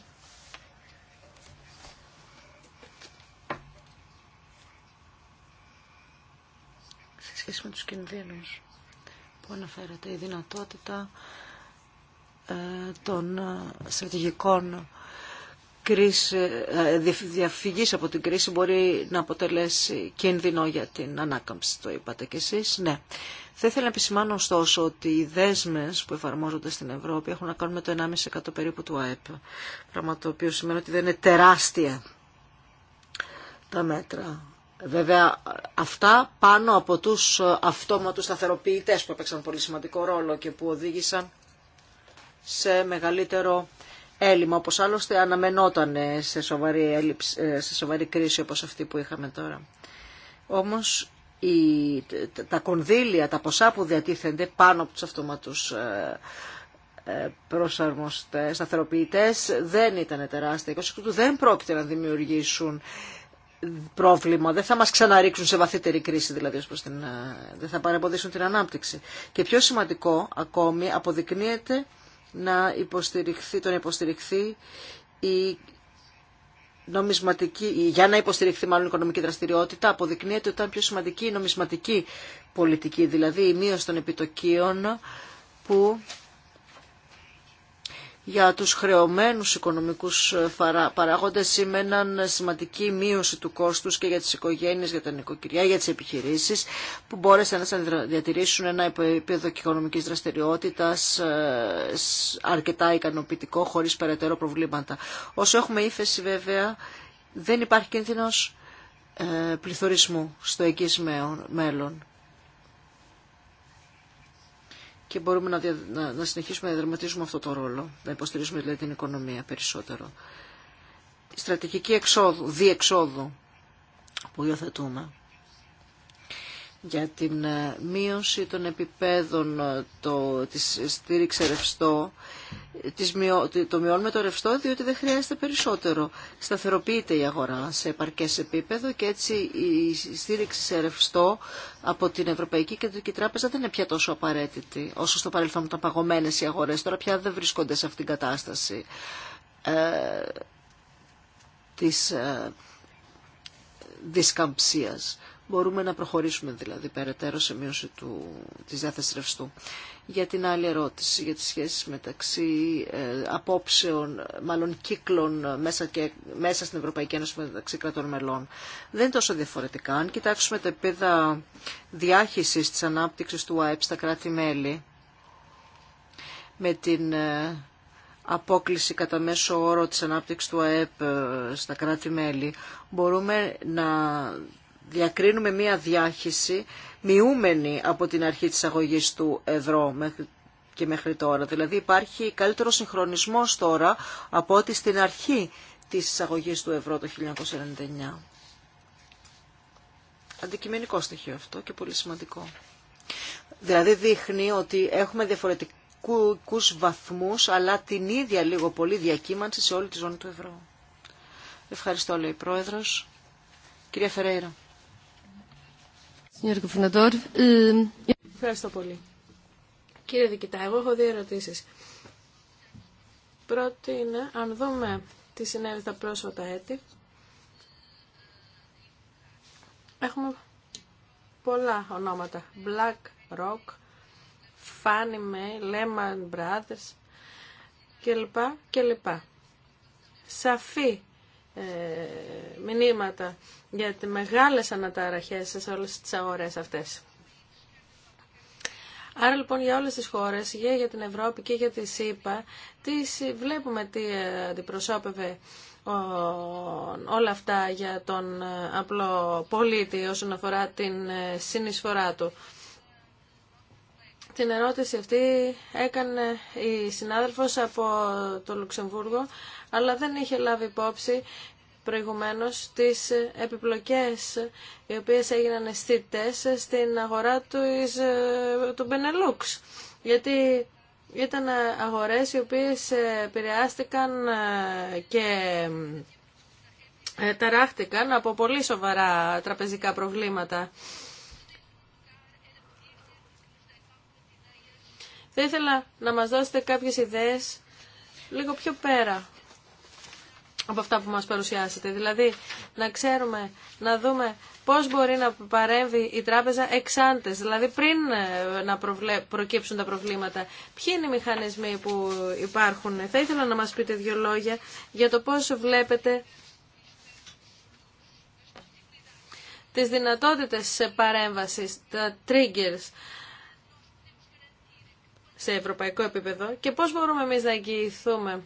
Σε σχέση με τους κινδύνους που αναφέρεται η δυνατότητα ε, των ε, στρατηγικών κρίση, ε, διαφυγής από την κρίση μπορεί να αποτελέσει κίνδυνο για την ανάκαμψη, το είπατε κι εσείς. Ναι. Θα ήθελα να επισημάνω ωστόσο ότι οι δέσμες που εφαρμόζονται στην Ευρώπη έχουν να κάνουν με το 1,5% περίπου του ΑΕΠ, πράγμα το οποίο σημαίνει ότι δεν είναι τεράστια τα μέτρα Βέβαια αυτά πάνω από τους αυτόματους σταθεροποιητές που έπαιξαν πολύ σημαντικό ρόλο και που οδήγησαν σε μεγαλύτερο έλλειμμα, όπως άλλωστε αναμενόταν ε, σε σοβαρή, κρίση όπως αυτή που είχαμε τώρα. Όμως η, τα κονδύλια, τα ποσά που διατίθενται πάνω από τους αυτόματους ε, ε, προσαρμοστές, σταθεροποιητές δεν ήταν τεράστια. δεν πρόκειται να δημιουργήσουν πρόβλημα. Δεν θα μας ξαναρίξουν σε βαθύτερη κρίση, δηλαδή, όπως την, ε, δεν θα παρεμποδίσουν την ανάπτυξη. Και πιο σημαντικό ακόμη αποδεικνύεται να υποστηριχθεί, τον υποστηριχθεί η νομισματική, για να υποστηριχθεί μάλλον η οικονομική δραστηριότητα, αποδεικνύεται ότι ήταν πιο σημαντική η νομισματική πολιτική, δηλαδή η μείωση των επιτοκίων που για τους χρεωμένους οικονομικούς ε, παράγοντες σήμαιναν σημαντική μείωση του κόστους και για τις οικογένειες, για τα νοικοκυριά, για τις επιχειρήσεις που μπόρεσαν να διατηρήσουν ένα επίπεδο οικονομικής δραστηριότητας ε, αρκετά ικανοποιητικό χωρίς περαιτέρω προβλήματα. Όσο έχουμε ύφεση βέβαια δεν υπάρχει κίνδυνος ε, πληθωρισμού στο εγγύς μέλλον και μπορούμε να, να, συνεχίσουμε να διαδραματίζουμε αυτό το ρόλο, να υποστηρίζουμε δηλαδή την οικονομία περισσότερο. Η στρατηγική εξόδου, διεξόδου που υιοθετούμε για την ε, μείωση των επιπέδων ε, το, της στήριξη ρευστό. Της, το μειώνουμε το ρευστό διότι δεν χρειάζεται περισσότερο. Σταθεροποιείται η αγορά σε επαρκές επίπεδο και έτσι η στήριξη σε ρευστό από την Ευρωπαϊκή Κεντρική Τράπεζα δεν είναι πια τόσο απαραίτητη όσο στο παρελθόν ήταν παγωμένες οι αγορές. Τώρα πια δεν βρίσκονται σε αυτήν την κατάσταση ε, της ε, δισκαμψίας μπορούμε να προχωρήσουμε δηλαδή περαιτέρω σε μείωση του, της διάθεσης ρευστού. Για την άλλη ερώτηση, για τις σχέσεις μεταξύ ε, απόψεων, μάλλον κύκλων ε, μέσα, και, μέσα στην Ευρωπαϊκή Ένωση μεταξύ κρατών μελών. Δεν είναι τόσο διαφορετικά. Αν κοιτάξουμε τα επίδα διάχυσης της ανάπτυξης του ΑΕΠ στα κράτη-μέλη, με την ε, απόκληση κατά μέσο όρο της ανάπτυξης του ΑΕΠ στα κράτη-μέλη, μπορούμε να διακρίνουμε μία διάχυση μειούμενη από την αρχή της αγωγής του ευρώ μέχρι και μέχρι τώρα. Δηλαδή υπάρχει καλύτερο συγχρονισμός τώρα από ό,τι στην αρχή της εισαγωγής του ευρώ το 1999. Αντικειμενικό στοιχείο αυτό και πολύ σημαντικό. Δηλαδή δείχνει ότι έχουμε διαφορετικούς βαθμούς αλλά την ίδια λίγο πολύ διακύμανση σε όλη τη ζώνη του ευρώ. Ευχαριστώ λέει η Πρόεδρος. Κυρία Φερέιρα. Eh, Ευχαριστώ πολύ. Κύριε Δικητά, εγώ έχω δύο ερωτήσει. Πρώτη είναι, αν δούμε τι συνέβη τα πρόσφατα έτη, έχουμε πολλά ονόματα. Black Rock, Fannie Mae, Lehman Brothers κλπ. κλπ. Σαφή ε, μηνύματα για τι μεγάλες αναταραχές σε όλες τις αγορές αυτές. Άρα λοιπόν για όλες τις χώρες, και για την Ευρώπη και για τη ΣΥΠΑ, τις βλέπουμε τι ε, αντιπροσώπευε όλα αυτά για τον ε, απλό πολίτη όσον αφορά την συνεισφορά του. Την ερώτηση αυτή έκανε η συνάδελφος από το Λουξεμβούργο, αλλά δεν είχε λάβει υπόψη προηγουμένως τις επιπλοκές οι οποίες έγιναν αισθητές στην αγορά του, ε, του Γιατί ήταν αγορές οι οποίες επηρεάστηκαν ε, και ε, ταράχτηκαν από πολύ σοβαρά τραπεζικά προβλήματα. Θα ήθελα να μας δώσετε κάποιες ιδέες λίγο πιο πέρα από αυτά που μας παρουσιάσετε. Δηλαδή, να ξέρουμε, να δούμε πώς μπορεί να παρέμβει η τράπεζα εξάντες, δηλαδή πριν ε, να προκύψουν τα προβλήματα. Ποιοι είναι οι μηχανισμοί που υπάρχουν. Θα ήθελα να μας πείτε δύο λόγια για το πώς βλέπετε τις δυνατότητες παρέμβασης, τα triggers σε ευρωπαϊκό επίπεδο και πώς μπορούμε εμείς να εγγυηθούμε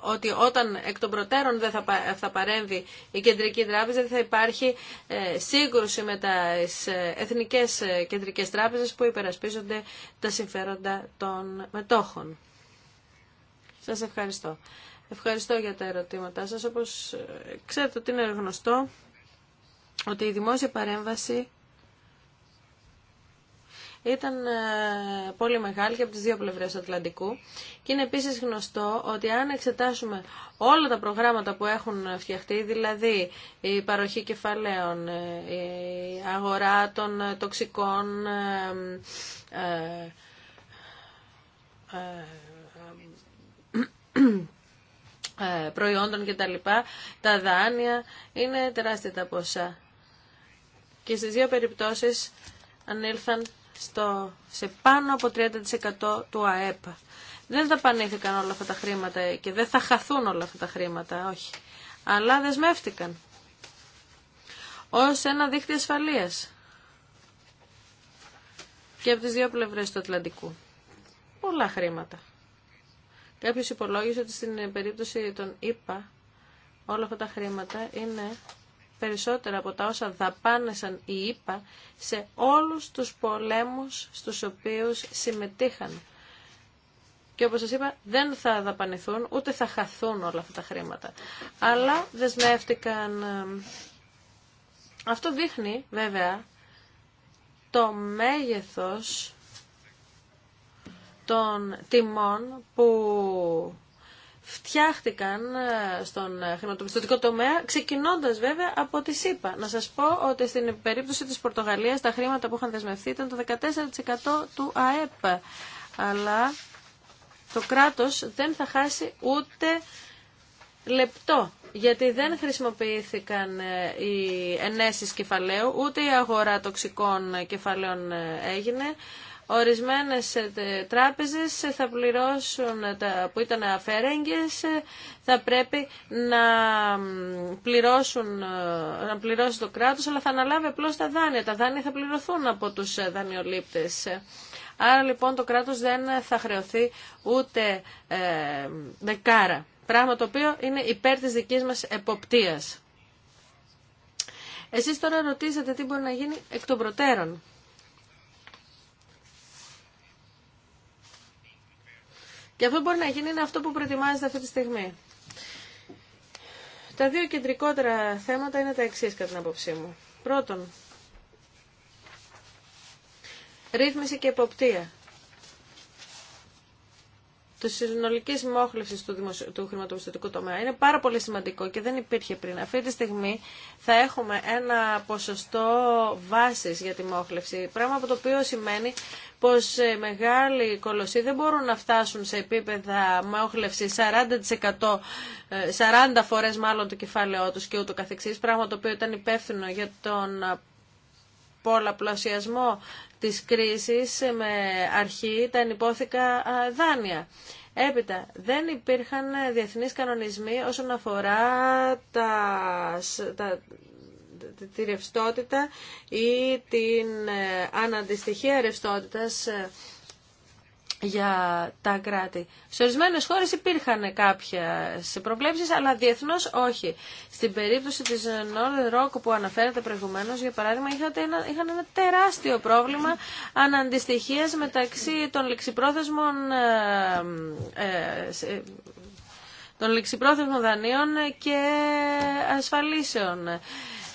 ότι όταν εκ των προτέρων δεν θα, παρέμβει η Κεντρική Τράπεζα δεν θα υπάρχει ε, σύγκρουση με τις ε, εθνικές ε, κεντρικές τράπεζες που υπερασπίζονται τα συμφέροντα των μετόχων. Σας ευχαριστώ. Ευχαριστώ για τα ερωτήματά σας. Όπως ξέρετε ότι είναι γνωστό ότι η δημόσια παρέμβαση ήταν ε, πολύ μεγάλη και από τις δύο πλευρές του Ατλαντικού και είναι επίσης γνωστό ότι αν εξετάσουμε όλα τα προγράμματα που έχουν φτιαχτεί, δηλαδή η παροχή κεφαλαίων, ε, η αγορά των ε, τοξικών προϊόντων και τα λοιπά, τα δάνεια είναι τεράστια ποσά. Και στις δύο περιπτώσεις ανήλθαν στο, σε πάνω από 30% του ΑΕΠ. Δεν δαπανήθηκαν όλα αυτά τα χρήματα και δεν θα χαθούν όλα αυτά τα χρήματα, όχι. Αλλά δεσμεύτηκαν ως ένα δίχτυ ασφαλείας και από τις δύο πλευρές του Ατλαντικού. Πολλά χρήματα. Κάποιος υπολόγισε ότι στην περίπτωση των ΙΠΑ όλα αυτά τα χρήματα είναι περισσότερα από τα όσα δαπάνεσαν οι ΙΠΑ σε όλους τους πολέμους στους οποίους συμμετείχαν. Και όπως σας είπα, δεν θα δαπανηθούν, ούτε θα χαθούν όλα αυτά τα χρήματα. Αλλά δεσμεύτηκαν... Αυτό δείχνει, βέβαια, το μέγεθος των τιμών που φτιάχτηκαν ε, στον ε, χρηματοπιστωτικό τομέα, ξεκινώντας βέβαια από τη ΣΥΠΑ. Να σας πω ότι στην περίπτωση της Πορτογαλίας τα χρήματα που είχαν δεσμευτεί ήταν το 14% του ΑΕΠ. Αλλά το κράτος δεν θα χάσει ούτε λεπτό γιατί δεν χρησιμοποιήθηκαν ε, οι ενέσεις κεφαλαίου, ούτε η αγορά τοξικών κεφαλαίων έγινε, Ορισμένες ε, τράπεζες ε, θα πληρώσουν τα που ήταν αφαιρέγγες, ε, θα πρέπει να πληρώσουν, να πληρώσει το κράτος, αλλά θα αναλάβει απλώς τα δάνεια. Τα δάνεια θα πληρωθούν από τους δανειολήπτες. Άρα λοιπόν το κράτος δεν θα χρεωθεί ούτε ε, δεκάρα. Πράγμα το οποίο είναι υπέρ της δικής μας εποπτείας. Εσείς τώρα ρωτήσατε τι μπορεί να γίνει εκ των προτέρων. Και αυτό μπορεί να γίνει είναι αυτό που προετοιμάζεται αυτή τη στιγμή. Τα δύο κεντρικότερα θέματα είναι τα εξής κατά την απόψή μου. Πρώτον, ρύθμιση και εποπτεία τη συνολική μόχλευση του, δημοσιο... του χρηματοπιστωτικού τομέα. Είναι πάρα πολύ σημαντικό και δεν υπήρχε πριν. Αυτή τη στιγμή θα έχουμε ένα ποσοστό βάση για τη μόχλευση. Πράγμα από το οποίο σημαίνει πω ε, μεγάλοι κολοσσοί δεν μπορούν να φτάσουν σε επίπεδα μόχλευση 40%, 40 φορέ μάλλον το κεφάλαιό του και ούτω καθεξής. Πράγμα το οποίο ήταν υπεύθυνο για τον ε, πολλαπλασιασμό της κρίσης με αρχή τα ενυπόθηκα δάνεια. Έπειτα, δεν υπήρχαν διεθνείς κανονισμοί όσον αφορά τα, τα, τη ρευστότητα ή την ε, αναντιστοιχεία ρευστότητας ε, για τα κράτη. Σε ορισμένε χώρε υπήρχαν κάποιες προβλέψει, αλλά διεθνώ όχι. Στην περίπτωση τη Northern Rock που αναφέρατε προηγουμένω, για παράδειγμα, ένα, είχαν ένα τεράστιο πρόβλημα αναντιστοιχία μεταξύ των ληξιπρόθεσμων. Ε, ε, δανείων και ασφαλίσεων.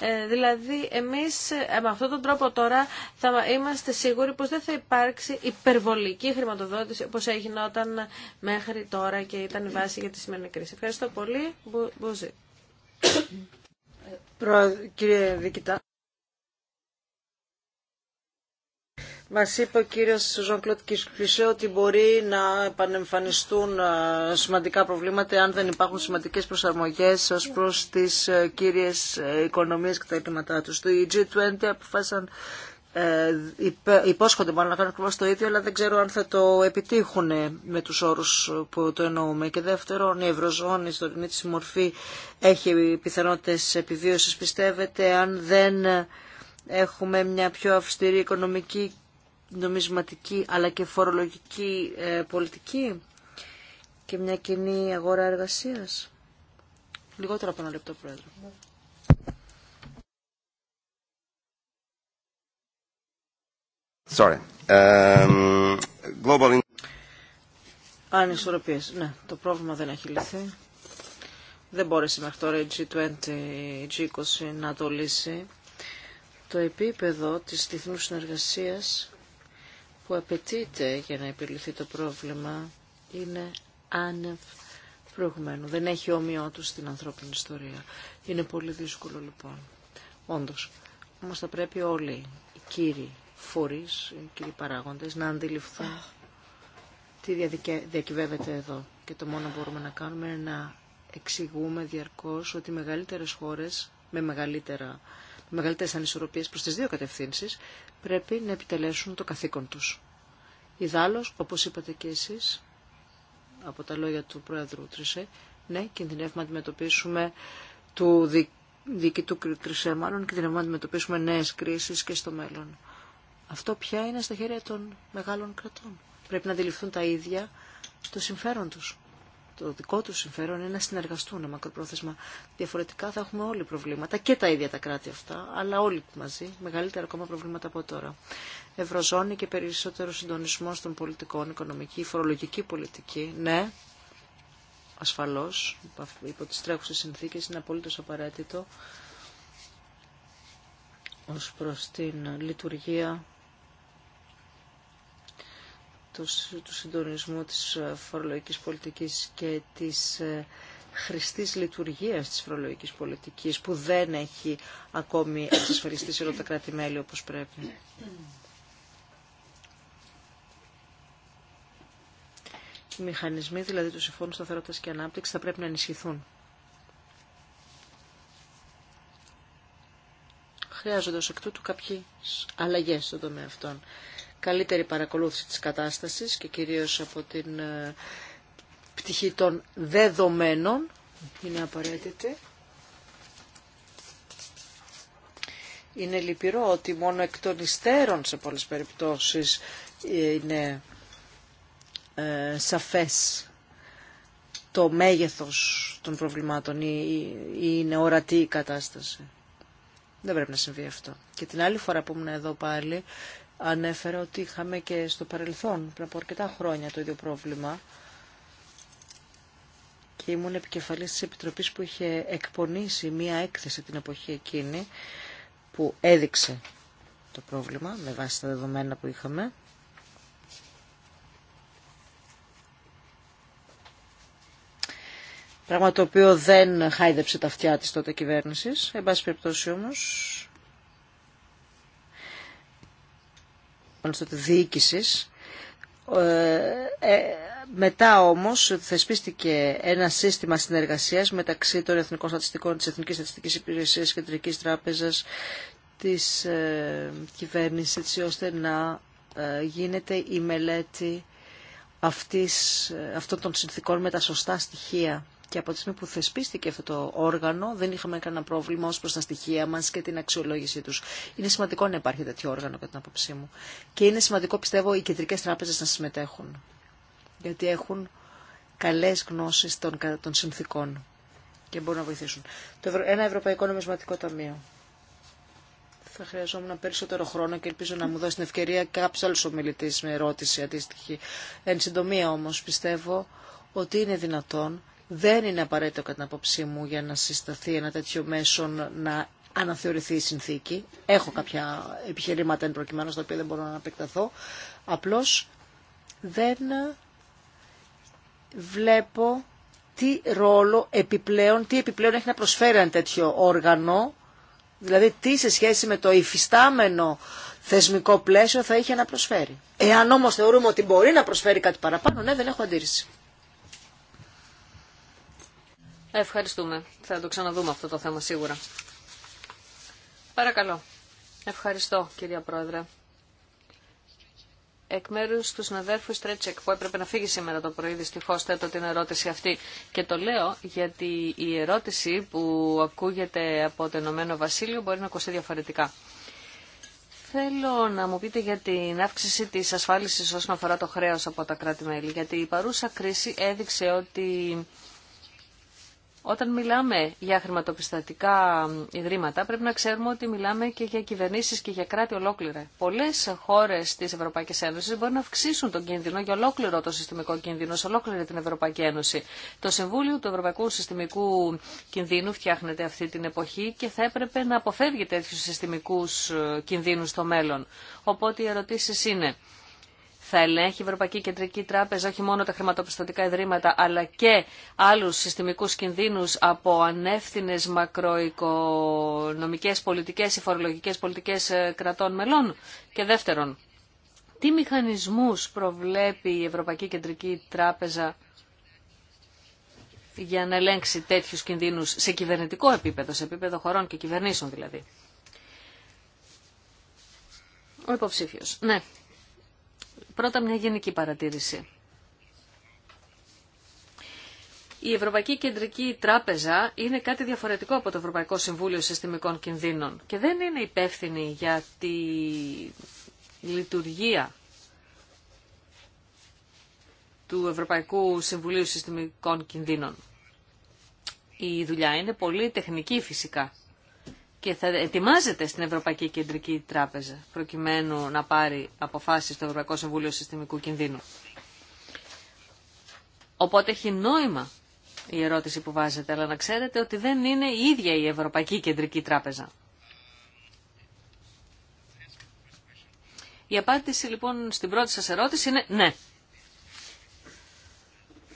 Ε, δηλαδή εμείς ε, με αυτόν τον τρόπο τώρα θα είμαστε σίγουροι πως δεν θα υπάρξει υπερβολική χρηματοδότηση όπως όταν μέχρι τώρα και ήταν η βάση για τη σημερινή κρίση. Ευχαριστώ πολύ. Μπουζή. Κύριε Μας είπε ο κύριος Ζων Κλωτ Κισκλισέ ότι μπορεί να επανεμφανιστούν ε, σημαντικά προβλήματα αν δεν υπάρχουν σημαντικές προσαρμογές ως προς τις ε, κύριες ε, οικονομίες και τα αιτήματά τους. Το G20 αποφάσισαν ε, υπόσχονται μάλλον να κάνουν ακριβώ το ίδιο, αλλά δεν ξέρω αν θα το επιτύχουν με του όρου που το εννοούμε. Και δεύτερον, η Ευρωζώνη στο τωρινή τη μορφή έχει πιθανότητε επιβίωση, πιστεύετε, αν δεν έχουμε μια πιο αυστηρή οικονομική νομισματική αλλά και φορολογική ε, πολιτική και μια κοινή αγορά εργασίας. Λιγότερο από ένα λεπτό, Πρόεδρε. Sorry. Um, global... Ναι, το πρόβλημα δεν έχει λυθεί. Δεν μπόρεσε μέχρι τώρα η G20, να το λύσει. Το επίπεδο της διεθνούς συνεργασίας που απαιτείται για να επιληθεί το πρόβλημα είναι άνευ προηγουμένου. Δεν έχει όμοιό του στην ανθρώπινη ιστορία. Είναι πολύ δύσκολο λοιπόν. Όντω. όμως θα πρέπει όλοι οι κύριοι φορείς, οι κύριοι παράγοντε να αντιληφθούν τι διακυβεύεται εδώ. Και το μόνο που μπορούμε να κάνουμε είναι να εξηγούμε διαρκώ ότι μεγαλύτερε χώρε με μεγαλύτερα μεγαλύτερε ανισορροπίε προ τι δύο κατευθύνσει, πρέπει να επιτελέσουν το καθήκον του. Ιδάλω, όπω είπατε και εσεί, από τα λόγια του Πρόεδρου Τρισέ, ναι, κινδυνεύουμε να αντιμετωπίσουμε του διοικητού Τρισέ, μάλλον κινδυνεύουμε να αντιμετωπίσουμε νέε κρίσει και στο μέλλον. Αυτό πια είναι στα χέρια των μεγάλων κρατών. Πρέπει να αντιληφθούν τα ίδια το συμφέρον τους το δικό του συμφέρον είναι να συνεργαστούν μακροπρόθεσμα. Διαφορετικά θα έχουμε όλοι προβλήματα και τα ίδια τα κράτη αυτά, αλλά όλοι μαζί, μεγαλύτερα ακόμα προβλήματα από τώρα. Ευρωζώνη και περισσότερο συντονισμό των πολιτικών, οικονομική, φορολογική πολιτική, ναι, ασφαλώς, υπό τι τρέχουσε συνθήκε, είναι απολύτω απαραίτητο ω προ την λειτουργία του συντονισμού της ε, φορολογικής πολιτικής και της ε, χρηστής λειτουργίας της φορολογικής πολιτικής που δεν έχει ακόμη εξασφαλιστεί σε όλα τα κράτη-μέλη όπως πρέπει. Οι μηχανισμοί δηλαδή του Συμφώνου Σταθερότητας και ανάπτυξη θα πρέπει να ενισχυθούν. Χρειάζονται ως εκ τούτου κάποιες αλλαγές στον τομέα αυτών καλύτερη παρακολούθηση της κατάστασης και κυρίως από την ε, πτυχή των δεδομένων είναι απαραίτητη. Είναι λυπηρό ότι μόνο εκ των υστέρων σε πολλές περιπτώσεις είναι ε, σαφές το μέγεθος των προβλημάτων ή είναι ορατή η κατάσταση. Δεν πρέπει να συμβεί αυτό. Και την άλλη φορά που ήμουν εδώ πάλι, ανέφερα ότι είχαμε και στο παρελθόν, πριν από αρκετά χρόνια, το ίδιο πρόβλημα και ήμουν επικεφαλής της Επιτροπής που είχε εκπονήσει μία έκθεση την εποχή εκείνη που έδειξε το πρόβλημα με βάση τα δεδομένα που είχαμε. Πράγμα το οποίο δεν χάιδεψε τα αυτιά της τότε κυβέρνησης. Εν πάση περιπτώσει όμως Πανεπιστήμιο Διοίκησης. Ε, ε, μετά όμως θεσπίστηκε ένα σύστημα συνεργασίας μεταξύ των Εθνικών Στατιστικών, της Εθνικής Στατιστικής Υπηρεσίας, Κεντρικής Τράπεζας, της ε, κυβέρνησης, έτσι ώστε να ε, γίνεται η μελέτη αυτής, ε, αυτών των συνθήκων με τα σωστά στοιχεία και από τη στιγμή που θεσπίστηκε αυτό το όργανο, δεν είχαμε κανένα πρόβλημα ω προ τα στοιχεία μα και την αξιολόγησή του. Είναι σημαντικό να υπάρχει τέτοιο όργανο, κατά την άποψή μου. Και είναι σημαντικό, πιστεύω, οι κεντρικέ τράπεζε να συμμετέχουν. Γιατί έχουν καλέ γνώσει των, των συνθήκων και μπορούν να βοηθήσουν. Το Ένα Ευρωπαϊκό Νομισματικό Ταμείο. Θα χρειαζόμουν περισσότερο χρόνο και ελπίζω να μου δώσει την ευκαιρία κάποιο άλλο ομιλητή με ερώτηση αντίστοιχη. Εν συντομία όμω πιστεύω ότι είναι δυνατόν δεν είναι απαραίτητο κατά την απόψή μου για να συσταθεί ένα τέτοιο μέσο να αναθεωρηθεί η συνθήκη. Έχω κάποια επιχειρήματα εν προκειμένου στα οποία δεν μπορώ να επεκταθώ. Απλώς δεν βλέπω τι ρόλο επιπλέον, τι επιπλέον έχει να προσφέρει ένα τέτοιο όργανο, δηλαδή τι σε σχέση με το υφιστάμενο θεσμικό πλαίσιο θα είχε να προσφέρει. Εάν όμως θεωρούμε ότι μπορεί να προσφέρει κάτι παραπάνω, ναι δεν έχω αντίρρηση. Ευχαριστούμε. Θα το ξαναδούμε αυτό το θέμα σίγουρα. Παρακαλώ. Ευχαριστώ, κυρία Πρόεδρε. Εκ μέρου του συναδέρφου Στρέτσεκ, που έπρεπε να φύγει σήμερα το πρωί, δυστυχώ θέτω την ερώτηση αυτή. Και το λέω γιατί η ερώτηση που ακούγεται από το Ενωμένο Βασίλειο μπορεί να ακουστεί διαφορετικά. Θέλω να μου πείτε για την αύξηση της ασφάλισης όσον αφορά το χρέος από τα κράτη-μέλη, γιατί η παρούσα κρίση έδειξε ότι όταν μιλάμε για χρηματοπιστωτικά ιδρύματα, πρέπει να ξέρουμε ότι μιλάμε και για κυβερνήσει και για κράτη ολόκληρα. Πολλέ χώρε τη Ευρωπαϊκή Ένωση μπορεί να αυξήσουν τον κίνδυνο για ολόκληρο το συστημικό κίνδυνο, σε ολόκληρη την Ευρωπαϊκή Ένωση. Το Συμβούλιο του Ευρωπαϊκού Συστημικού Κινδύνου φτιάχνεται αυτή την εποχή και θα έπρεπε να αποφεύγει τέτοιου συστημικού κινδύνου στο μέλλον. Οπότε οι ερωτήσει είναι θα ελέγχει η Ευρωπαϊκή Κεντρική Τράπεζα όχι μόνο τα χρηματοπιστωτικά ιδρύματα αλλά και άλλους συστημικούς κινδύνους από ανεύθυνες μακροοικονομικές πολιτικές ή φορολογικές πολιτικές ε, κρατών μελών. Και δεύτερον, τι μηχανισμούς προβλέπει η Ευρωπαϊκή Κεντρική Τράπεζα για να ελέγξει τέτοιους κινδύνους σε κυβερνητικό επίπεδο, σε επίπεδο χωρών και κυβερνήσεων δηλαδή. Ο υποψήφιος. Ναι, Πρώτα μια γενική παρατήρηση. Η Ευρωπαϊκή Κεντρική Τράπεζα είναι κάτι διαφορετικό από το Ευρωπαϊκό Συμβούλιο Συστημικών Κινδύνων και δεν είναι υπεύθυνη για τη λειτουργία του Ευρωπαϊκού Συμβουλίου Συστημικών Κινδύνων. Η δουλειά είναι πολύ τεχνική φυσικά και θα ετοιμάζεται στην Ευρωπαϊκή Κεντρική Τράπεζα προκειμένου να πάρει αποφάσεις στο Ευρωπαϊκό Συμβούλιο Συστημικού Κινδύνου. Οπότε έχει νόημα η ερώτηση που βάζετε, αλλά να ξέρετε ότι δεν είναι η ίδια η Ευρωπαϊκή Κεντρική Τράπεζα. Η απάντηση λοιπόν στην πρώτη σας ερώτηση είναι ναι.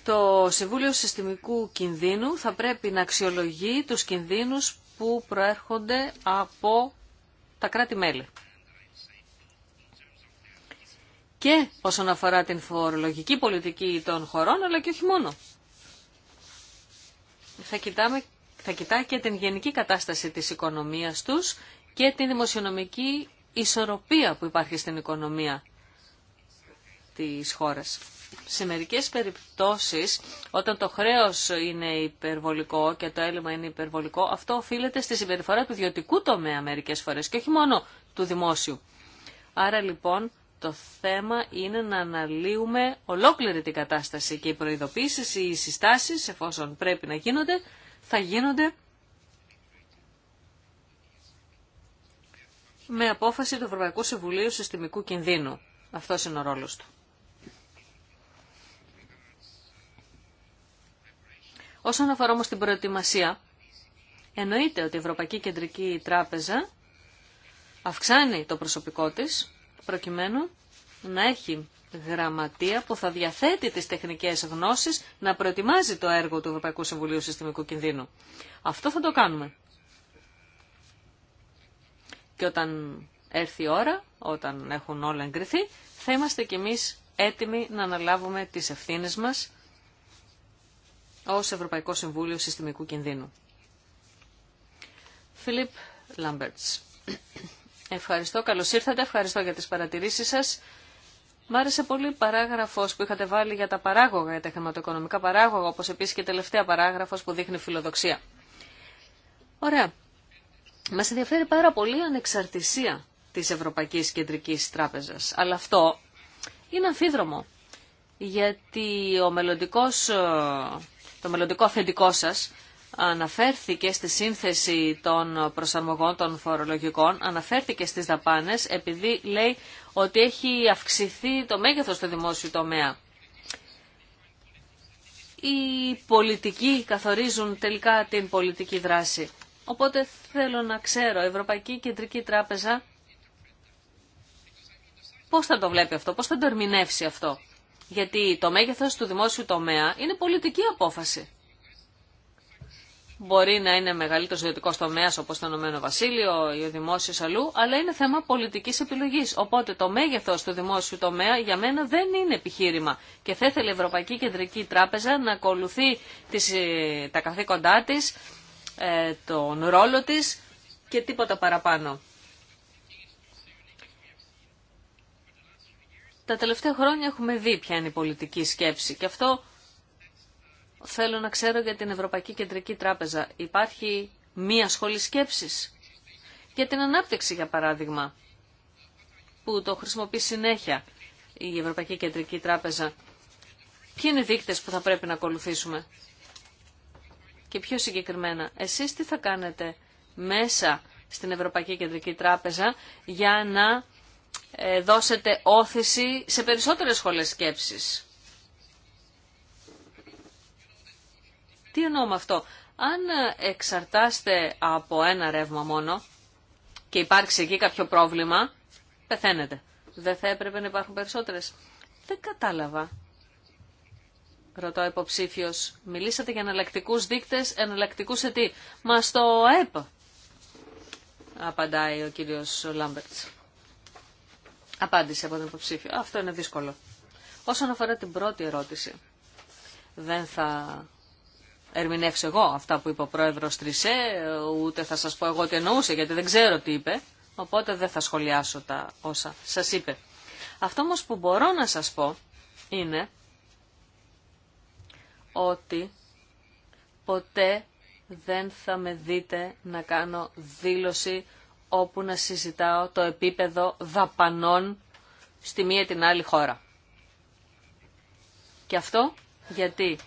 Το Συμβούλιο Συστημικού Κινδύνου θα πρέπει να αξιολογεί τους κινδύνους που προέρχονται από τα κράτη-μέλη. Και όσον αφορά την φορολογική πολιτική των χωρών, αλλά και όχι μόνο. Θα, κοιτάμε, θα κοιτάει και την γενική κατάσταση της οικονομίας τους και την δημοσιονομική ισορροπία που υπάρχει στην οικονομία της χώρας σε μερικές περιπτώσεις όταν το χρέος είναι υπερβολικό και το έλλειμμα είναι υπερβολικό, αυτό οφείλεται στη συμπεριφορά του ιδιωτικού τομέα μερικές φορές και όχι μόνο του δημόσιου. Άρα λοιπόν το θέμα είναι να αναλύουμε ολόκληρη την κατάσταση και οι προειδοποίησεις, οι συστάσεις εφόσον πρέπει να γίνονται, θα γίνονται με απόφαση του Ευρωπαϊκού Συμβουλίου Συστημικού Κινδύνου. Αυτός είναι ο ρόλος του. Όσον αφορά όμως την προετοιμασία, εννοείται ότι η Ευρωπαϊκή Κεντρική Τράπεζα αυξάνει το προσωπικό της προκειμένου να έχει γραμματεία που θα διαθέτει τις τεχνικές γνώσεις να προετοιμάζει το έργο του Ευρωπαϊκού Συμβουλίου Συστημικού Κινδύνου. Αυτό θα το κάνουμε. Και όταν έρθει η ώρα, όταν έχουν όλα εγκριθεί, θα είμαστε κι εμείς έτοιμοι να αναλάβουμε τις ευθύνες μας ως Ευρωπαϊκό Συμβούλιο Συστημικού Κινδύνου. Φιλιπ Λάμπερτς. Ευχαριστώ, καλώς ήρθατε, ευχαριστώ για τις παρατηρήσεις σας. Μ' άρεσε πολύ παράγραφος που είχατε βάλει για τα παράγωγα, για τα χρηματοοικονομικά παράγωγα, όπως επίσης και η τελευταία παράγραφος που δείχνει φιλοδοξία. Ωραία. Μας ενδιαφέρει πάρα πολύ η ανεξαρτησία της Ευρωπαϊκής Κεντρικής Τράπεζας. Αλλά αυτό είναι αμφίδρομο, γιατί ο μελλοντικό ε, το μελλοντικό αφεντικό σας, αναφέρθηκε στη σύνθεση των προσαρμογών των φορολογικών, αναφέρθηκε στις δαπάνες επειδή λέει ότι έχει αυξηθεί το μέγεθος του δημόσιου τομέα. Οι πολιτικοί καθορίζουν τελικά την πολιτική δράση. Οπότε θέλω να ξέρω, η Ευρωπαϊκή Κεντρική Τράπεζα πώς θα το βλέπει αυτό, πώς θα το ερμηνεύσει αυτό. Γιατί το μέγεθος του δημόσιου τομέα είναι πολιτική απόφαση. Μπορεί να είναι μεγαλύτερο ιδιωτικό τομέα όπω το Ηνωμένο Βασίλειο ή ο δημόσιο αλλού, αλλά είναι θέμα πολιτική επιλογή. Οπότε το μέγεθο του δημόσιου τομέα για μένα δεν είναι επιχείρημα. Και θα ήθελε η Ευρωπαϊκή Κεντρική Τράπεζα να ακολουθεί τις, ε, τα καθήκοντά τη, ε, τον ρόλο τη και τίποτα παραπάνω. Τα τελευταία χρόνια έχουμε δει ποια είναι η πολιτική σκέψη και αυτό θέλω να ξέρω για την Ευρωπαϊκή Κεντρική Τράπεζα. Υπάρχει μία σχολή σκέψης για την ανάπτυξη για παράδειγμα που το χρησιμοποιεί συνέχεια η Ευρωπαϊκή Κεντρική Τράπεζα. Ποιοι είναι οι δείκτες που θα πρέπει να ακολουθήσουμε και πιο συγκεκριμένα εσείς τι θα κάνετε μέσα στην Ευρωπαϊκή Κεντρική Τράπεζα για να ε, δώσετε όθηση σε περισσότερες σχολές σκέψης. Τι εννοώ με αυτό. Αν εξαρτάστε από ένα ρεύμα μόνο και υπάρξει εκεί κάποιο πρόβλημα, πεθαίνετε. Δεν θα έπρεπε να υπάρχουν περισσότερες. Δεν κατάλαβα. Ρωτώ υποψήφιο. Μιλήσατε για εναλλακτικού δείκτε, εναλλακτικού σε τι. Μα στο ΕΠ, απαντάει ο κύριος Λάμπερτ απάντηση από τον υποψήφιο. Αυτό είναι δύσκολο. Όσον αφορά την πρώτη ερώτηση, δεν θα ερμηνεύσω εγώ αυτά που είπε ο πρόεδρος Τρισέ, ούτε θα σας πω εγώ τι εννοούσε, γιατί δεν ξέρω τι είπε, οπότε δεν θα σχολιάσω τα όσα σας είπε. Αυτό όμως που μπορώ να σας πω είναι ότι ποτέ δεν θα με δείτε να κάνω δήλωση όπου να συζητάω το επίπεδο δαπανών στη μία την άλλη χώρα. Και αυτό γιατί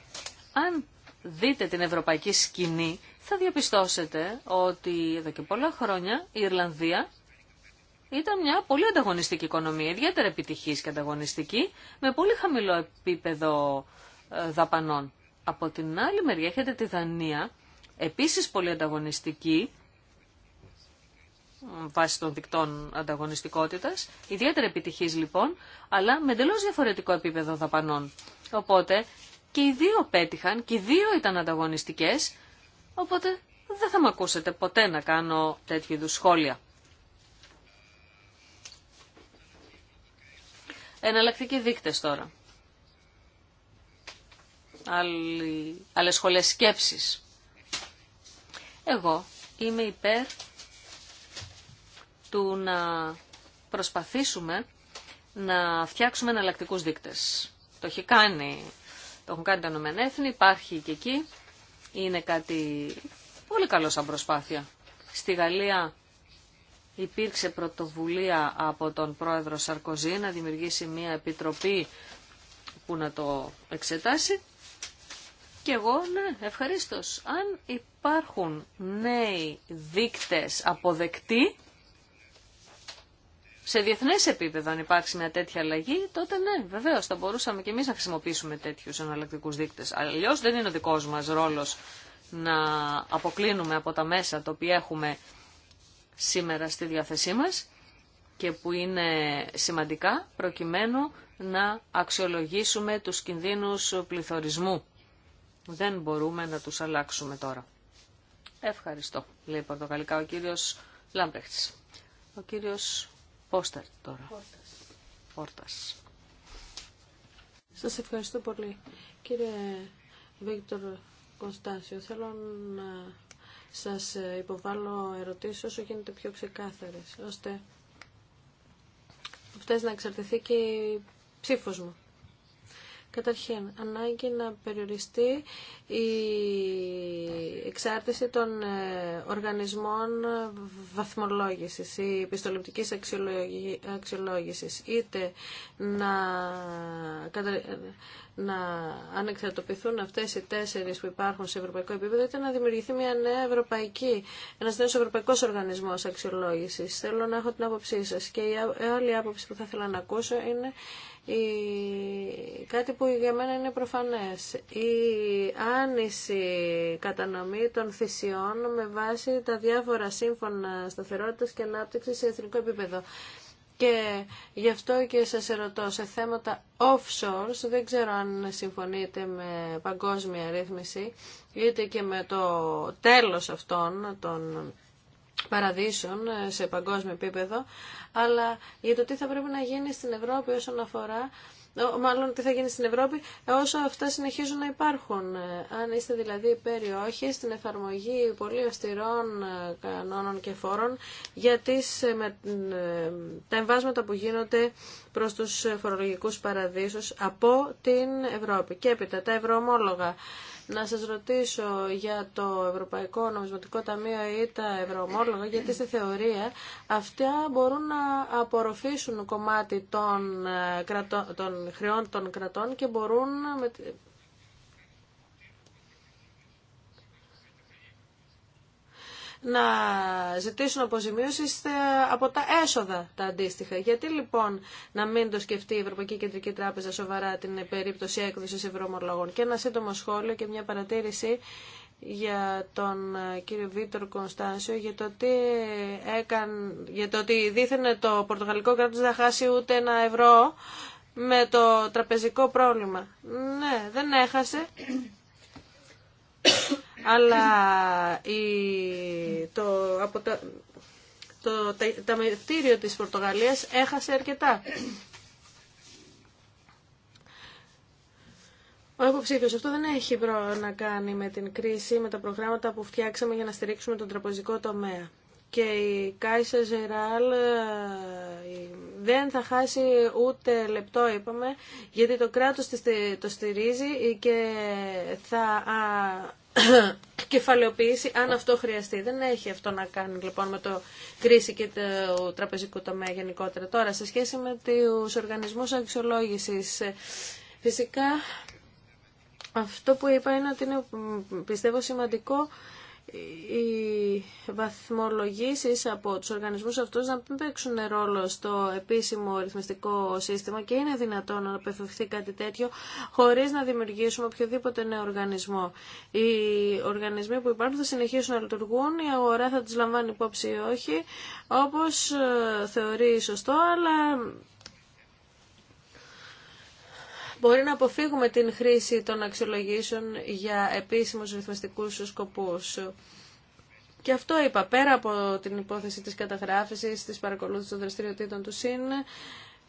αν δείτε την ευρωπαϊκή σκηνή θα διαπιστώσετε ότι εδώ και πολλά χρόνια η Ιρλανδία ήταν μια πολύ ανταγωνιστική οικονομία, ιδιαίτερα επιτυχής και ανταγωνιστική, με πολύ χαμηλό επίπεδο ε, δαπανών. Από την άλλη μεριά έχετε τη Δανία, επίσης πολύ ανταγωνιστική, βάσει των δικτών ανταγωνιστικότητα. ιδιαίτερα επιτυχή λοιπόν, αλλά με εντελώ διαφορετικό επίπεδο δαπανών. Οπότε και οι δύο πέτυχαν και οι δύο ήταν ανταγωνιστικές, οπότε δεν θα με ακούσετε ποτέ να κάνω τέτοιου είδου σχόλια. Εναλλακτικοί δείκτες τώρα. Άλλοι, άλλες σχολές σκέψης. Εγώ είμαι υπέρ του να προσπαθήσουμε να φτιάξουμε εναλλακτικού δείκτε. Το, έχει κάνει, το έχουν κάνει τα ΗΕ, υπάρχει και εκεί. Είναι κάτι πολύ καλό σαν προσπάθεια. Στη Γαλλία υπήρξε πρωτοβουλία από τον πρόεδρο Σαρκοζή να δημιουργήσει μια επιτροπή που να το εξετάσει. Και εγώ, ναι, ευχαρίστως. Αν υπάρχουν νέοι δείκτες αποδεκτοί, σε διεθνέ επίπεδο αν υπάρξει μια τέτοια αλλαγή, τότε ναι, βεβαίω θα μπορούσαμε και εμεί να χρησιμοποιήσουμε τέτοιους εναλλακτικού δείκτε. Αλλιώ δεν είναι ο δικός μας ρόλος να αποκλίνουμε από τα μέσα τα οποία έχουμε σήμερα στη διάθεσή μας και που είναι σημαντικά προκειμένου να αξιολογήσουμε τους κινδύνους πληθωρισμού. Δεν μπορούμε να τους αλλάξουμε τώρα. Ευχαριστώ, λέει πορτοκαλικά ο Ο κύριος Πόσταρ τώρα. Πόρτας. Πόρτας. Σας ευχαριστώ πολύ. Κύριε Βίκτορ Κωνστάσιο, θέλω να σας υποβάλω ερωτήσεις όσο γίνεται πιο ξεκάθαρες, ώστε αυτές να εξαρτηθεί και η ψήφος μου. Καταρχήν, ανάγκη να περιοριστεί η εξάρτηση των ε, οργανισμών βαθμολόγησης ή επιστολεπτικής αξιολόγησης, είτε να, να ανεξαρτοποιηθούν αυτές οι τέσσερις που υπάρχουν σε ευρωπαϊκό επίπεδο, είτε να δημιουργηθεί μια νέα ευρωπαϊκή, ένας νέος ευρωπαϊκός οργανισμός αξιολόγησης. Θέλω να έχω την άποψή σας. Και η άλλη άποψη που θα ήθελα να ακούσω είναι κάτι που για μένα είναι προφανές. Η άνηση κατανομή των θυσιών με βάση τα διάφορα σύμφωνα σταθερότητα και ανάπτυξη σε εθνικό επίπεδο. Και γι' αυτό και σας ερωτώ, σε θέματα offshore, δεν ξέρω αν συμφωνείτε με παγκόσμια ρύθμιση, είτε και με το τέλος αυτών των παραδείσων ε, σε παγκόσμιο επίπεδο, αλλά για το τι θα πρέπει να γίνει στην Ευρώπη όσον αφορά μάλλον τι θα γίνει στην Ευρώπη, όσο αυτά συνεχίζουν να υπάρχουν. Ε, αν είστε δηλαδή όχι στην εφαρμογή πολύ αυστηρών ε, κανόνων και φόρων για με, τα εμβάσματα που γίνονται προς τους φορολογικούς παραδείσους από την Ευρώπη. Και έπειτα τα ευρωομόλογα να σας ρωτήσω για το Ευρωπαϊκό Νομισματικό Ταμείο ή τα ευρωομόλογα, γιατί στη θεωρία αυτά μπορούν να απορροφήσουν κομμάτι των, ε, κρατών, των χρεών των κρατών και μπορούν να ζητήσουν αποζημίωση από τα έσοδα τα αντίστοιχα. Γιατί λοιπόν να μην το σκεφτεί η Ευρωπαϊκή Κεντρική Τράπεζα σοβαρά την περίπτωση έκδοση ευρωομολόγων. Και ένα σύντομο σχόλιο και μια παρατήρηση για τον ε, κύριο Βίτορ Κωνστάνσιο για το ότι, έκαν, για το ότι το πορτογαλικό κράτος να χάσει ούτε ένα ευρώ με το τραπεζικό πρόβλημα. Ναι, δεν έχασε αλλά η, το, από τα, το της Πορτογαλίας έχασε αρκετά. Ο υποψήφιο αυτό δεν έχει να κάνει με την κρίση, με τα προγράμματα που φτιάξαμε για να στηρίξουμε τον τραπεζικό τομέα και η Κάισα Ζεράλ ε, δεν θα χάσει ούτε λεπτό είπαμε γιατί το κράτος το στηρίζει και θα (coughs) κεφαλαιοποιήσει αν αυτό χρειαστεί. Δεν έχει αυτό να κάνει λοιπόν με το κρίση και το τραπεζικό τομέα γενικότερα. Τώρα σε σχέση με τους οργανισμούς αξιολόγησης ε, φυσικά αυτό που είπα είναι ότι είναι πιστεύω σημαντικό οι βαθμολογήσεις από τους οργανισμούς αυτούς να μην παίξουν ρόλο στο επίσημο ρυθμιστικό σύστημα και είναι δυνατόν να απευθυνθεί κάτι τέτοιο χωρίς να δημιουργήσουμε οποιοδήποτε νέο οργανισμό. Οι οργανισμοί που υπάρχουν θα συνεχίσουν να λειτουργούν, η αγορά θα τις λαμβάνει υπόψη ή όχι, όπως ε, θεωρεί σωστό, αλλά μπορεί να αποφύγουμε την χρήση των αξιολογήσεων για επίσημους ρυθμιστικούς σκοπούς. Και αυτό είπα, πέρα από την υπόθεση της καταγράφησης, της παρακολούθησης των δραστηριοτήτων του ΣΥΝ,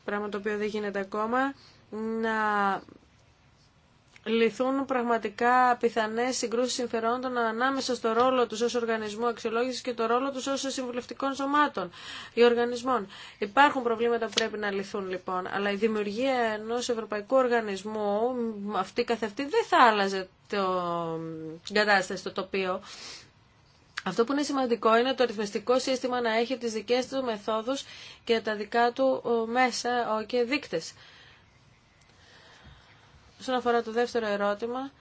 πράγμα το οποίο δεν γίνεται ακόμα, να λυθούν πραγματικά πιθανέ συγκρούσει συμφερόντων ανάμεσα στο ρόλο του ω οργανισμού αξιολόγηση και το ρόλο του ως συμβουλευτικών σωμάτων ή οργανισμών. Υπάρχουν προβλήματα που πρέπει να λυθούν λοιπόν, αλλά η δημιουργία ενός ευρωπαϊκού η δημιουργια ενο αυτή καθ' αυτή δεν θα άλλαζε το κατάσταση, το τοπίο. Αυτό που είναι σημαντικό είναι το ρυθμιστικό σύστημα να έχει τις δικές του μεθόδους και τα δικά του ε, μέσα και δείκτες. Όσον αφορά το δεύτερο ερώτημα,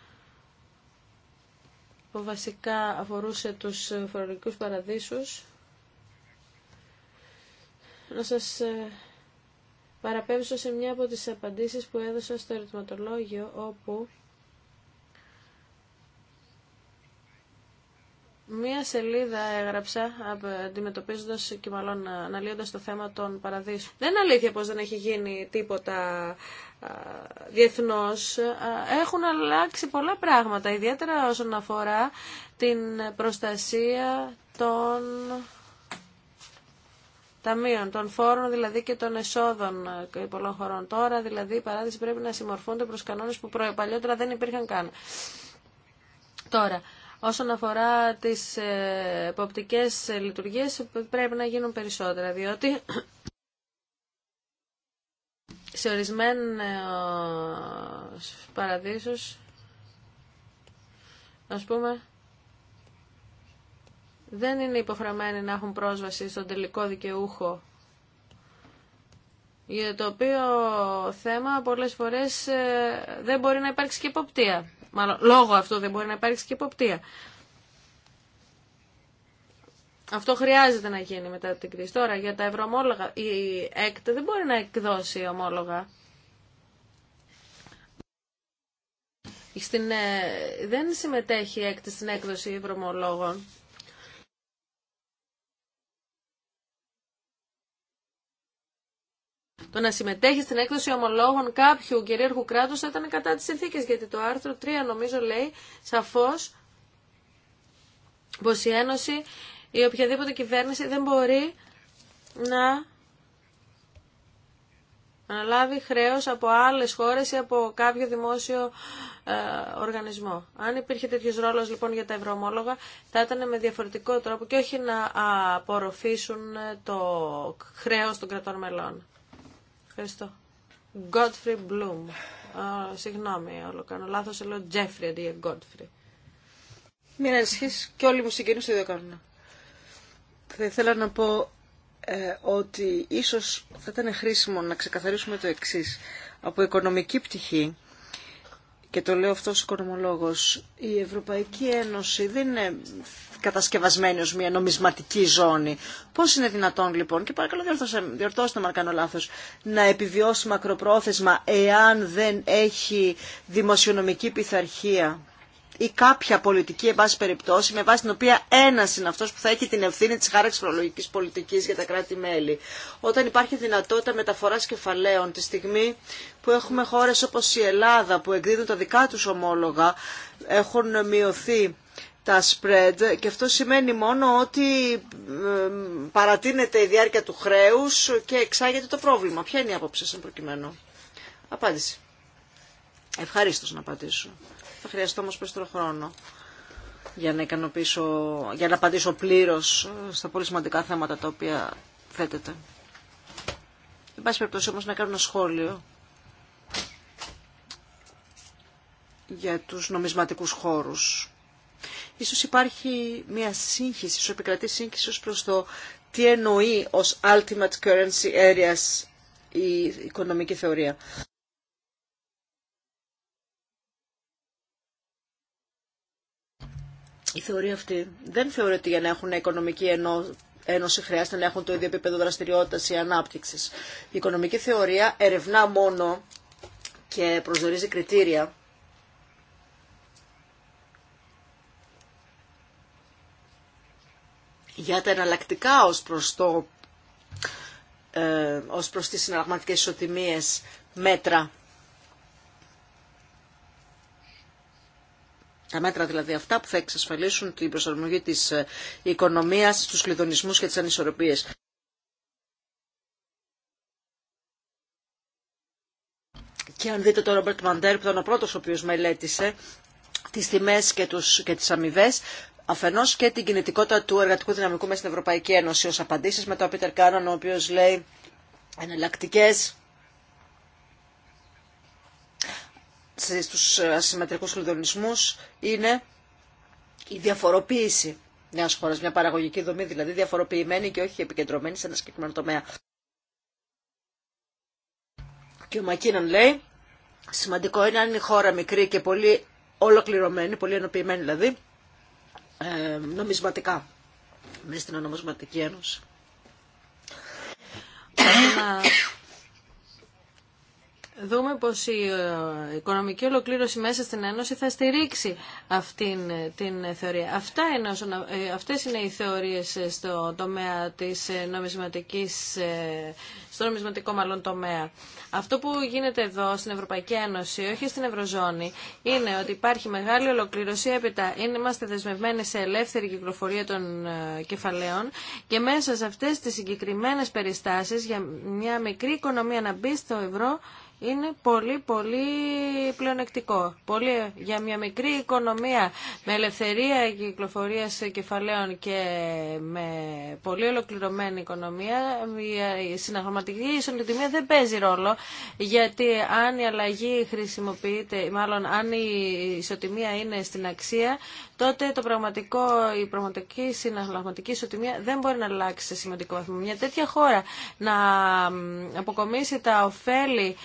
που βασικά αφορούσε τους ε, φορολογικούς παραδείσους, να σας ε, παραπέμψω σε μια από τις απαντήσεις που έδωσα στο ερωτηματολόγιο, όπου Μία σελίδα έγραψα αντιμετωπίζοντα και μάλλον αναλύοντα το θέμα των παραδείσων. Δεν είναι αλήθεια πω δεν έχει γίνει τίποτα διεθνώ. Έχουν αλλάξει πολλά πράγματα, ιδιαίτερα όσον αφορά την προστασία των ταμείων, των φόρων δηλαδή και των εσόδων ε, πολλών χωρών. Τώρα δηλαδή οι παράδεισοι πρέπει να συμμορφούνται προ κανόνε που παλιότερα δεν υπήρχαν καν. Τώρα, Όσον αφορά τις ε, εποπτικές λειτουργίες πρέπει να γίνουν περισσότερα, διότι σε ορισμένους παραδείσους, ας πούμε, δεν είναι υποχρεωμένοι να έχουν πρόσβαση στον τελικό δικαιούχο για το οποίο θέμα πολλές φορές ε, δεν μπορεί να υπάρξει και υποπτία μάλλον λόγω αυτού δεν μπορεί να υπάρξει και υποπτία. Αυτό χρειάζεται να γίνει μετά την κρίση. Τώρα για τα ευρωομόλογα, η ΕΚΤ δεν μπορεί να εκδώσει ομόλογα. Στην, ε, δεν συμμετέχει η ΕΚΤ στην έκδοση ευρωομολόγων. Το να συμμετέχει στην έκδοση ομολόγων κάποιου κυρίαρχου κράτου θα ήταν κατά τι συνθήκε, γιατί το άρθρο 3 νομίζω λέει σαφώ πω η Ένωση ή οποιαδήποτε κυβέρνηση δεν μπορεί να αναλάβει χρέο από άλλε χώρε ή από κάποιο δημόσιο ε, οργανισμό. Αν υπήρχε τέτοιο ρόλο λοιπόν για τα ευρωομόλογα θα ήταν με διαφορετικό τρόπο και όχι να απορροφήσουν το χρέο των κρατών μελών. Ευχαριστώ. Godfrey Bloom. συγγνώμη, όλο κάνω λάθος, λέω Jeffrey αντί για Godfrey. Μην ανησυχείς και όλοι μου συγγενείς το ίδιο κάνουν. Θα ήθελα να πω ε, ότι ίσως θα ήταν χρήσιμο να ξεκαθαρίσουμε το εξής. Από οικονομική πτυχή, και το λέω αυτός οικονομολόγος, η Ευρωπαϊκή Ένωση δεν είναι κατασκευασμένη ως μια νομισματική ζώνη. Πώς είναι δυνατόν λοιπόν, και παρακαλώ διορθώστε με αν κάνω λάθος, να επιβιώσει μακροπρόθεσμα εάν δεν έχει δημοσιονομική πειθαρχία ή κάποια πολιτική, εν περιπτώσει, με βάση την οποία ένα είναι αυτό που θα έχει την ευθύνη τη χάραξη φορολογική πολιτική για τα κράτη-μέλη. Όταν υπάρχει δυνατότητα μεταφορά κεφαλαίων, τη στιγμή που έχουμε χώρε όπω η Ελλάδα που εκδίδουν τα δικά του ομόλογα, έχουν μειωθεί τα spread και αυτό σημαίνει μόνο ότι παρατείνεται η διάρκεια του χρέους και εξάγεται το πρόβλημα. Ποια είναι η άποψη σας προκειμένου. Απάντηση. Ευχαρίστως να απαντήσω. Θα χρειαστώ όμως περισσότερο χρόνο για να, ικανοποιήσω, για να απαντήσω πλήρως στα πολύ σημαντικά θέματα τα οποία θέτεται. Εν πάση περιπτώσει όμως να κάνω ένα σχόλιο για τους νομισματικούς χώρους. Ίσως υπάρχει μια σύγχυση, ίσως επικρατεί σύγχυση προς το τι εννοεί ως ultimate currency areas η οικονομική θεωρία. η θεωρία αυτή δεν θεωρεί ότι για να έχουν οικονομική ενό... ένωση χρειάζεται να έχουν το ίδιο επίπεδο δραστηριότητα ή ανάπτυξη. Η οικονομική θεωρία ερευνά μόνο και προσδιορίζει κριτήρια. για τα εναλλακτικά ως προς, το, ε, ως προς τις συναλλαγματικές ισοτιμίες μέτρα Τα μέτρα δηλαδή αυτά που θα εξασφαλίσουν την προσαρμογή της ε, οικονομίας τους κλειδονισμούς και τις ανισορροπίες. Και αν δείτε τον Ρόμπερτ Μαντέρ που ήταν ο πρώτος ο οποίος μελέτησε τις τιμές και, τους, και τις αμοιβέ, αφενός και την κινητικότητα του εργατικού δυναμικού μέσα στην Ευρωπαϊκή Ένωση ως απαντήσεις με τον Πίτερ Κάνον ο οποίος λέει εναλλακτικέ στους ασυμμετρικούς κλειδονισμούς είναι η διαφοροποίηση μιας χώρας, μια παραγωγική δομή δηλαδή διαφοροποιημένη και όχι επικεντρωμένη σε ένα συγκεκριμένο τομέα. Και ο μακίναν λέει, σημαντικό είναι αν η χώρα μικρή και πολύ ολοκληρωμένη, πολύ ενοποιημένη δηλαδή, ε, νομισματικά, μέσα στην ονομασματική ένωση δούμε πως η ε, οικονομική ολοκλήρωση μέσα στην Ένωση θα στηρίξει αυτήν ε, την θεωρία. Αυτά είναι, ε, αυτές είναι οι θεωρίες στο τομέα της νομισματικής, στο νομισματικό μάλλον τομέα. Αυτό που γίνεται εδώ στην Ευρωπαϊκή Ένωση, όχι στην Ευρωζώνη, είναι ότι υπάρχει μεγάλη ολοκλήρωση έπειτα. είμαστε δεσμευμένοι σε ελεύθερη κυκλοφορία των κεφαλαίων και μέσα σε αυτές τις συγκεκριμένες περιστάσεις για μια μικρή οικονομία να μπει στο ευρώ είναι πολύ πολύ πλεονεκτικό. Πολύ, για μια μικρή οικονομία με ελευθερία κυκλοφορίας κεφαλαίων και με πολύ ολοκληρωμένη οικονομία η συναγχρηματική ισονοτιμία δεν παίζει ρόλο γιατί αν η αλλαγή χρησιμοποιείται, μάλλον αν η ισοτιμία είναι στην αξία τότε το πραγματικό, η πραγματική συναλλαγματική ισοτιμία δεν μπορεί να αλλάξει σε σημαντικό βαθμό. Μια τέτοια χώρα να αποκομίσει τα ωφέλη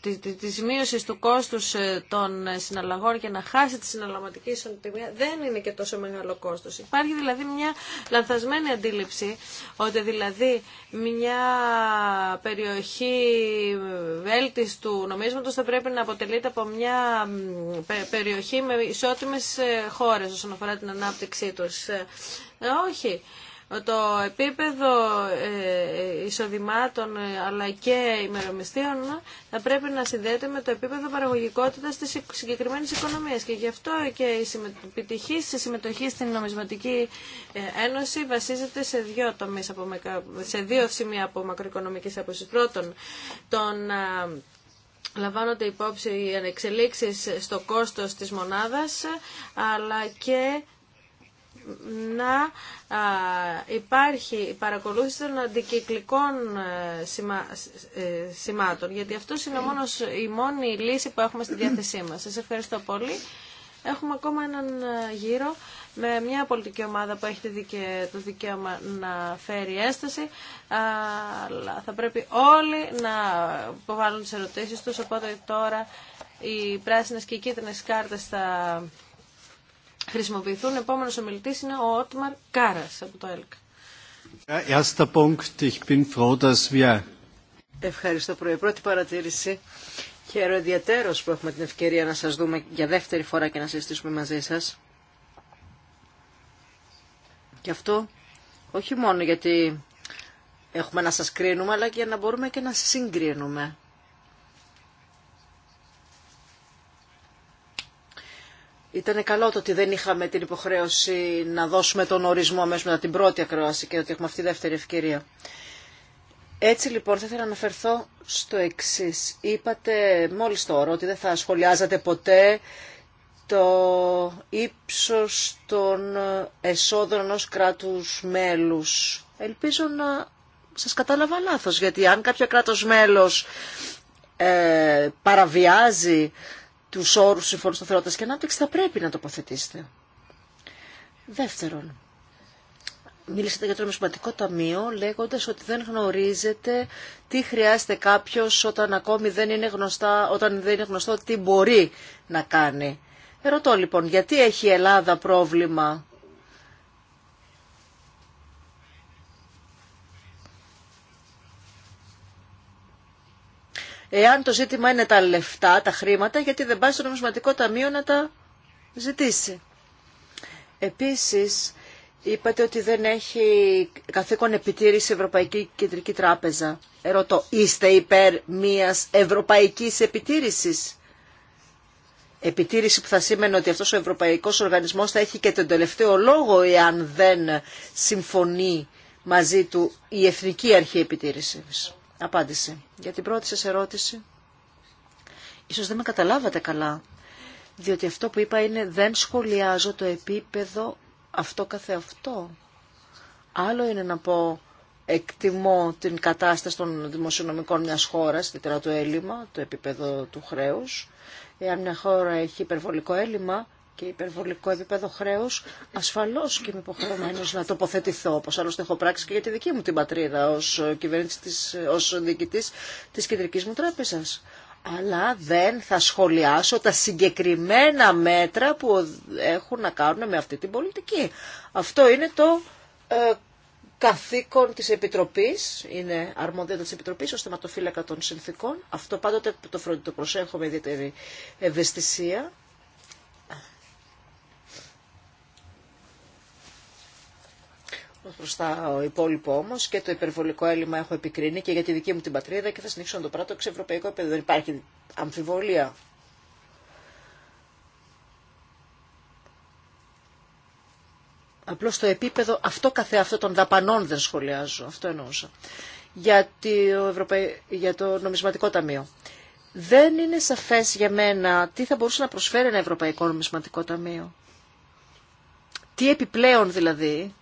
τη, τη, του κόστους ε, των ε, συναλλαγών για να χάσει τη συναλλαγματική ισοτιμία δεν είναι και τόσο μεγάλο κόστος. Υπάρχει δηλαδή μια λανθασμένη αντίληψη ότι δηλαδή μια περιοχή βέλτιστου νομίσματος θα πρέπει να αποτελείται από μια περιοχή με ισότιμες ε, χώρες όσον αφορά την ανάπτυξή τους. Όχι το επίπεδο ε, εισοδημάτων ε, αλλά και ημερομισθείων ε, θα πρέπει να συνδέεται με το επίπεδο παραγωγικότητας της συγκεκριμένης οικονομίας και γι' αυτό και η επιτυχή στη συμμετοχή στην Νομισματική Ένωση βασίζεται σε δύο, τομείς, σε δύο σημεία από μακροοικονομικής άποψης. Πρώτον, τον λαμβάνονται υπόψη οι ανεξελίξεις στο κόστος της μονάδας αλλά και να υπάρχει η παρακολούθηση των αντικυκλικών ε, ε, σημάτων, γιατί αυτό είναι μόνος, η μόνη λύση που έχουμε στη διάθεσή μας. Σας ευχαριστώ πολύ. Έχουμε ακόμα έναν ε, γύρο με μια πολιτική ομάδα που έχει το δικαίωμα να φέρει έσταση, αλλά θα πρέπει όλοι να υποβάλουν τις ερωτήσεις τους, οπότε τώρα οι πράσινες και οι κίτρινες κάρτες θα χρησιμοποιηθούν. Επόμενος ομιλητή είναι ο Ότμαρ Κάρα από το ΕΛΚ. Ευχαριστώ πρωί. Πρώτη παρατήρηση. Χαίρομαι ιδιαίτερω που έχουμε την ευκαιρία να σα δούμε για δεύτερη φορά και να συζητήσουμε μαζί σα. Και αυτό όχι μόνο γιατί έχουμε να σας κρίνουμε, αλλά και να μπορούμε και να συγκρίνουμε. Ήταν καλό το ότι δεν είχαμε την υποχρέωση να δώσουμε τον ορισμό αμέσως μετά την πρώτη ακρόαση και ότι έχουμε αυτή τη δεύτερη ευκαιρία. Έτσι λοιπόν θα ήθελα να αναφερθώ στο εξή. Είπατε μόλις τώρα ότι δεν θα σχολιάζατε ποτέ το ύψος των εσόδων ενός κράτους μέλους. Ελπίζω να σας κατάλαβα λάθος, γιατί αν κάποιο κράτος μέλος ε, παραβιάζει του όρου του Συμφώνου Σταθερότητα και Ανάπτυξη, θα πρέπει να τοποθετήσετε. Δεύτερον, μίλησατε για το νομισματικό ταμείο λέγοντας ότι δεν γνωρίζετε τι χρειάζεται κάποιος όταν ακόμη δεν είναι, γνωστά, όταν δεν είναι γνωστό τι μπορεί να κάνει. Ερωτώ λοιπόν, γιατί έχει η Ελλάδα πρόβλημα εάν το ζήτημα είναι τα λεφτά, τα χρήματα, γιατί δεν πάει στο νομισματικό ταμείο να τα ζητήσει. Επίσης, είπατε ότι δεν έχει καθήκον επιτήρηση Ευρωπαϊκή Κεντρική Τράπεζα. Ερωτώ, είστε υπέρ μιας ευρωπαϊκής επιτήρησης. Επιτήρηση που θα σημαίνει ότι αυτός ο ευρωπαϊκός οργανισμός θα έχει και τον τελευταίο λόγο εάν δεν συμφωνεί μαζί του η Εθνική Αρχή Επιτήρησης απάντηση. Για την πρώτη σας ερώτηση, ίσως δεν με καταλάβατε καλά, διότι αυτό που είπα είναι δεν σχολιάζω το επίπεδο αυτό αυτό. Άλλο είναι να πω εκτιμώ την κατάσταση των δημοσιονομικών μιας χώρας, ιδιαίτερα το έλλειμμα, το επίπεδο του χρέους. Εάν μια χώρα έχει υπερβολικό έλλειμμα, και υπερβολικό επίπεδο χρέου, ασφαλώ και είμαι υποχρεωμένο να τοποθετηθώ, όπω άλλωστε έχω πράξει και για τη δική μου την πατρίδα ω διοικητή τη Κεντρική μου Τράπεζα. Αλλά δεν θα σχολιάσω τα συγκεκριμένα μέτρα που έχουν να κάνουν με αυτή την πολιτική. Αυτό είναι το ε, καθήκον της Επιτροπής, είναι αρμοδιότητα της Επιτροπής ως θεματοφύλακα των συνθήκων. Αυτό πάντοτε το, το προσέχω με ιδιαίτερη ευαισθησία. προς τα υπόλοιπο όμως και το υπερβολικό έλλειμμα έχω επικρίνει και για τη δική μου την πατρίδα και θα συνεχίσω να το πράττω σε ευρωπαϊκό επίπεδο. Δεν υπάρχει αμφιβολία. Απλώς το επίπεδο αυτό καθεαυτό των δαπανών δεν σχολιάζω. Αυτό εννοούσα. Για το, για το νομισματικό ταμείο. Δεν είναι σαφές για μένα τι θα μπορούσε να προσφέρει ένα Ευρωπαϊκό Νομισματικό Ταμείο. Τι επιπλέον δηλαδή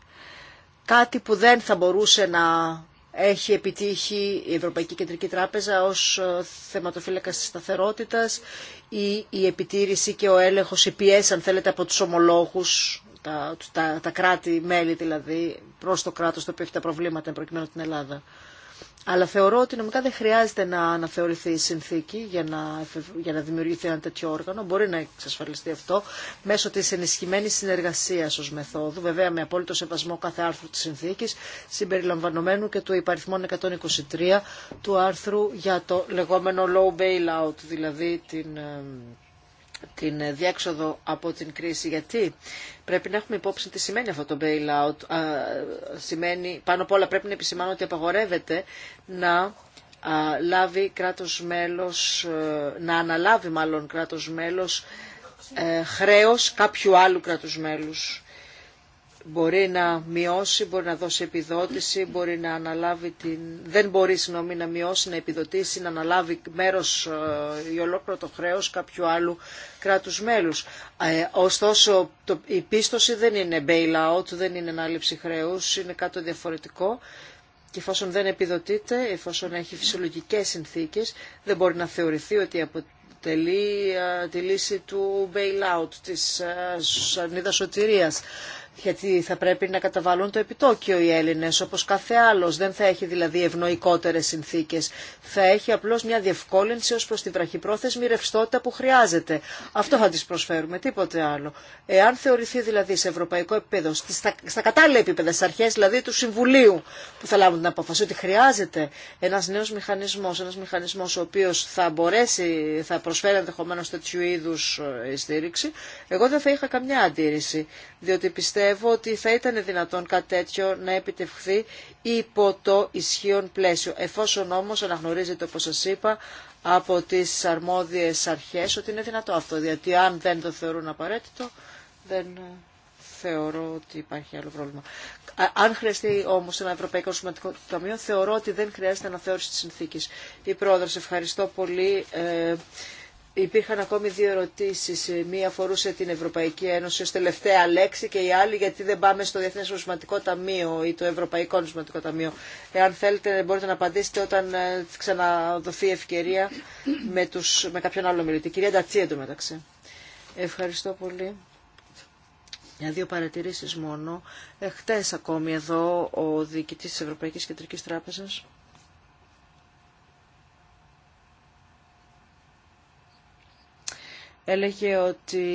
Κάτι που δεν θα μπορούσε να έχει επιτύχει η Ευρωπαϊκή Κεντρική Τράπεζα ως ε, θεματοφύλακας της σταθερότητας ή η επιτήρηση και ο έλεγχος, η πιέση αν θέλετε από τους ομολόγους, τα, τα, τα κράτη-μέλη δηλαδή προς το κράτος το οποίο έχει τα προβλήματα προκειμένου την Ελλάδα. Αλλά θεωρώ ότι νομικά δεν χρειάζεται να αναθεωρηθεί η συνθήκη για να, για να δημιουργηθεί ένα τέτοιο όργανο. Μπορεί να εξασφαλιστεί αυτό μέσω τη ενισχυμένη συνεργασία ω μεθόδου, βέβαια με απόλυτο σεβασμό κάθε άρθρου τη συνθήκη, συμπεριλαμβανομένου και του υπαριθμών 123 του άρθρου για το λεγόμενο low bailout, δηλαδή την την διέξοδο από την κρίση. Γιατί πρέπει να έχουμε υπόψη τι σημαίνει αυτό το bailout. Α, σημαίνει, πάνω απ' όλα πρέπει να επισημάνω ότι απαγορεύεται να λάβει κράτος μέλος, ε, να αναλάβει μάλλον κράτος μέλος ε, χρέος κάποιου άλλου κράτους μέλους μπορεί να μειώσει, μπορεί να δώσει επιδότηση, μπορεί να αναλάβει την... δεν μπορεί να μειώσει, να επιδοτήσει, να αναλάβει μέρος ή ολόκληρο το χρέος κάποιου άλλου κράτους μέλους. ωστόσο η πίστοση δεν είναι bailout, δεν είναι ανάληψη χρέους, είναι κάτι διαφορετικό και εφόσον δεν επιδοτείται, εφόσον έχει φυσιολογικές συνθήκες, δεν μπορεί να θεωρηθεί ότι αποτελεί τη λύση του bailout, της σανίδας σωτηρίας γιατί θα πρέπει να καταβάλουν το επιτόκιο οι Έλληνες, όπως κάθε άλλος. Δεν θα έχει δηλαδή ευνοϊκότερες συνθήκες. Θα έχει απλώς μια διευκόλυνση ως προς την βραχυπρόθεσμη ρευστότητα που χρειάζεται. Αυτό θα της προσφέρουμε, τίποτε άλλο. Εάν θεωρηθεί δηλαδή σε ευρωπαϊκό επίπεδο, στα, στα κατάλληλα επίπεδα, στις αρχές δηλαδή του Συμβουλίου που θα λάβουν την απόφαση, ότι χρειάζεται ένας νέος μηχανισμό, ένα μηχανισμό ο οποίος θα μπορέσει, θα προσφέρει ενδεχομένω τέτοιου είδου ε, στήριξη, εγώ δεν θα είχα καμιά αντίρρηση, διότι πιστεύω πιστεύω ότι θα ήταν δυνατόν κάτι τέτοιο να επιτευχθεί υπό το ισχύον πλαίσιο. Εφόσον όμως αναγνωρίζετε όπως σας είπα, από τις αρμόδιες αρχές ότι είναι δυνατό αυτό. Γιατί αν δεν το θεωρούν απαραίτητο, δεν ε, θεωρώ ότι υπάρχει άλλο πρόβλημα. Αν χρειαστεί όμω ένα Ευρωπαϊκό Σωματικό Ταμείο, θεωρώ ότι δεν χρειάζεται αναθεώρηση τη συνθήκη. Η πρόεδρο, ευχαριστώ πολύ. Ε, Υπήρχαν ακόμη δύο ερωτήσεις. Ε, μία αφορούσε την Ευρωπαϊκή Ένωση ως τελευταία λέξη και η άλλη γιατί δεν πάμε στο Διεθνές Νοσηματικό Ταμείο ή το Ευρωπαϊκό Νοσηματικό Ταμείο. Εάν θέλετε μπορείτε να απαντήσετε όταν ε, ξαναδοθεί ευκαιρία με, τους, με κάποιον άλλο μιλητή. Κυρία Ντατσί εντωμεταξύ. Ευχαριστώ πολύ. Για δύο παρατηρήσεις μόνο. Εχθές ακόμη εδώ ο διοικητής της Ευρωπαϊκής Κεντρικής Τράπεζας έλεγε ότι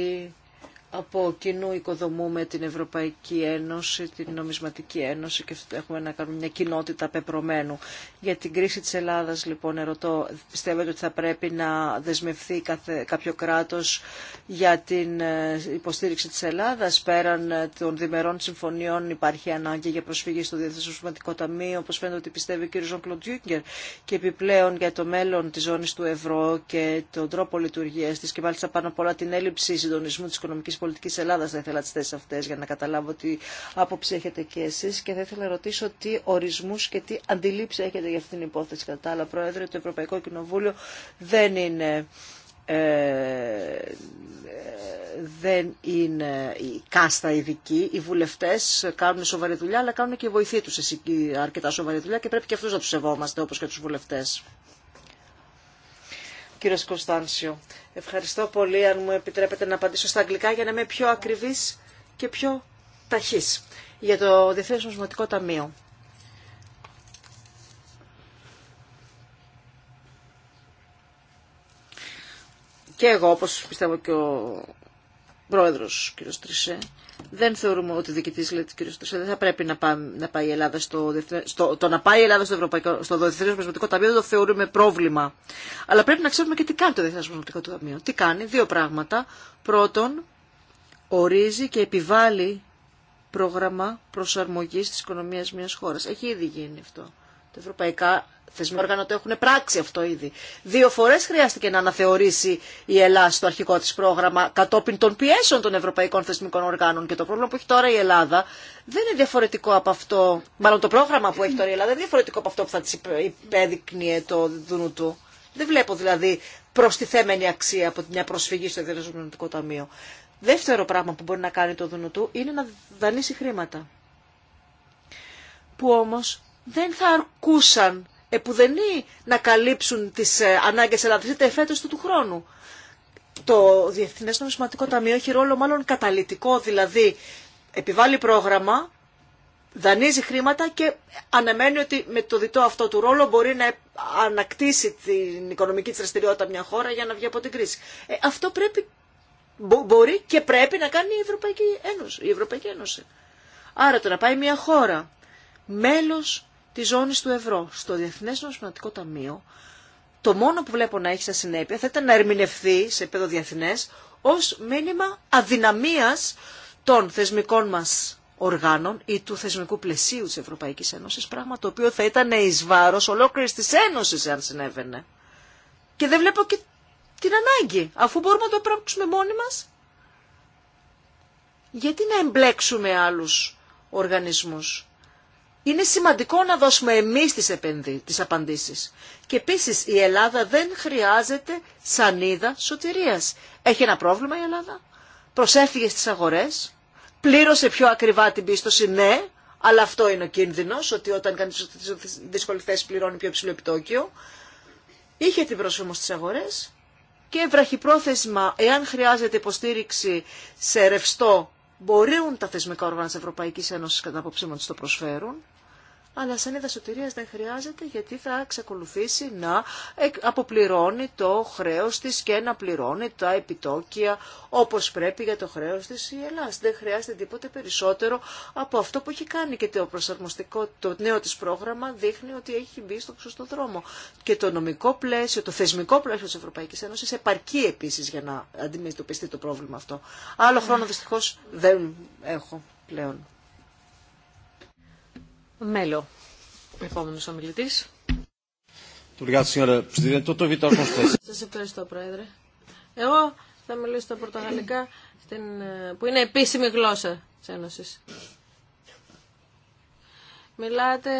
από κοινού οικοδομούμε την Ευρωπαϊκή Ένωση, την Νομισματική Ένωση και έχουμε να κάνουμε μια κοινότητα πεπρωμένου. Για την κρίση της Ελλάδας, λοιπόν, ερωτώ, πιστεύετε ότι θα πρέπει να δεσμευθεί κάθε, κάποιο κράτος για την ε, υποστήριξη της Ελλάδας. Πέραν ε, των διμερών συμφωνιών υπάρχει ανάγκη για προσφυγή στο Διεθνές Σωματικό Ταμείο, όπως φαίνεται ότι πιστεύει ο κ. Ζων και επιπλέον για το μέλλον της ζώνης του ευρώ και τον τρόπο λειτουργίας της και μάλιστα πάνω απ' όλα την έλλειψη συντονισμού της οικονομικής Πολιτική Ελλάδα δεν ήθελα τι θέσει αυτές για να καταλάβω τι άποψη έχετε και εσεί. και θα ήθελα να ρωτήσω τι ορισμού και τι αντιλήψη έχετε για αυτήν την υπόθεση. τα κατά άλλα Πρόεδρε, το Ευρωπαϊκό Κοινοβούλιο δεν είναι... Ε, δεν είναι η κάστα ειδική. Οι βουλευτέ κάνουν σοβαρή δουλειά, αλλά κάνουν και οι βοηθοί του αρκετά σοβαρή δουλειά και πρέπει και αυτού να του σεβόμαστε, όπω και του βουλευτέ κύριος Κωνστάνσιο. Ευχαριστώ πολύ αν μου επιτρέπετε να απαντήσω στα αγγλικά για να είμαι πιο ακριβής και πιο ταχής για το Διεθνές Νοσηματικό Ταμείο. Και εγώ, όπως πιστεύω και ο πρόεδρος κύριος Τρισέ, δεν θεωρούμε ότι ο λέει λέει κ. Στοσέ, δεν θα πρέπει να, πάει, να πάει η Ελλάδα στο, στο, το να πάει η Ελλάδα στο, Ευρωπαϊκό, στο Διεθνές Ταμείο δεν το θεωρούμε πρόβλημα. Αλλά πρέπει να ξέρουμε και τι κάνει το Διεθνές Προσματικό Ταμείο. Τι κάνει, δύο πράγματα. Πρώτον, ορίζει και επιβάλλει πρόγραμμα προσαρμογής της οικονομίας μιας χώρας. Έχει ήδη γίνει αυτό. Τα ευρωπαϊκά θεσμικό όργανο το έχουν πράξει αυτό ήδη. Δύο φορέ χρειάστηκε να αναθεωρήσει η Ελλάδα στο αρχικό τη πρόγραμμα κατόπιν των πιέσεων των ευρωπαϊκών θεσμικών οργάνων. Και το πρόβλημα που έχει τώρα η Ελλάδα δεν είναι διαφορετικό από αυτό. Μάλλον το πρόγραμμα που έχει τώρα η Ελλάδα δεν είναι διαφορετικό από αυτό που θα τη υπέδεικνυε το δουνού Δεν βλέπω δηλαδή προστιθέμενη αξία από μια προσφυγή στο Ιδρυτικό Ταμείο. Δεύτερο πράγμα που μπορεί να κάνει το δουνού είναι να δανείσει χρήματα. Που όμω δεν θα αρκούσαν επουδενή να καλύψουν τις ε, ανάγκες Ελλάδας, είτε εφέτος του, του χρόνου. Το Διεθνές Νομισματικό Ταμείο έχει ρόλο μάλλον καταλητικό, δηλαδή επιβάλλει πρόγραμμα, δανείζει χρήματα και αναμένει ότι με το διτό αυτό του ρόλο μπορεί να ανακτήσει την οικονομική της δραστηριότητα μια χώρα για να βγει από την κρίση. Ε, αυτό πρέπει, μπορεί και πρέπει να κάνει η Ευρωπαϊκή Ένωση. Η Ευρωπαϊκή Ένωση. Άρα το να πάει μια χώρα μέλος Τη ζώνη του ευρώ στο διεθνέ Νομισματικό Ταμείο, το μόνο που βλέπω να έχει σαν συνέπεια θα ήταν να ερμηνευθεί σε επίπεδο διεθνέ ω μήνυμα αδυναμία των θεσμικών μα οργάνων ή του θεσμικού πλαισίου τη Ευρωπαϊκή Ένωση, πράγμα το οποίο θα ήταν ει βάρο ολόκληρης της Ένωσης, αν συνέβαινε. Και δεν βλέπω και την ανάγκη, αφού μπορούμε να το πράξουμε μόνοι μα. Γιατί να εμπλέξουμε άλλους οργανισμούς είναι σημαντικό να δώσουμε εμείς τις, επενδύ, απαντήσεις. Και επίσης η Ελλάδα δεν χρειάζεται σανίδα σωτηρίας. Έχει ένα πρόβλημα η Ελλάδα. Προσέφυγε στις αγορές, πλήρωσε πιο ακριβά την πίστοση, ναι, αλλά αυτό είναι ο κίνδυνος, ότι όταν κάνει τις θέση πληρώνει πιο υψηλό επιτόκιο. Είχε την πρόσφυγη στις αγορές και βραχυπρόθεσμα, εάν χρειάζεται υποστήριξη σε ρευστό μπορούν τα θεσμικά όργανα της Ευρωπαϊκής Ένωσης κατά απόψή μου να το προσφέρουν αλλά σαν είδα σωτηρίας δεν χρειάζεται γιατί θα εξακολουθήσει να αποπληρώνει το χρέος της και να πληρώνει τα επιτόκια όπως πρέπει για το χρέος της η Ελλάδα. Δεν χρειάζεται τίποτε περισσότερο από αυτό που έχει κάνει και το προσαρμοστικό, το νέο της πρόγραμμα δείχνει ότι έχει μπει στο σωστό δρόμο. Και το νομικό πλαίσιο, το θεσμικό πλαίσιο της Ευρωπαϊκής Ένωσης επαρκεί επίσης για να αντιμετωπιστεί το πρόβλημα αυτό. Άλλο χρόνο δυστυχώς δεν έχω πλέον. Μέλο. Επόμενος ομιλητής. Σας ευχαριστώ, Πρόεδρε. Εγώ θα μιλήσω στα πορτογαλικά, που είναι επίσημη γλώσσα της Ένωσης. Μιλάτε,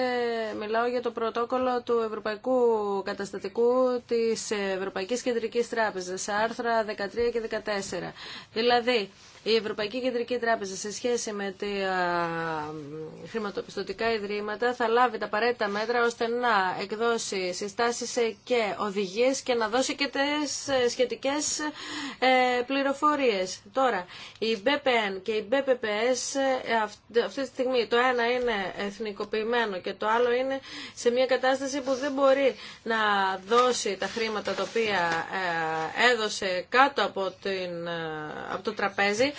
μιλάω για το πρωτόκολλο του Ευρωπαϊκού Καταστατικού της Ευρωπαϊκής Κεντρικής Τράπεζας, άρθρα 13 και 14. Δηλαδή, η Ευρωπαϊκή Κεντρική Τράπεζα σε σχέση με τα χρηματοπιστωτικά ιδρύματα θα λάβει τα απαραίτητα μέτρα ώστε να εκδώσει συστάσεις και οδηγίες και να δώσει και τις ε, σχετικές ε, πληροφορίες. Τώρα, η BPN και η BPPS ε, αυτή τη στιγμή το ένα είναι εθνικοποιημένο και το άλλο είναι σε μια κατάσταση που δεν μπορεί να δώσει τα χρήματα τα οποία έδωσε κάτω από, την, από το τραπέζι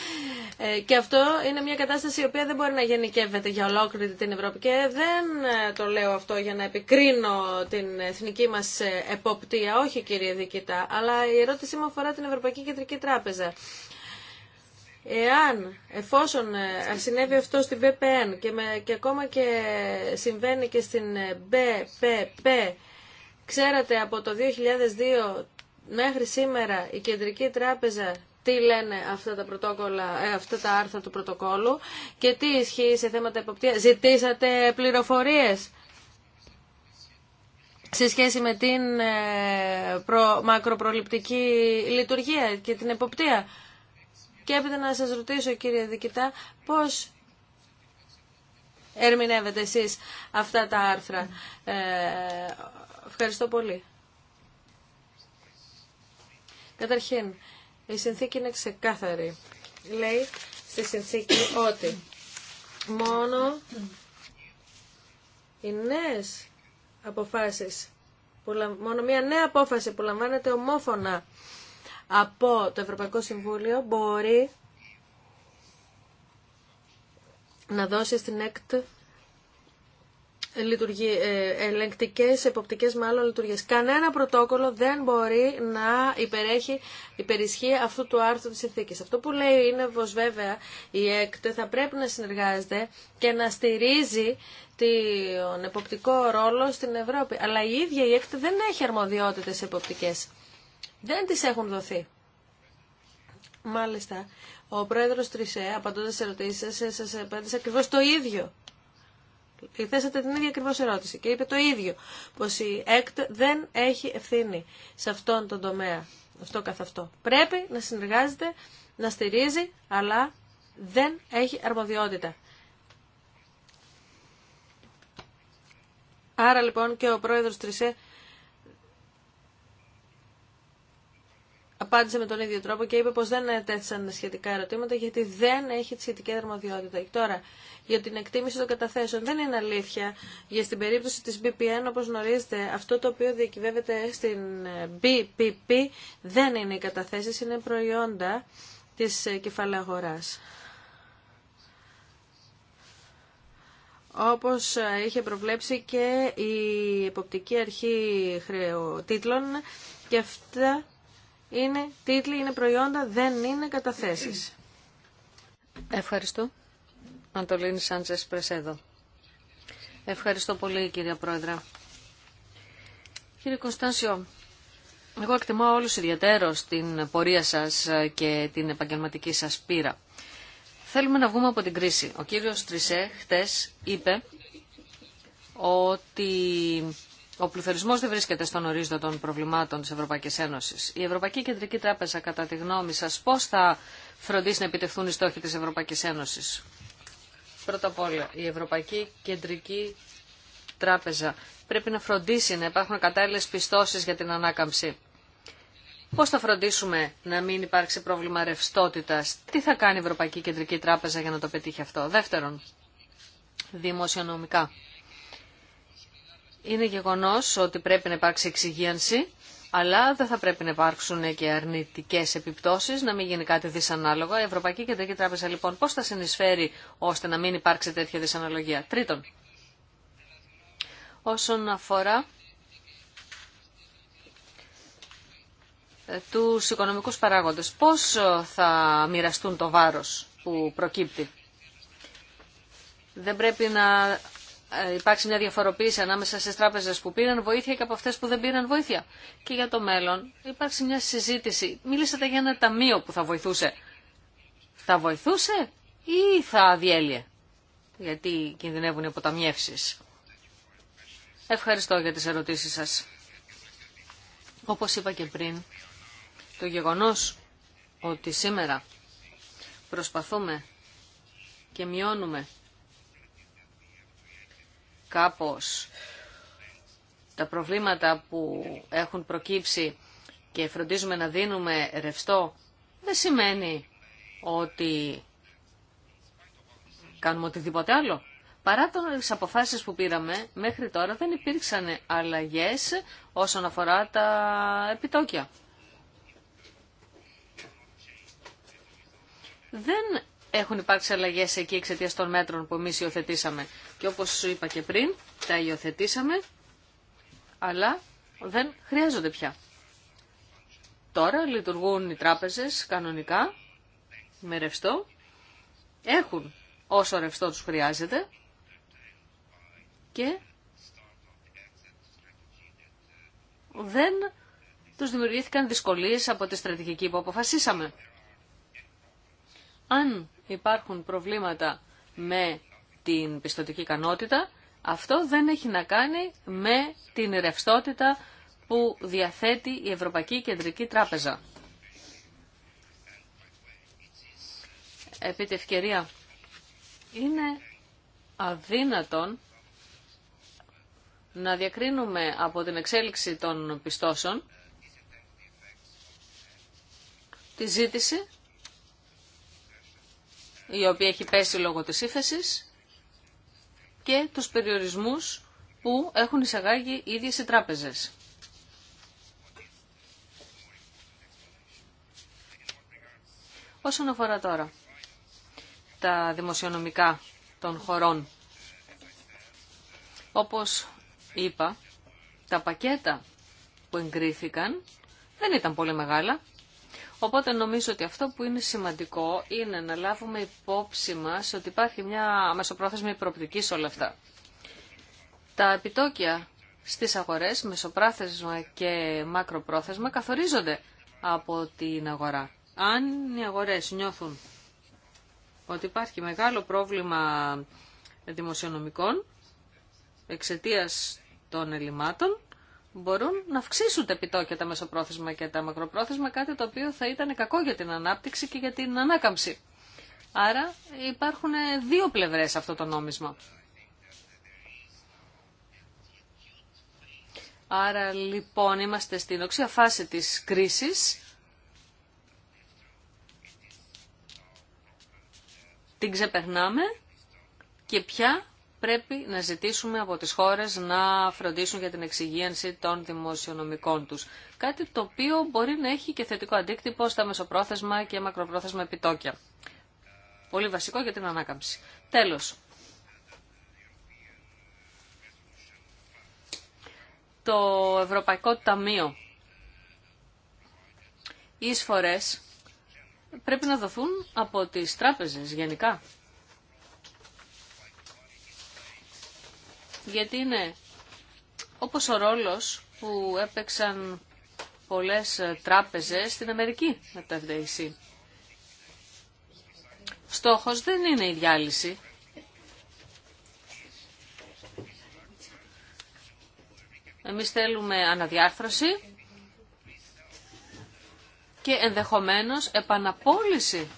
ε, και αυτό είναι μια κατάσταση η οποία δεν μπορεί να γενικεύεται για ολόκληρη την Ευρώπη και δεν ε, το λέω αυτό για να επικρίνω την εθνική μας ε, εποπτεία, όχι κύριε Δικητά, αλλά η ερώτησή μου αφορά την Ευρωπαϊκή Κεντρική Τράπεζα. Εάν, εφόσον συνέβη αυτό στην BPN και, και ακόμα και συμβαίνει και στην BPP, ξέρατε από το 2002 μέχρι σήμερα η Κεντρική Τράπεζα τι λένε αυτά τα, πρωτόκολλα, ε, αυτά τα άρθρα του πρωτοκόλου και τι ισχύει σε θέματα εποπτείας. Ζητήσατε πληροφορίες σε σχέση με την ε, μακροπροληπτική λειτουργία και την εποπτεία. Και έπειτα να σας ρωτήσω κύριε Δικητά πώς ερμηνεύετε εσείς αυτά τα άρθρα. Ε, ευχαριστώ πολύ. Καταρχήν, η συνθήκη είναι ξεκάθαρη. Λέει στη συνθήκη ότι μόνο οι νέε αποφάσει μόνο μια νέα απόφαση που λαμβάνεται ομόφωνα από το Ευρωπαϊκό Συμβούλιο μπορεί να δώσει στην ΕΚΤ λειτουργεί, ε, ελεγκτικές, εποπτικές μάλλον λειτουργίες. Κανένα πρωτόκολλο δεν μπορεί να υπερέχει, υπερισχύει αυτού του άρθρου της συνθήκης. Αυτό που λέει είναι πως βέβαια η ΕΚΤΕ θα πρέπει να συνεργάζεται και να στηρίζει τον εποπτικό ρόλο στην Ευρώπη. Αλλά η ίδια η ΕΚΤΕ δεν έχει αρμοδιότητες εποπτικές. Δεν τις έχουν δοθεί. Μάλιστα, ο πρόεδρος Τρισέ, απαντώντας σε ερωτήσεις σας, σας απάντησε το ίδιο. Ε, θέσατε την ίδια ακριβώ ερώτηση και είπε το ίδιο, πως η ΕΚΤ δεν έχει ευθύνη σε αυτόν τον τομέα, αυτό καθ' αυτό. Πρέπει να συνεργάζεται, να στηρίζει, αλλά δεν έχει αρμοδιότητα. Άρα λοιπόν και ο πρόεδρος Τρισέ απάντησε με τον ίδιο τρόπο και είπε πως δεν έτεθαν σχετικά ερωτήματα γιατί δεν έχει τη σχετική αρμοδιότητα. Και τώρα, για την εκτίμηση των καταθέσεων δεν είναι αλήθεια. Για στην περίπτωση της BPN, όπως γνωρίζετε, αυτό το οποίο διακυβεύεται στην BPP ε, δεν είναι οι καταθέσεις, είναι προϊόντα της ε, κεφαλαίου όπως ε, είχε προβλέψει και η εποπτική αρχή χρεοτήτλων και αυτά είναι τίτλοι, είναι προϊόντα, δεν είναι καταθέσεις. Ευχαριστώ. Αντολίνη Σάντζες Πρεσέδο. Ευχαριστώ πολύ κύριε Πρόεδρε. Κύριε Κωνστάνσιο, εγώ εκτιμώ όλους ιδιαίτερος την πορεία σας και την επαγγελματική σας πείρα. Θέλουμε να βγούμε από την κρίση. Ο κύριος Τρισέ χτες είπε ότι ο πληθωρισμός δεν βρίσκεται στον ορίζοντα των προβλημάτων της Ευρωπαϊκής Ένωσης. Η Ευρωπαϊκή Κεντρική Τράπεζα, κατά τη γνώμη σας, πώς θα φροντίσει να επιτευχθούν οι στόχοι της Ευρωπαϊκής Ένωσης. Πρώτα απ' όλα, η Ευρωπαϊκή Κεντρική Τράπεζα πρέπει να φροντίσει να υπάρχουν κατάλληλες πιστώσεις για την ανάκαμψη. Πώς θα φροντίσουμε να μην υπάρξει πρόβλημα ρευστότητα, τι θα κάνει η Ευρωπαϊκή Κεντρική Τράπεζα για να το πετύχει αυτό. Δεύτερον, δημοσιονομικά. Είναι γεγονός ότι πρέπει να υπάρξει εξυγίανση, αλλά δεν θα πρέπει να υπάρξουν και αρνητικές επιπτώσεις, να μην γίνει κάτι δυσανάλογο. Η Ευρωπαϊκή Κεντρική Τράπεζα λοιπόν πώς θα συνεισφέρει ώστε να μην υπάρξει τέτοια δυσαναλογία. Τρίτον, όσον αφορά ε, τους οικονομικούς παράγοντες, πώς ε, θα μοιραστούν το βάρος που προκύπτει. Δεν πρέπει να ε, Υπάρχει μια διαφοροποίηση ανάμεσα στις τράπεζες που πήραν βοήθεια και από αυτές που δεν πήραν βοήθεια. Και για το μέλλον υπάρξει μια συζήτηση. Μίλησατε για ένα ταμείο που θα βοηθούσε. Θα βοηθούσε ή θα διέλυε. Γιατί κινδυνεύουν οι αποταμιεύσει. Ευχαριστώ για τις ερωτήσεις σας. Όπως είπα και πριν, το γεγονός ότι σήμερα προσπαθούμε και μειώνουμε κάπως τα προβλήματα που έχουν προκύψει και φροντίζουμε να δίνουμε ρευστό, δεν σημαίνει ότι κάνουμε οτιδήποτε άλλο. Παρά τις αποφάσεις που πήραμε, μέχρι τώρα δεν υπήρξαν αλλαγές όσον αφορά τα επιτόκια. Δεν έχουν υπάρξει αλλαγέ εκεί εξαιτία των μέτρων που εμεί υιοθετήσαμε. Και όπω σου είπα και πριν, τα υιοθετήσαμε, αλλά δεν χρειάζονται πια. Τώρα λειτουργούν οι τράπεζες κανονικά, με ρευστό, έχουν όσο ρευστό τους χρειάζεται και δεν τους δημιουργήθηκαν δυσκολίες από τη στρατηγική που αποφασίσαμε αν υπάρχουν προβλήματα με την πιστοτική ικανότητα, αυτό δεν έχει να κάνει με την ρευστότητα που διαθέτει η Ευρωπαϊκή Κεντρική Τράπεζα. Επί ευκαιρία, είναι αδύνατον να διακρίνουμε από την εξέλιξη των πιστώσεων τη ζήτηση η οποία έχει πέσει λόγω της ύφεση και τους περιορισμούς που έχουν εισαγάγει οι ίδιες οι τράπεζες. Όσον αφορά τώρα τα δημοσιονομικά των χωρών, όπως είπα, τα πακέτα που εγκρίθηκαν δεν ήταν πολύ μεγάλα, Οπότε νομίζω ότι αυτό που είναι σημαντικό είναι να λάβουμε υπόψη μας ότι υπάρχει μια μεσοπρόθεσμη προοπτική σε όλα αυτά. Τα επιτόκια στις αγορές, μεσοπρόθεσμα και μακροπρόθεσμα, καθορίζονται από την αγορά. Αν οι αγορές νιώθουν ότι υπάρχει μεγάλο πρόβλημα δημοσιονομικών εξαιτίας των ελλημάτων, μπορούν να αυξήσουν τα επιτόκια τα μεσοπρόθεσμα και τα μακροπρόθεσμα, κάτι το οποίο θα ήταν κακό για την ανάπτυξη και για την ανάκαμψη. Άρα υπάρχουν δύο πλευρές αυτό το νόμισμα. Άρα λοιπόν είμαστε στην οξία φάση της κρίσης. Την ξεπερνάμε και πια πρέπει να ζητήσουμε από τις χώρες να φροντίσουν για την εξυγίανση των δημοσιονομικών τους. Κάτι το οποίο μπορεί να έχει και θετικό αντίκτυπο στα μεσοπρόθεσμα και μακροπρόθεσμα επιτόκια. Πολύ βασικό για την ανάκαμψη. Τέλος. Το Ευρωπαϊκό Ταμείο. Οι εισφορές πρέπει να δοθούν από τις τράπεζες γενικά γιατί είναι όπως ο ρόλος που έπαιξαν πολλές ε, τράπεζες στην Αμερική με το FDIC. Στόχος δεν είναι η διάλυση. Εμείς θέλουμε αναδιάρθρωση και ενδεχομένως επαναπόλυση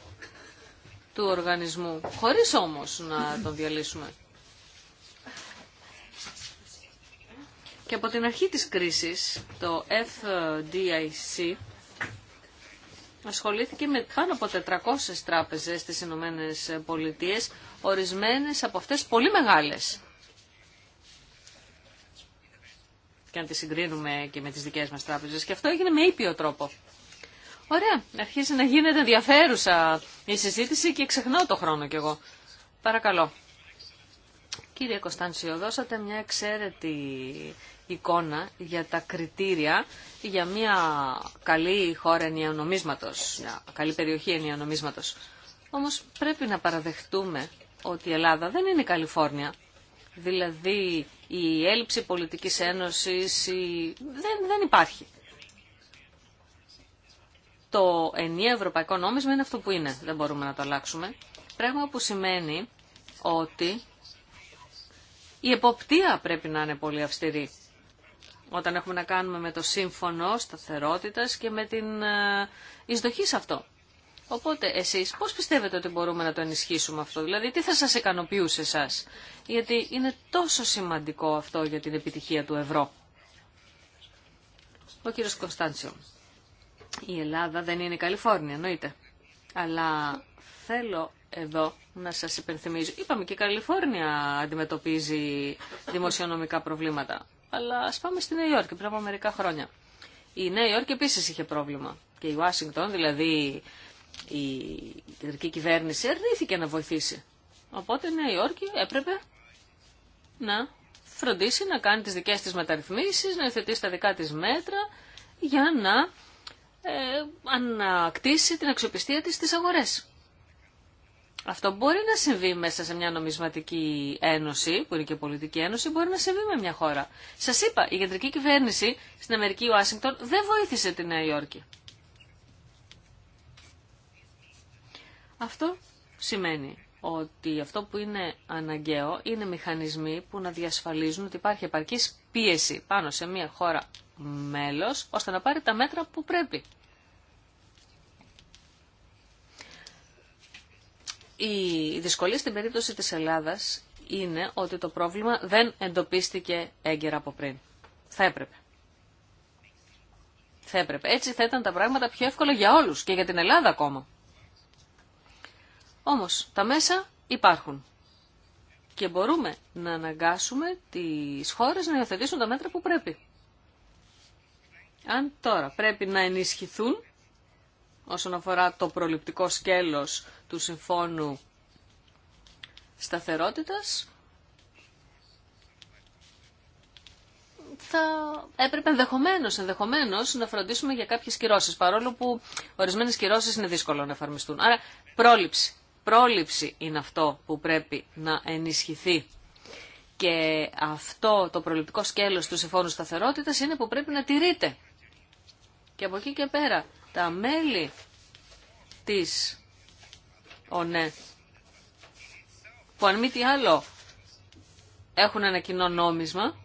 του οργανισμού, χωρίς όμως να τον διαλύσουμε. Και από την αρχή της κρίσης το FDIC ασχολήθηκε με πάνω από 400 τράπεζες στις Ηνωμένε Πολιτείε, ορισμένες από αυτές πολύ μεγάλες. Και αν τις συγκρίνουμε και με τις δικές μας τράπεζες. Και αυτό έγινε με ήπιο τρόπο. Ωραία, αρχίζει να γίνεται ενδιαφέρουσα η συζήτηση και ξεχνάω το χρόνο κι εγώ. Παρακαλώ. Κύριε Κωνσταντσιο, δώσατε μια εξαίρετη εικόνα για τα κριτήρια για μια καλή χώρα ενιανομίσματος, μια καλή περιοχή ενιανομίσματος. Όμως πρέπει να παραδεχτούμε ότι η Ελλάδα δεν είναι η Καλιφόρνια. Δηλαδή η έλλειψη πολιτικής ένωσης δεν, δεν υπάρχει. Το ενιαίο ευρωπαϊκό νόμισμα είναι αυτό που είναι, δεν μπορούμε να το αλλάξουμε. Πράγμα που σημαίνει ότι η εποπτεία πρέπει να είναι πολύ αυστηρή όταν έχουμε να κάνουμε με το σύμφωνο σταθερότητας και με την ε, εισδοχή σε αυτό. Οπότε εσείς πώς πιστεύετε ότι μπορούμε να το ενισχύσουμε αυτό, δηλαδή τι θα σας ικανοποιούσε εσά, γιατί είναι τόσο σημαντικό αυτό για την επιτυχία του ευρώ. Ο κύριος Κωνσταντσιο. Η Ελλάδα δεν είναι η Καλιφόρνια, εννοείται. Αλλά θέλω εδώ να σας υπενθυμίζω. Είπαμε και η Καλιφόρνια αντιμετωπίζει δημοσιονομικά προβλήματα αλλά α πάμε στη Νέα Υόρκη πριν από μερικά χρόνια. Η Νέα Υόρκη επίση είχε πρόβλημα και η Ουάσιγκτον, δηλαδή η κεντρική κυβέρνηση, αρνήθηκε να βοηθήσει. Οπότε η Νέα Υόρκη έπρεπε να φροντίσει να κάνει τις δικές της μεταρρυθμίσεις, να υιοθετήσει τα δικά της μέτρα για να ε, ανακτήσει την αξιοπιστία της στις αγορές. Αυτό μπορεί να συμβεί μέσα σε μια νομισματική ένωση, που είναι και πολιτική ένωση, μπορεί να συμβεί με μια χώρα. Σα είπα, η κεντρική κυβέρνηση στην Αμερική, ο Άσιγκτον, δεν βοήθησε τη Νέα Υόρκη. Αυτό σημαίνει ότι αυτό που είναι αναγκαίο είναι μηχανισμοί που να διασφαλίζουν ότι υπάρχει επαρκής πίεση πάνω σε μια χώρα μέλος, ώστε να πάρει τα μέτρα που πρέπει. Η δυσκολία στην περίπτωση της Ελλάδας είναι ότι το πρόβλημα δεν εντοπίστηκε έγκαιρα από πριν. Θα έπρεπε. Θα έπρεπε. Έτσι θα ήταν τα πράγματα πιο εύκολα για όλους και για την Ελλάδα ακόμα. Όμως τα μέσα υπάρχουν και μπορούμε να αναγκάσουμε τις χώρες να υιοθετήσουν τα μέτρα που πρέπει. Αν τώρα πρέπει να ενισχυθούν όσον αφορά το προληπτικό σκέλος του Συμφώνου Σταθερότητας, θα έπρεπε ενδεχομένω ενδεχομένως, να φροντίσουμε για κάποιε κυρώσει. παρόλο που ορισμένε κυρώσει είναι δύσκολο να εφαρμιστούν. Άρα πρόληψη. Πρόληψη είναι αυτό που πρέπει να ενισχυθεί. Και αυτό το προληπτικό σκέλος του Συμφώνου Σταθερότητας είναι που πρέπει να τηρείται. Και από εκεί και πέρα τα μέλη της ΟΝΕ, που αν μη τι άλλο έχουν ένα κοινό νόμισμα,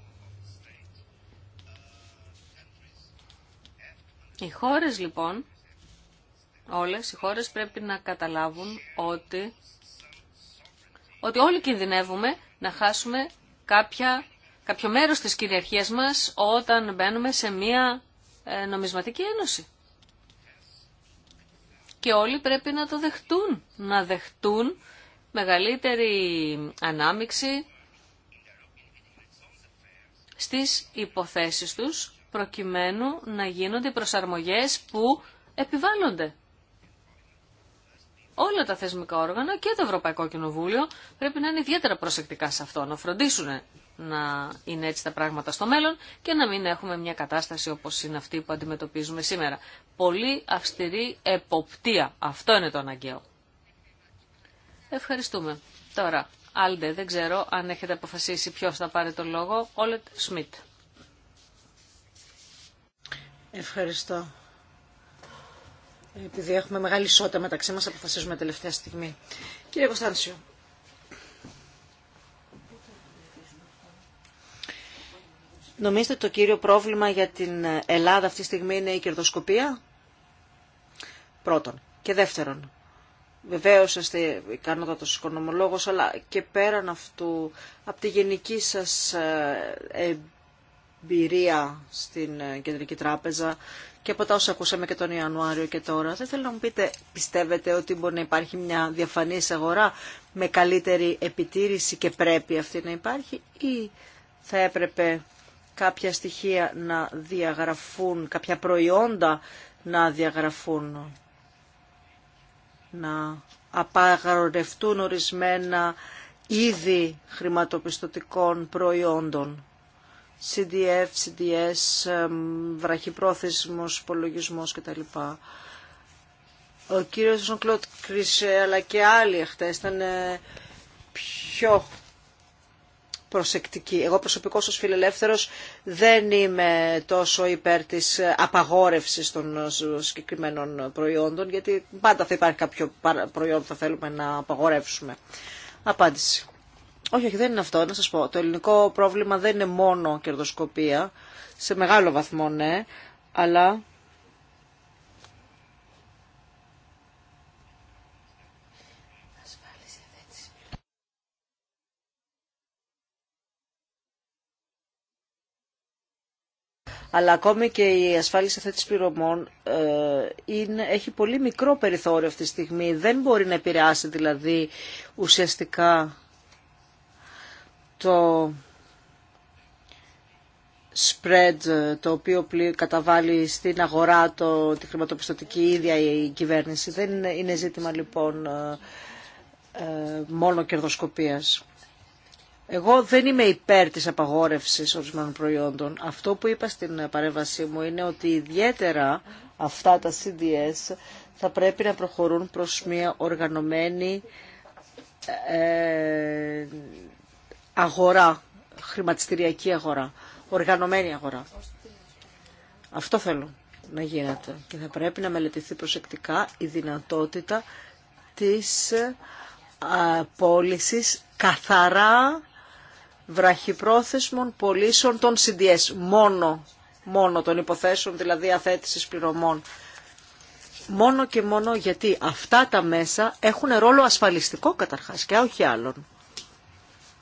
οι χώρες λοιπόν, όλες οι χώρες πρέπει να καταλάβουν ότι, ότι όλοι κινδυνεύουμε να χάσουμε κάποια, κάποιο μέρος της κυριαρχίας μας όταν μπαίνουμε σε μία ε, νομισματική ένωση και όλοι πρέπει να το δεχτούν, να δεχτούν μεγαλύτερη ανάμιξη στις υποθέσεις τους προκειμένου να γίνονται προσαρμογές που επιβάλλονται. Όλα τα θεσμικά όργανα και το Ευρωπαϊκό Κοινοβούλιο πρέπει να είναι ιδιαίτερα προσεκτικά σε αυτό, να φροντίσουν να είναι έτσι τα πράγματα στο μέλλον και να μην έχουμε μια κατάσταση όπως είναι αυτή που αντιμετωπίζουμε σήμερα. Πολύ αυστηρή εποπτεία. Αυτό είναι το αναγκαίο. Ευχαριστούμε. Τώρα, Άλντε, δεν ξέρω αν έχετε αποφασίσει ποιος θα πάρει τον λόγο. Όλετ Σμιτ. Ευχαριστώ. Επειδή έχουμε μεγάλη ισότητα μεταξύ μας, αποφασίζουμε τελευταία στιγμή. Κύριε Κωνστανσίου, Νομίζετε ότι το κύριο πρόβλημα για την Ελλάδα αυτή τη στιγμή είναι η κερδοσκοπία. Πρώτον. Και δεύτερον. Βεβαίω είστε ικανότατο οικονομολόγο, αλλά και πέραν αυτού, από τη γενική σα ε, εμπειρία στην ε, Κεντρική Τράπεζα και από τα όσα ακούσαμε και τον Ιανουάριο και τώρα, θα ήθελα να μου πείτε, πιστεύετε ότι μπορεί να υπάρχει μια διαφανή αγορά με καλύτερη επιτήρηση και πρέπει αυτή να υπάρχει ή θα έπρεπε κάποια στοιχεία να διαγραφούν, κάποια προϊόντα να διαγραφούν, να απαγορευτούν ορισμένα είδη χρηματοπιστωτικών προϊόντων. CDF, CDS, βραχυπρόθεσμος, υπολογισμός κτλ. Ο κύριος Ζωνκλώτ Κρισέ αλλά και άλλοι χτες ήταν ε, πιο προσεκτική. Εγώ προσωπικώς ως φιλελεύθερος δεν είμαι τόσο υπέρ της απαγόρευσης των συγκεκριμένων προϊόντων, γιατί πάντα θα υπάρχει κάποιο προϊόν που θα θέλουμε να απαγορεύσουμε. Απάντηση. Όχι, όχι, δεν είναι αυτό. Να σας πω, το ελληνικό πρόβλημα δεν είναι μόνο κερδοσκοπία, σε μεγάλο βαθμό ναι, αλλά αλλά ακόμη και η ασφάλιση θέτης πληρωμών ε, είναι, έχει πολύ μικρό περιθώριο αυτή τη στιγμή. Δεν μπορεί να επηρεάσει δηλαδή ουσιαστικά το spread ε, το οποίο καταβάλει στην αγορά το, τη χρηματοπιστωτική ίδια η κυβέρνηση. Δεν είναι, ζήτημα λοιπόν ε, μόνο κερδοσκοπίας. Εγώ δεν είμαι υπέρ της απαγόρευσης ορισμένων προϊόντων. Αυτό που είπα στην παρέμβασή μου είναι ότι ιδιαίτερα αυτά τα CDS θα πρέπει να προχωρούν προς μια οργανωμένη ε, αγορά, χρηματιστηριακή αγορά, οργανωμένη αγορά. Αυτό θέλω να γίνεται και θα πρέπει να μελετηθεί προσεκτικά η δυνατότητα της ε, πώλησης καθαρά βραχυπρόθεσμων πωλήσεων των CDS, μόνο, μόνο των υποθέσεων, δηλαδή αθέτησης πληρωμών. Μόνο και μόνο γιατί αυτά τα μέσα έχουν ρόλο ασφαλιστικό καταρχάς και όχι άλλον.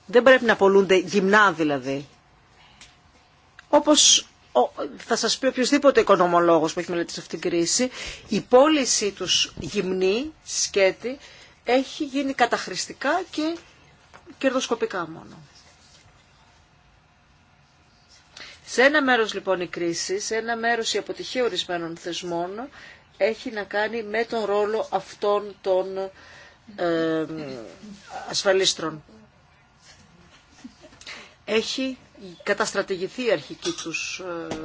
Δεν πρέπει να πολλούνται γυμνά δηλαδή. Όπως θα σας πει οποιοδήποτε οικονομολόγος που έχει μελετήσει αυτήν την κρίση, η πώλησή τους γυμνή, σκέτη, έχει γίνει καταχρηστικά και κερδοσκοπικά μόνο. Σε ένα μέρος λοιπόν η κρίση, σε ένα μέρος η αποτυχία ορισμένων θεσμών έχει να κάνει με τον ρόλο αυτών των ε, ασφαλίστρων. Έχει καταστρατηγηθεί η αρχική τους, ε,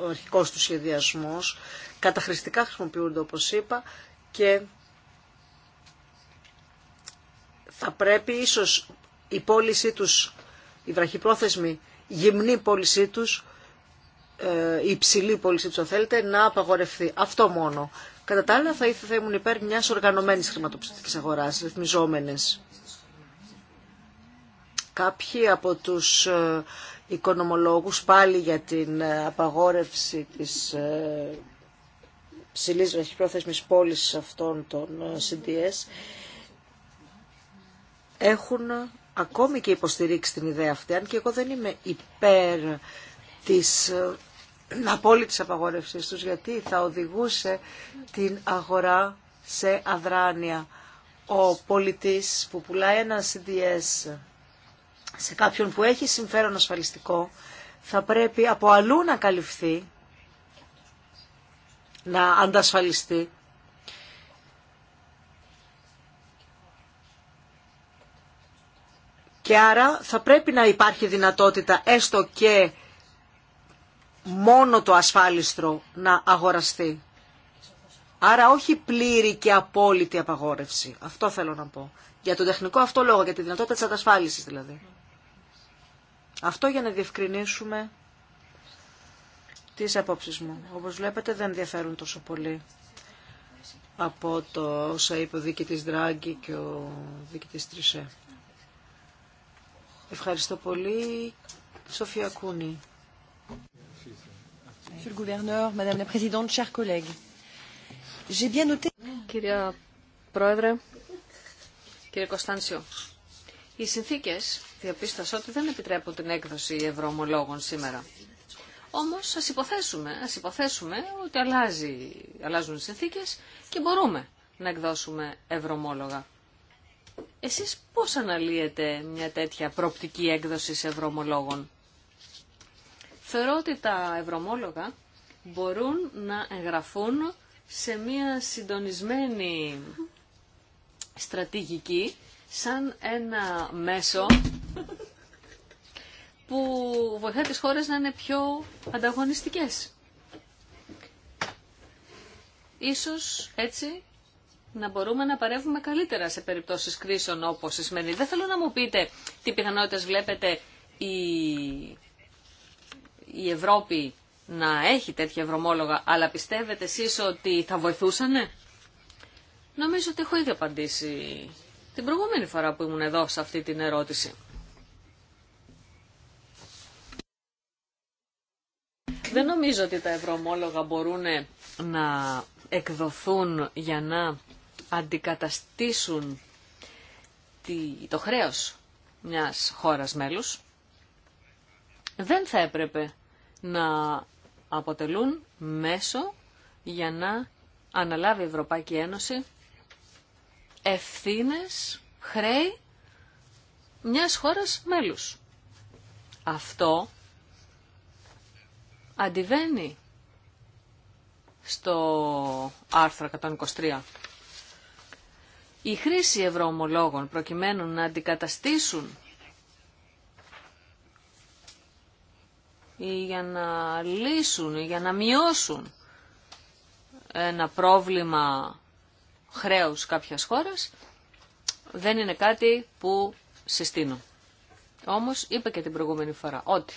ο αρχικός του σχεδιασμός, καταχρηστικά χρησιμοποιούνται όπως είπα και θα πρέπει ίσως η πώλησή τους, η βραχυπρόθεσμη γυμνή πώλησή του, η ε, υψηλή πώλησή του αν θέλετε, να απαγορευτεί. Αυτό μόνο. Κατά τα άλλα θα ήθελα ήμουν υπέρ μια οργανωμένη χρηματοπιστωτική αγορά ρυθμιζόμενη. Κάποιοι από τους ε, οικονομολόγους πάλι για την ε, απαγόρευση της ψηλής βραχυπρόθεσμης πώλησης αυτών των CDS έχουν ακόμη και υποστηρίξει την ιδέα αυτή, αν και εγώ δεν είμαι υπέρ της ε, απόλυτης απαγόρευσης τους, γιατί θα οδηγούσε την αγορά σε αδράνεια. Ο πολιτής που πουλάει ένα CDS σε κάποιον που έχει συμφέρον ασφαλιστικό, θα πρέπει από αλλού να καλυφθεί, να αντασφαλιστεί Και άρα θα πρέπει να υπάρχει δυνατότητα έστω και μόνο το ασφάλιστρο να αγοραστεί. Άρα όχι πλήρη και απόλυτη απαγόρευση. Αυτό θέλω να πω. Για τον τεχνικό αυτό λόγο, για τη δυνατότητα της ατασφάλισης δηλαδή. Αυτό για να διευκρινίσουμε τις απόψεις μου. Όπως βλέπετε δεν ενδιαφέρουν τόσο πολύ από το όσα είπε ο διοικητής Δράγκη και ο διοικητής Τρισέ. Ευχαριστώ πολύ. Σοφία Κούνη. Κυρία Πρόεδρε, κύριε Κωνσταντσιο, οι συνθήκε, διαπίστωσαν ότι δεν επιτρέπουν την έκδοση ευρωομολόγων σήμερα. Όμω, ας υποθέσουμε, υποθέσουμε ότι αλλάζει, αλλάζουν οι συνθήκες και μπορούμε να εκδώσουμε ευρωομόλογα. Εσείς πώς αναλύετε μια τέτοια προπτική έκδοση σε ευρωομολόγων. Θεωρώ ότι τα ευρωομόλογα μπορούν να εγγραφούν σε μια συντονισμένη στρατηγική σαν ένα μέσο που βοηθάει τις χώρες να είναι πιο ανταγωνιστικές. Ίσως έτσι να μπορούμε να παρεύουμε καλύτερα σε περιπτώσεις κρίσεων όπως η σημερινή. Δεν θέλω να μου πείτε τι πιθανότητες βλέπετε η, η Ευρώπη να έχει τέτοια ευρωμόλογα, αλλά πιστεύετε εσείς ότι θα βοηθούσανε. Νομίζω ότι έχω ήδη απαντήσει την προηγούμενη φορά που ήμουν εδώ σε αυτή την ερώτηση. Δεν νομίζω ότι τα ευρωομόλογα μπορούν να εκδοθούν για να αντικαταστήσουν το χρέος μιας χώρας μέλους, δεν θα έπρεπε να αποτελούν μέσο για να αναλάβει η Ευρωπαϊκή Ένωση ευθύνες, χρέη μιας χώρας μέλους. Αυτό αντιβαίνει στο άρθρο 123 η χρήση ευρωομολόγων προκειμένου να αντικαταστήσουν ή για να λύσουν ή για να μειώσουν ένα πρόβλημα χρέους κάποιας χώρας δεν είναι κάτι που συστήνω. Όμως είπα και την προηγούμενη φορά ότι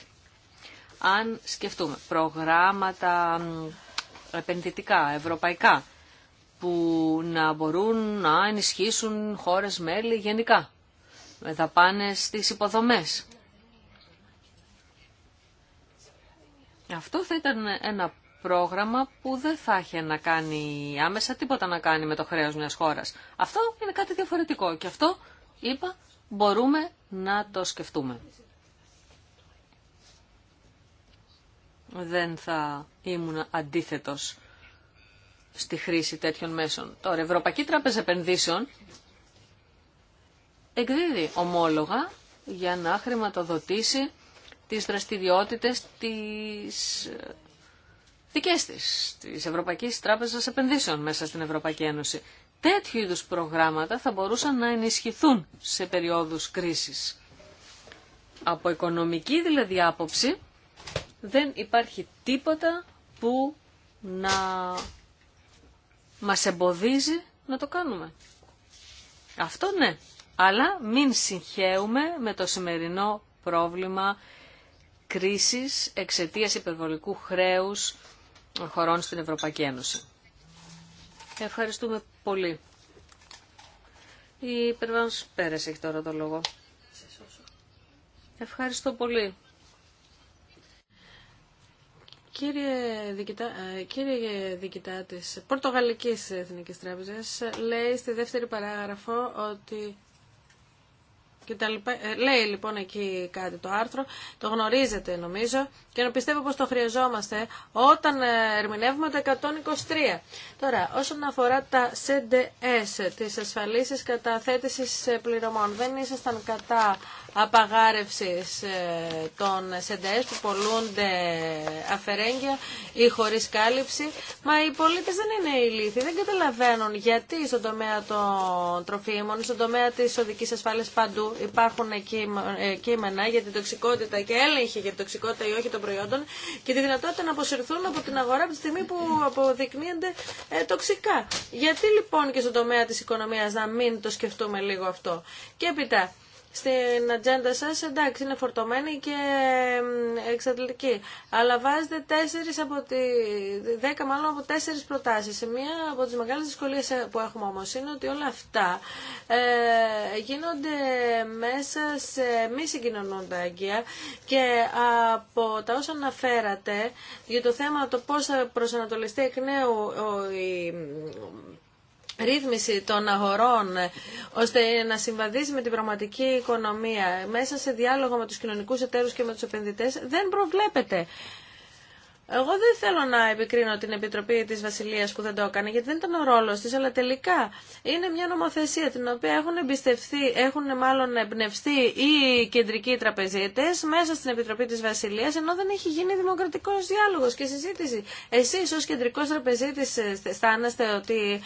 αν σκεφτούμε προγράμματα επενδυτικά, ευρωπαϊκά, που να μπορούν να ενισχύσουν χώρες μέλη γενικά με δαπάνες στις υποδομές. Αυτό θα ήταν ένα πρόγραμμα που δεν θα είχε να κάνει άμεσα τίποτα να κάνει με το χρέος μιας χώρας. Αυτό είναι κάτι διαφορετικό και αυτό, είπα, μπορούμε να το σκεφτούμε. Δεν θα ήμουν αντίθετος στη χρήση τέτοιων μέσων. Τώρα, η Ευρωπαϊκή Τράπεζα Επενδύσεων εκδίδει ομόλογα για να χρηματοδοτήσει τις δραστηριότητες της ε, δικές της, της Ευρωπαϊκής Τράπεζας Επενδύσεων μέσα στην Ευρωπαϊκή Ένωση. Τέτοιου είδους προγράμματα θα μπορούσαν να ενισχυθούν σε περιόδους κρίσης. Από οικονομική δηλαδή άποψη δεν υπάρχει τίποτα που να μας εμποδίζει να το κάνουμε. Αυτό ναι. Αλλά μην συγχαίουμε με το σημερινό πρόβλημα κρίσης εξαιτίας υπερβολικού χρέους χωρών στην Ευρωπαϊκή Ένωση. Ευχαριστούμε πολύ. Η υπερβάνωση πέρασε έχει τώρα το λόγο. Ευχαριστώ πολύ. Κύριε Δικητά, ε, κύριε Δικητά της Πορτογαλικής Εθνικής Τράπεζας λέει στη δεύτερη παράγραφο ότι και τα ε, λέει λοιπόν εκεί κάτι το άρθρο, το γνωρίζετε νομίζω και πιστεύω πως το χρειαζόμαστε όταν ε, ερμηνεύουμε το 123. Τώρα, όσον αφορά τα CDS, τις ασφαλίσεις καταθέτησης πληρωμών, δεν ήσασταν κατά απαγάρευσης ε, των ΣΕΝΤΕΕΣ που πολλούνται αφαιρέγγια ή χωρίς κάλυψη. Μα οι πολίτες δεν είναι ηλίθιοι, δεν καταλαβαίνουν γιατί στον τομέα των τροφίμων, στον τομέα της οδικής ασφάλειας παντού υπάρχουν ε, κείμενα για την τοξικότητα και έλεγχη για την τοξικότητα ή όχι των προϊόντων και τη δυνατότητα να αποσυρθούν από την αγορά από τη στιγμή που αποδεικνύονται ε, τοξικά. Γιατί λοιπόν και στον τομέα της οικονομίας να μην το σκεφτούμε λίγο αυτό. Και έπειτα, στην ατζέντα σα, εντάξει, είναι φορτωμένη και εξαντλητική. Αλλά βάζετε τέσσερι από τι. δέκα μάλλον από τέσσερι προτάσει. Μία από τι μεγάλε δυσκολίε που έχουμε όμω είναι ότι όλα αυτά ε, γίνονται μέσα σε μη συγκοινωνώντα αγκία και από τα όσα αναφέρατε για το θέμα το πώς θα προσανατολιστεί εκ νέου ο, η, ρύθμιση των αγορών ε, ώστε να συμβαδίζει με την πραγματική οικονομία μέσα σε διάλογο με τους κοινωνικούς εταίρους και με τους επενδυτές δεν προβλέπεται. Εγώ δεν θέλω να επικρίνω την Επιτροπή της Βασιλείας που δεν το έκανε, γιατί δεν ήταν ο ρόλος της, αλλά τελικά είναι μια νομοθεσία την οποία έχουν εμπιστευτεί, έχουν μάλλον εμπνευστεί οι κεντρικοί τραπεζίτες μέσα στην Επιτροπή της Βασιλείας, ενώ δεν έχει γίνει δημοκρατικός διάλογος και συζήτηση. Εσείς ως κεντρικός τραπεζίτης αισθάνεστε ότι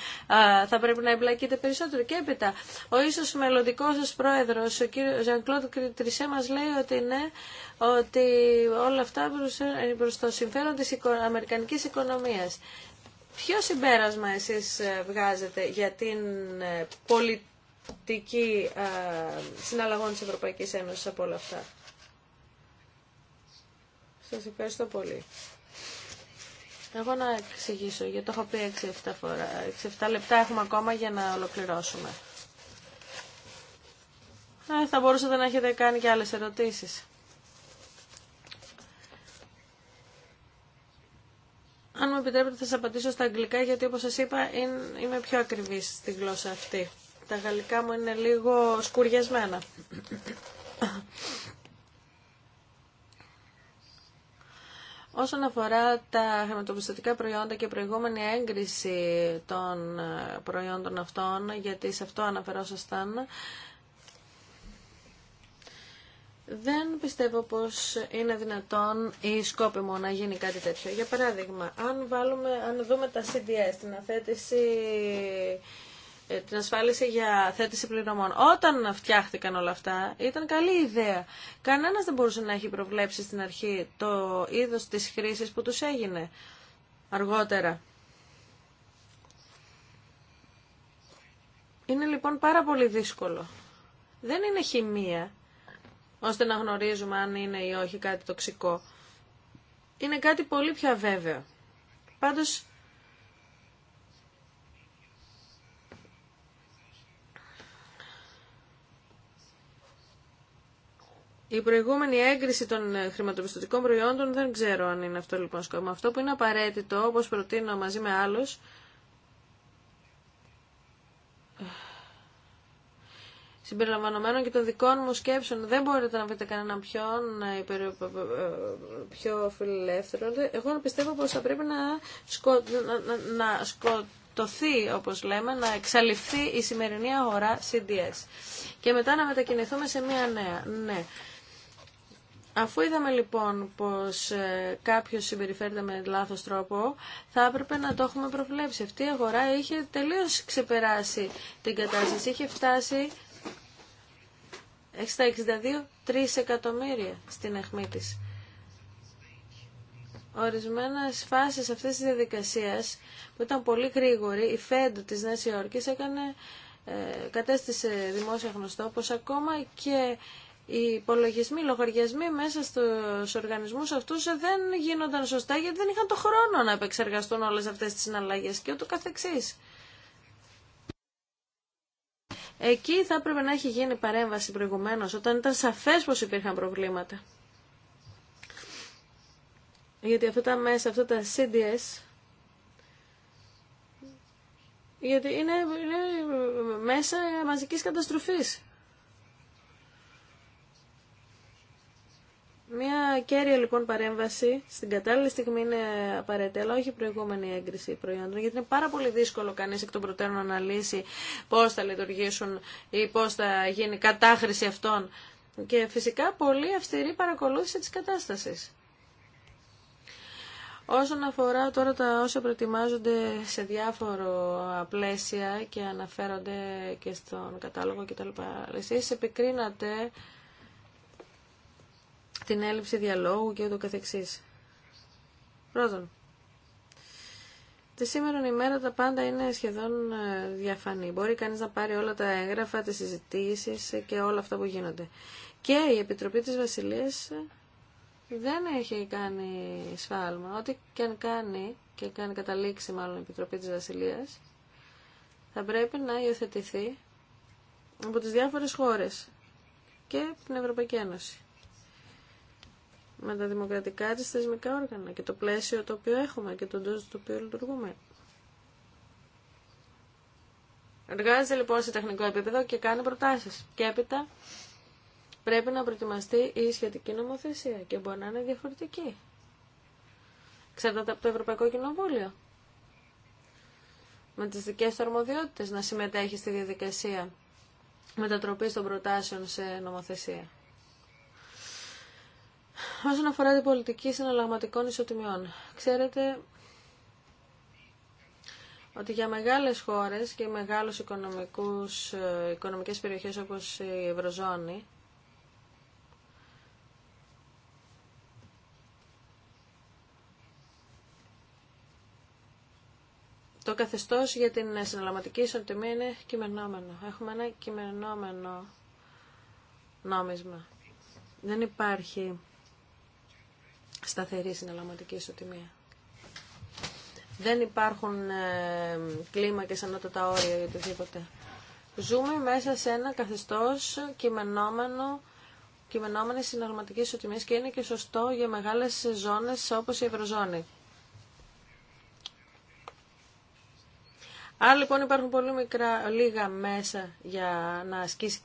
θα πρέπει να εμπλακείτε περισσότερο και έπειτα. Ο ίσως μελλοντικός σας πρόεδρος, ο κύριος Ζανκλώτ Τρισέ, μας λέει ότι ναι, ότι όλα αυτά είναι προς το συμφέρον της αμερικανικής οικονομίας. Ποιο συμπέρασμα εσείς ε, βγάζετε για την ε, πολιτική ε, συναλλαγών της Ευρωπαϊκής Ένωσης από όλα αυτά. Σας ευχαριστώ πολύ. Εγώ να εξηγήσω, γιατί το έχω πει 6-7 λεπτα έχουμε ακόμα για να ολοκληρώσουμε. θα μπορούσατε να έχετε κάνει και άλλες ερωτήσεις. Αν μου επιτρέπετε θα σας απαντήσω στα αγγλικά γιατί όπως σας είπα είμαι πιο ακριβής στη γλώσσα αυτή. Τα γαλλικά μου είναι λίγο σκουριασμένα. Όσον αφορά τα χρηματοπιστωτικά προϊόντα και προηγούμενη έγκριση των προϊόντων αυτών, γιατί σε αυτό αναφερόσασταν, δεν πιστεύω πως είναι δυνατόν ή σκόπιμο να γίνει κάτι τέτοιο. Για παράδειγμα, αν, βάλουμε, αν δούμε τα CDS, την ε, την ασφάλιση για θέτηση πληρωμών. Όταν φτιάχτηκαν όλα αυτά, ήταν καλή ιδέα. Κανένας δεν μπορούσε να έχει προβλέψει στην αρχή το είδος της χρήσης που τους έγινε αργότερα. Είναι λοιπόν πάρα πολύ δύσκολο. Δεν είναι χημεία ώστε να γνωρίζουμε αν είναι ή όχι κάτι τοξικό. Είναι κάτι πολύ πιο βέβαιο. Πάντως, Η προηγούμενη έγκριση των χρηματοπιστωτικών προϊόντων δεν ξέρω αν είναι αυτό λοιπόν σκόπιμο. Αυτό που είναι απαραίτητο, όπως προτείνω μαζί με άλλους, συμπεριλαμβανομένων και των δικών μου σκέψεων. Δεν μπορείτε να βρείτε κανέναν ε, ε, ε, πιο, πιο φιλελεύθερο. Εγώ πιστεύω πως θα πρέπει να, να, να σκοτωθεί, όπως λέμε, να εξαλειφθεί η σημερινή αγορά CDS. Και μετά να μετακινηθούμε σε μια νέα. Ναι. Αφού είδαμε λοιπόν πως κάποιος συμπεριφέρεται με λάθος τρόπο, θα έπρεπε να το έχουμε προβλέψει. Αυτή η αγορά είχε τελείως ξεπεράσει την κατάσταση, είχε φτάσει στα 62, 3 εκατομμύρια στην αιχμή της. Ορισμένες φάσεις αυτής της διαδικασίας που ήταν πολύ γρήγορη, η ΦΕΔ της Νέας Υόρκης έκανε, ε, κατέστησε δημόσια γνωστό πως ακόμα και οι υπολογισμοί, οι λογαριασμοί μέσα στους οργανισμούς αυτούς δεν γίνονταν σωστά γιατί δεν είχαν το χρόνο να επεξεργαστούν όλες αυτές τις συναλλαγές και ούτω καθεξής. Εκεί θα έπρεπε να έχει γίνει παρέμβαση προηγουμένως, όταν ήταν σαφές πως υπήρχαν προβλήματα. Γιατί αυτά τα μέσα, αυτά τα CDS, γιατί είναι, είναι μέσα μαζικής καταστροφής. Μια κέρια λοιπόν παρέμβαση στην κατάλληλη στιγμή είναι απαραίτητη, αλλά όχι προηγούμενη έγκριση προϊόντων, γιατί είναι πάρα πολύ δύσκολο κανεί εκ των προτέρων να αναλύσει πώ θα λειτουργήσουν ή πώ θα γίνει η κατάχρηση αυτών. Και φυσικά πολύ αυστηρή παρακολούθηση τη κατάσταση. Όσον αφορά τώρα τα όσα προετοιμάζονται σε διάφορο πλαίσια και αναφέρονται και στον κατάλογο κτλ. Εσείς επικρίνατε την έλλειψη διαλόγου και ούτω καθεξής. Πρώτον, τη σήμερα μέρα τα πάντα είναι σχεδόν ε, διαφανή. Μπορεί κανείς να πάρει όλα τα έγγραφα, τις συζητήσει και όλα αυτά που γίνονται. Και η Επιτροπή της Βασιλείας ε, δεν έχει κάνει σφάλμα. Ό,τι και αν κάνει, και κάνει καταλήξει μάλλον η Επιτροπή της Βασιλείας, θα πρέπει να υιοθετηθεί από τις διάφορες χώρες και την Ευρωπαϊκή Ένωση με τα δημοκρατικά τη θεσμικά όργανα και το πλαίσιο το οποίο έχουμε και τον τόσο το οποίο λειτουργούμε. Εργάζεται λοιπόν σε τεχνικό επίπεδο και κάνει προτάσεις. Και έπειτα πρέπει να προετοιμαστεί η σχετική νομοθεσία και μπορεί να είναι διαφορετική. Ξέρετε από το Ευρωπαϊκό Κοινοβούλιο. Με τις δικές του αρμοδιότητες να συμμετέχει στη διαδικασία μετατροπής των προτάσεων σε νομοθεσία. Όσον αφορά την πολιτική συναλλαγματικών ισοτιμιών, ξέρετε ότι για μεγάλες χώρες και μεγάλους οικονομικούς, ε, οικονομικές περιοχές όπως η Ευρωζώνη, το καθεστώς για την συναλλαγματική ισοτιμία είναι κειμενόμενο. Έχουμε ένα κειμενόμενο νόμισμα. Δεν υπάρχει σταθερή συναλλαγματική ισοτιμία. Δεν υπάρχουν ε, κλίμακες ανώτατα όρια ή οτιδήποτε. Ζούμε μέσα σε ένα καθεστώς κειμενόμενο κειμενόμενες συναλλαγματικές ισοτιμίες και είναι και σωστό για μεγάλες ζώνες όπως η Ευρωζώνη. Άρα κειμενομενη συναλλαγματικη ισοτιμια και υπάρχουν για μεγάλε ζώνε μικρά, λίγα μέσα για να ασκήσει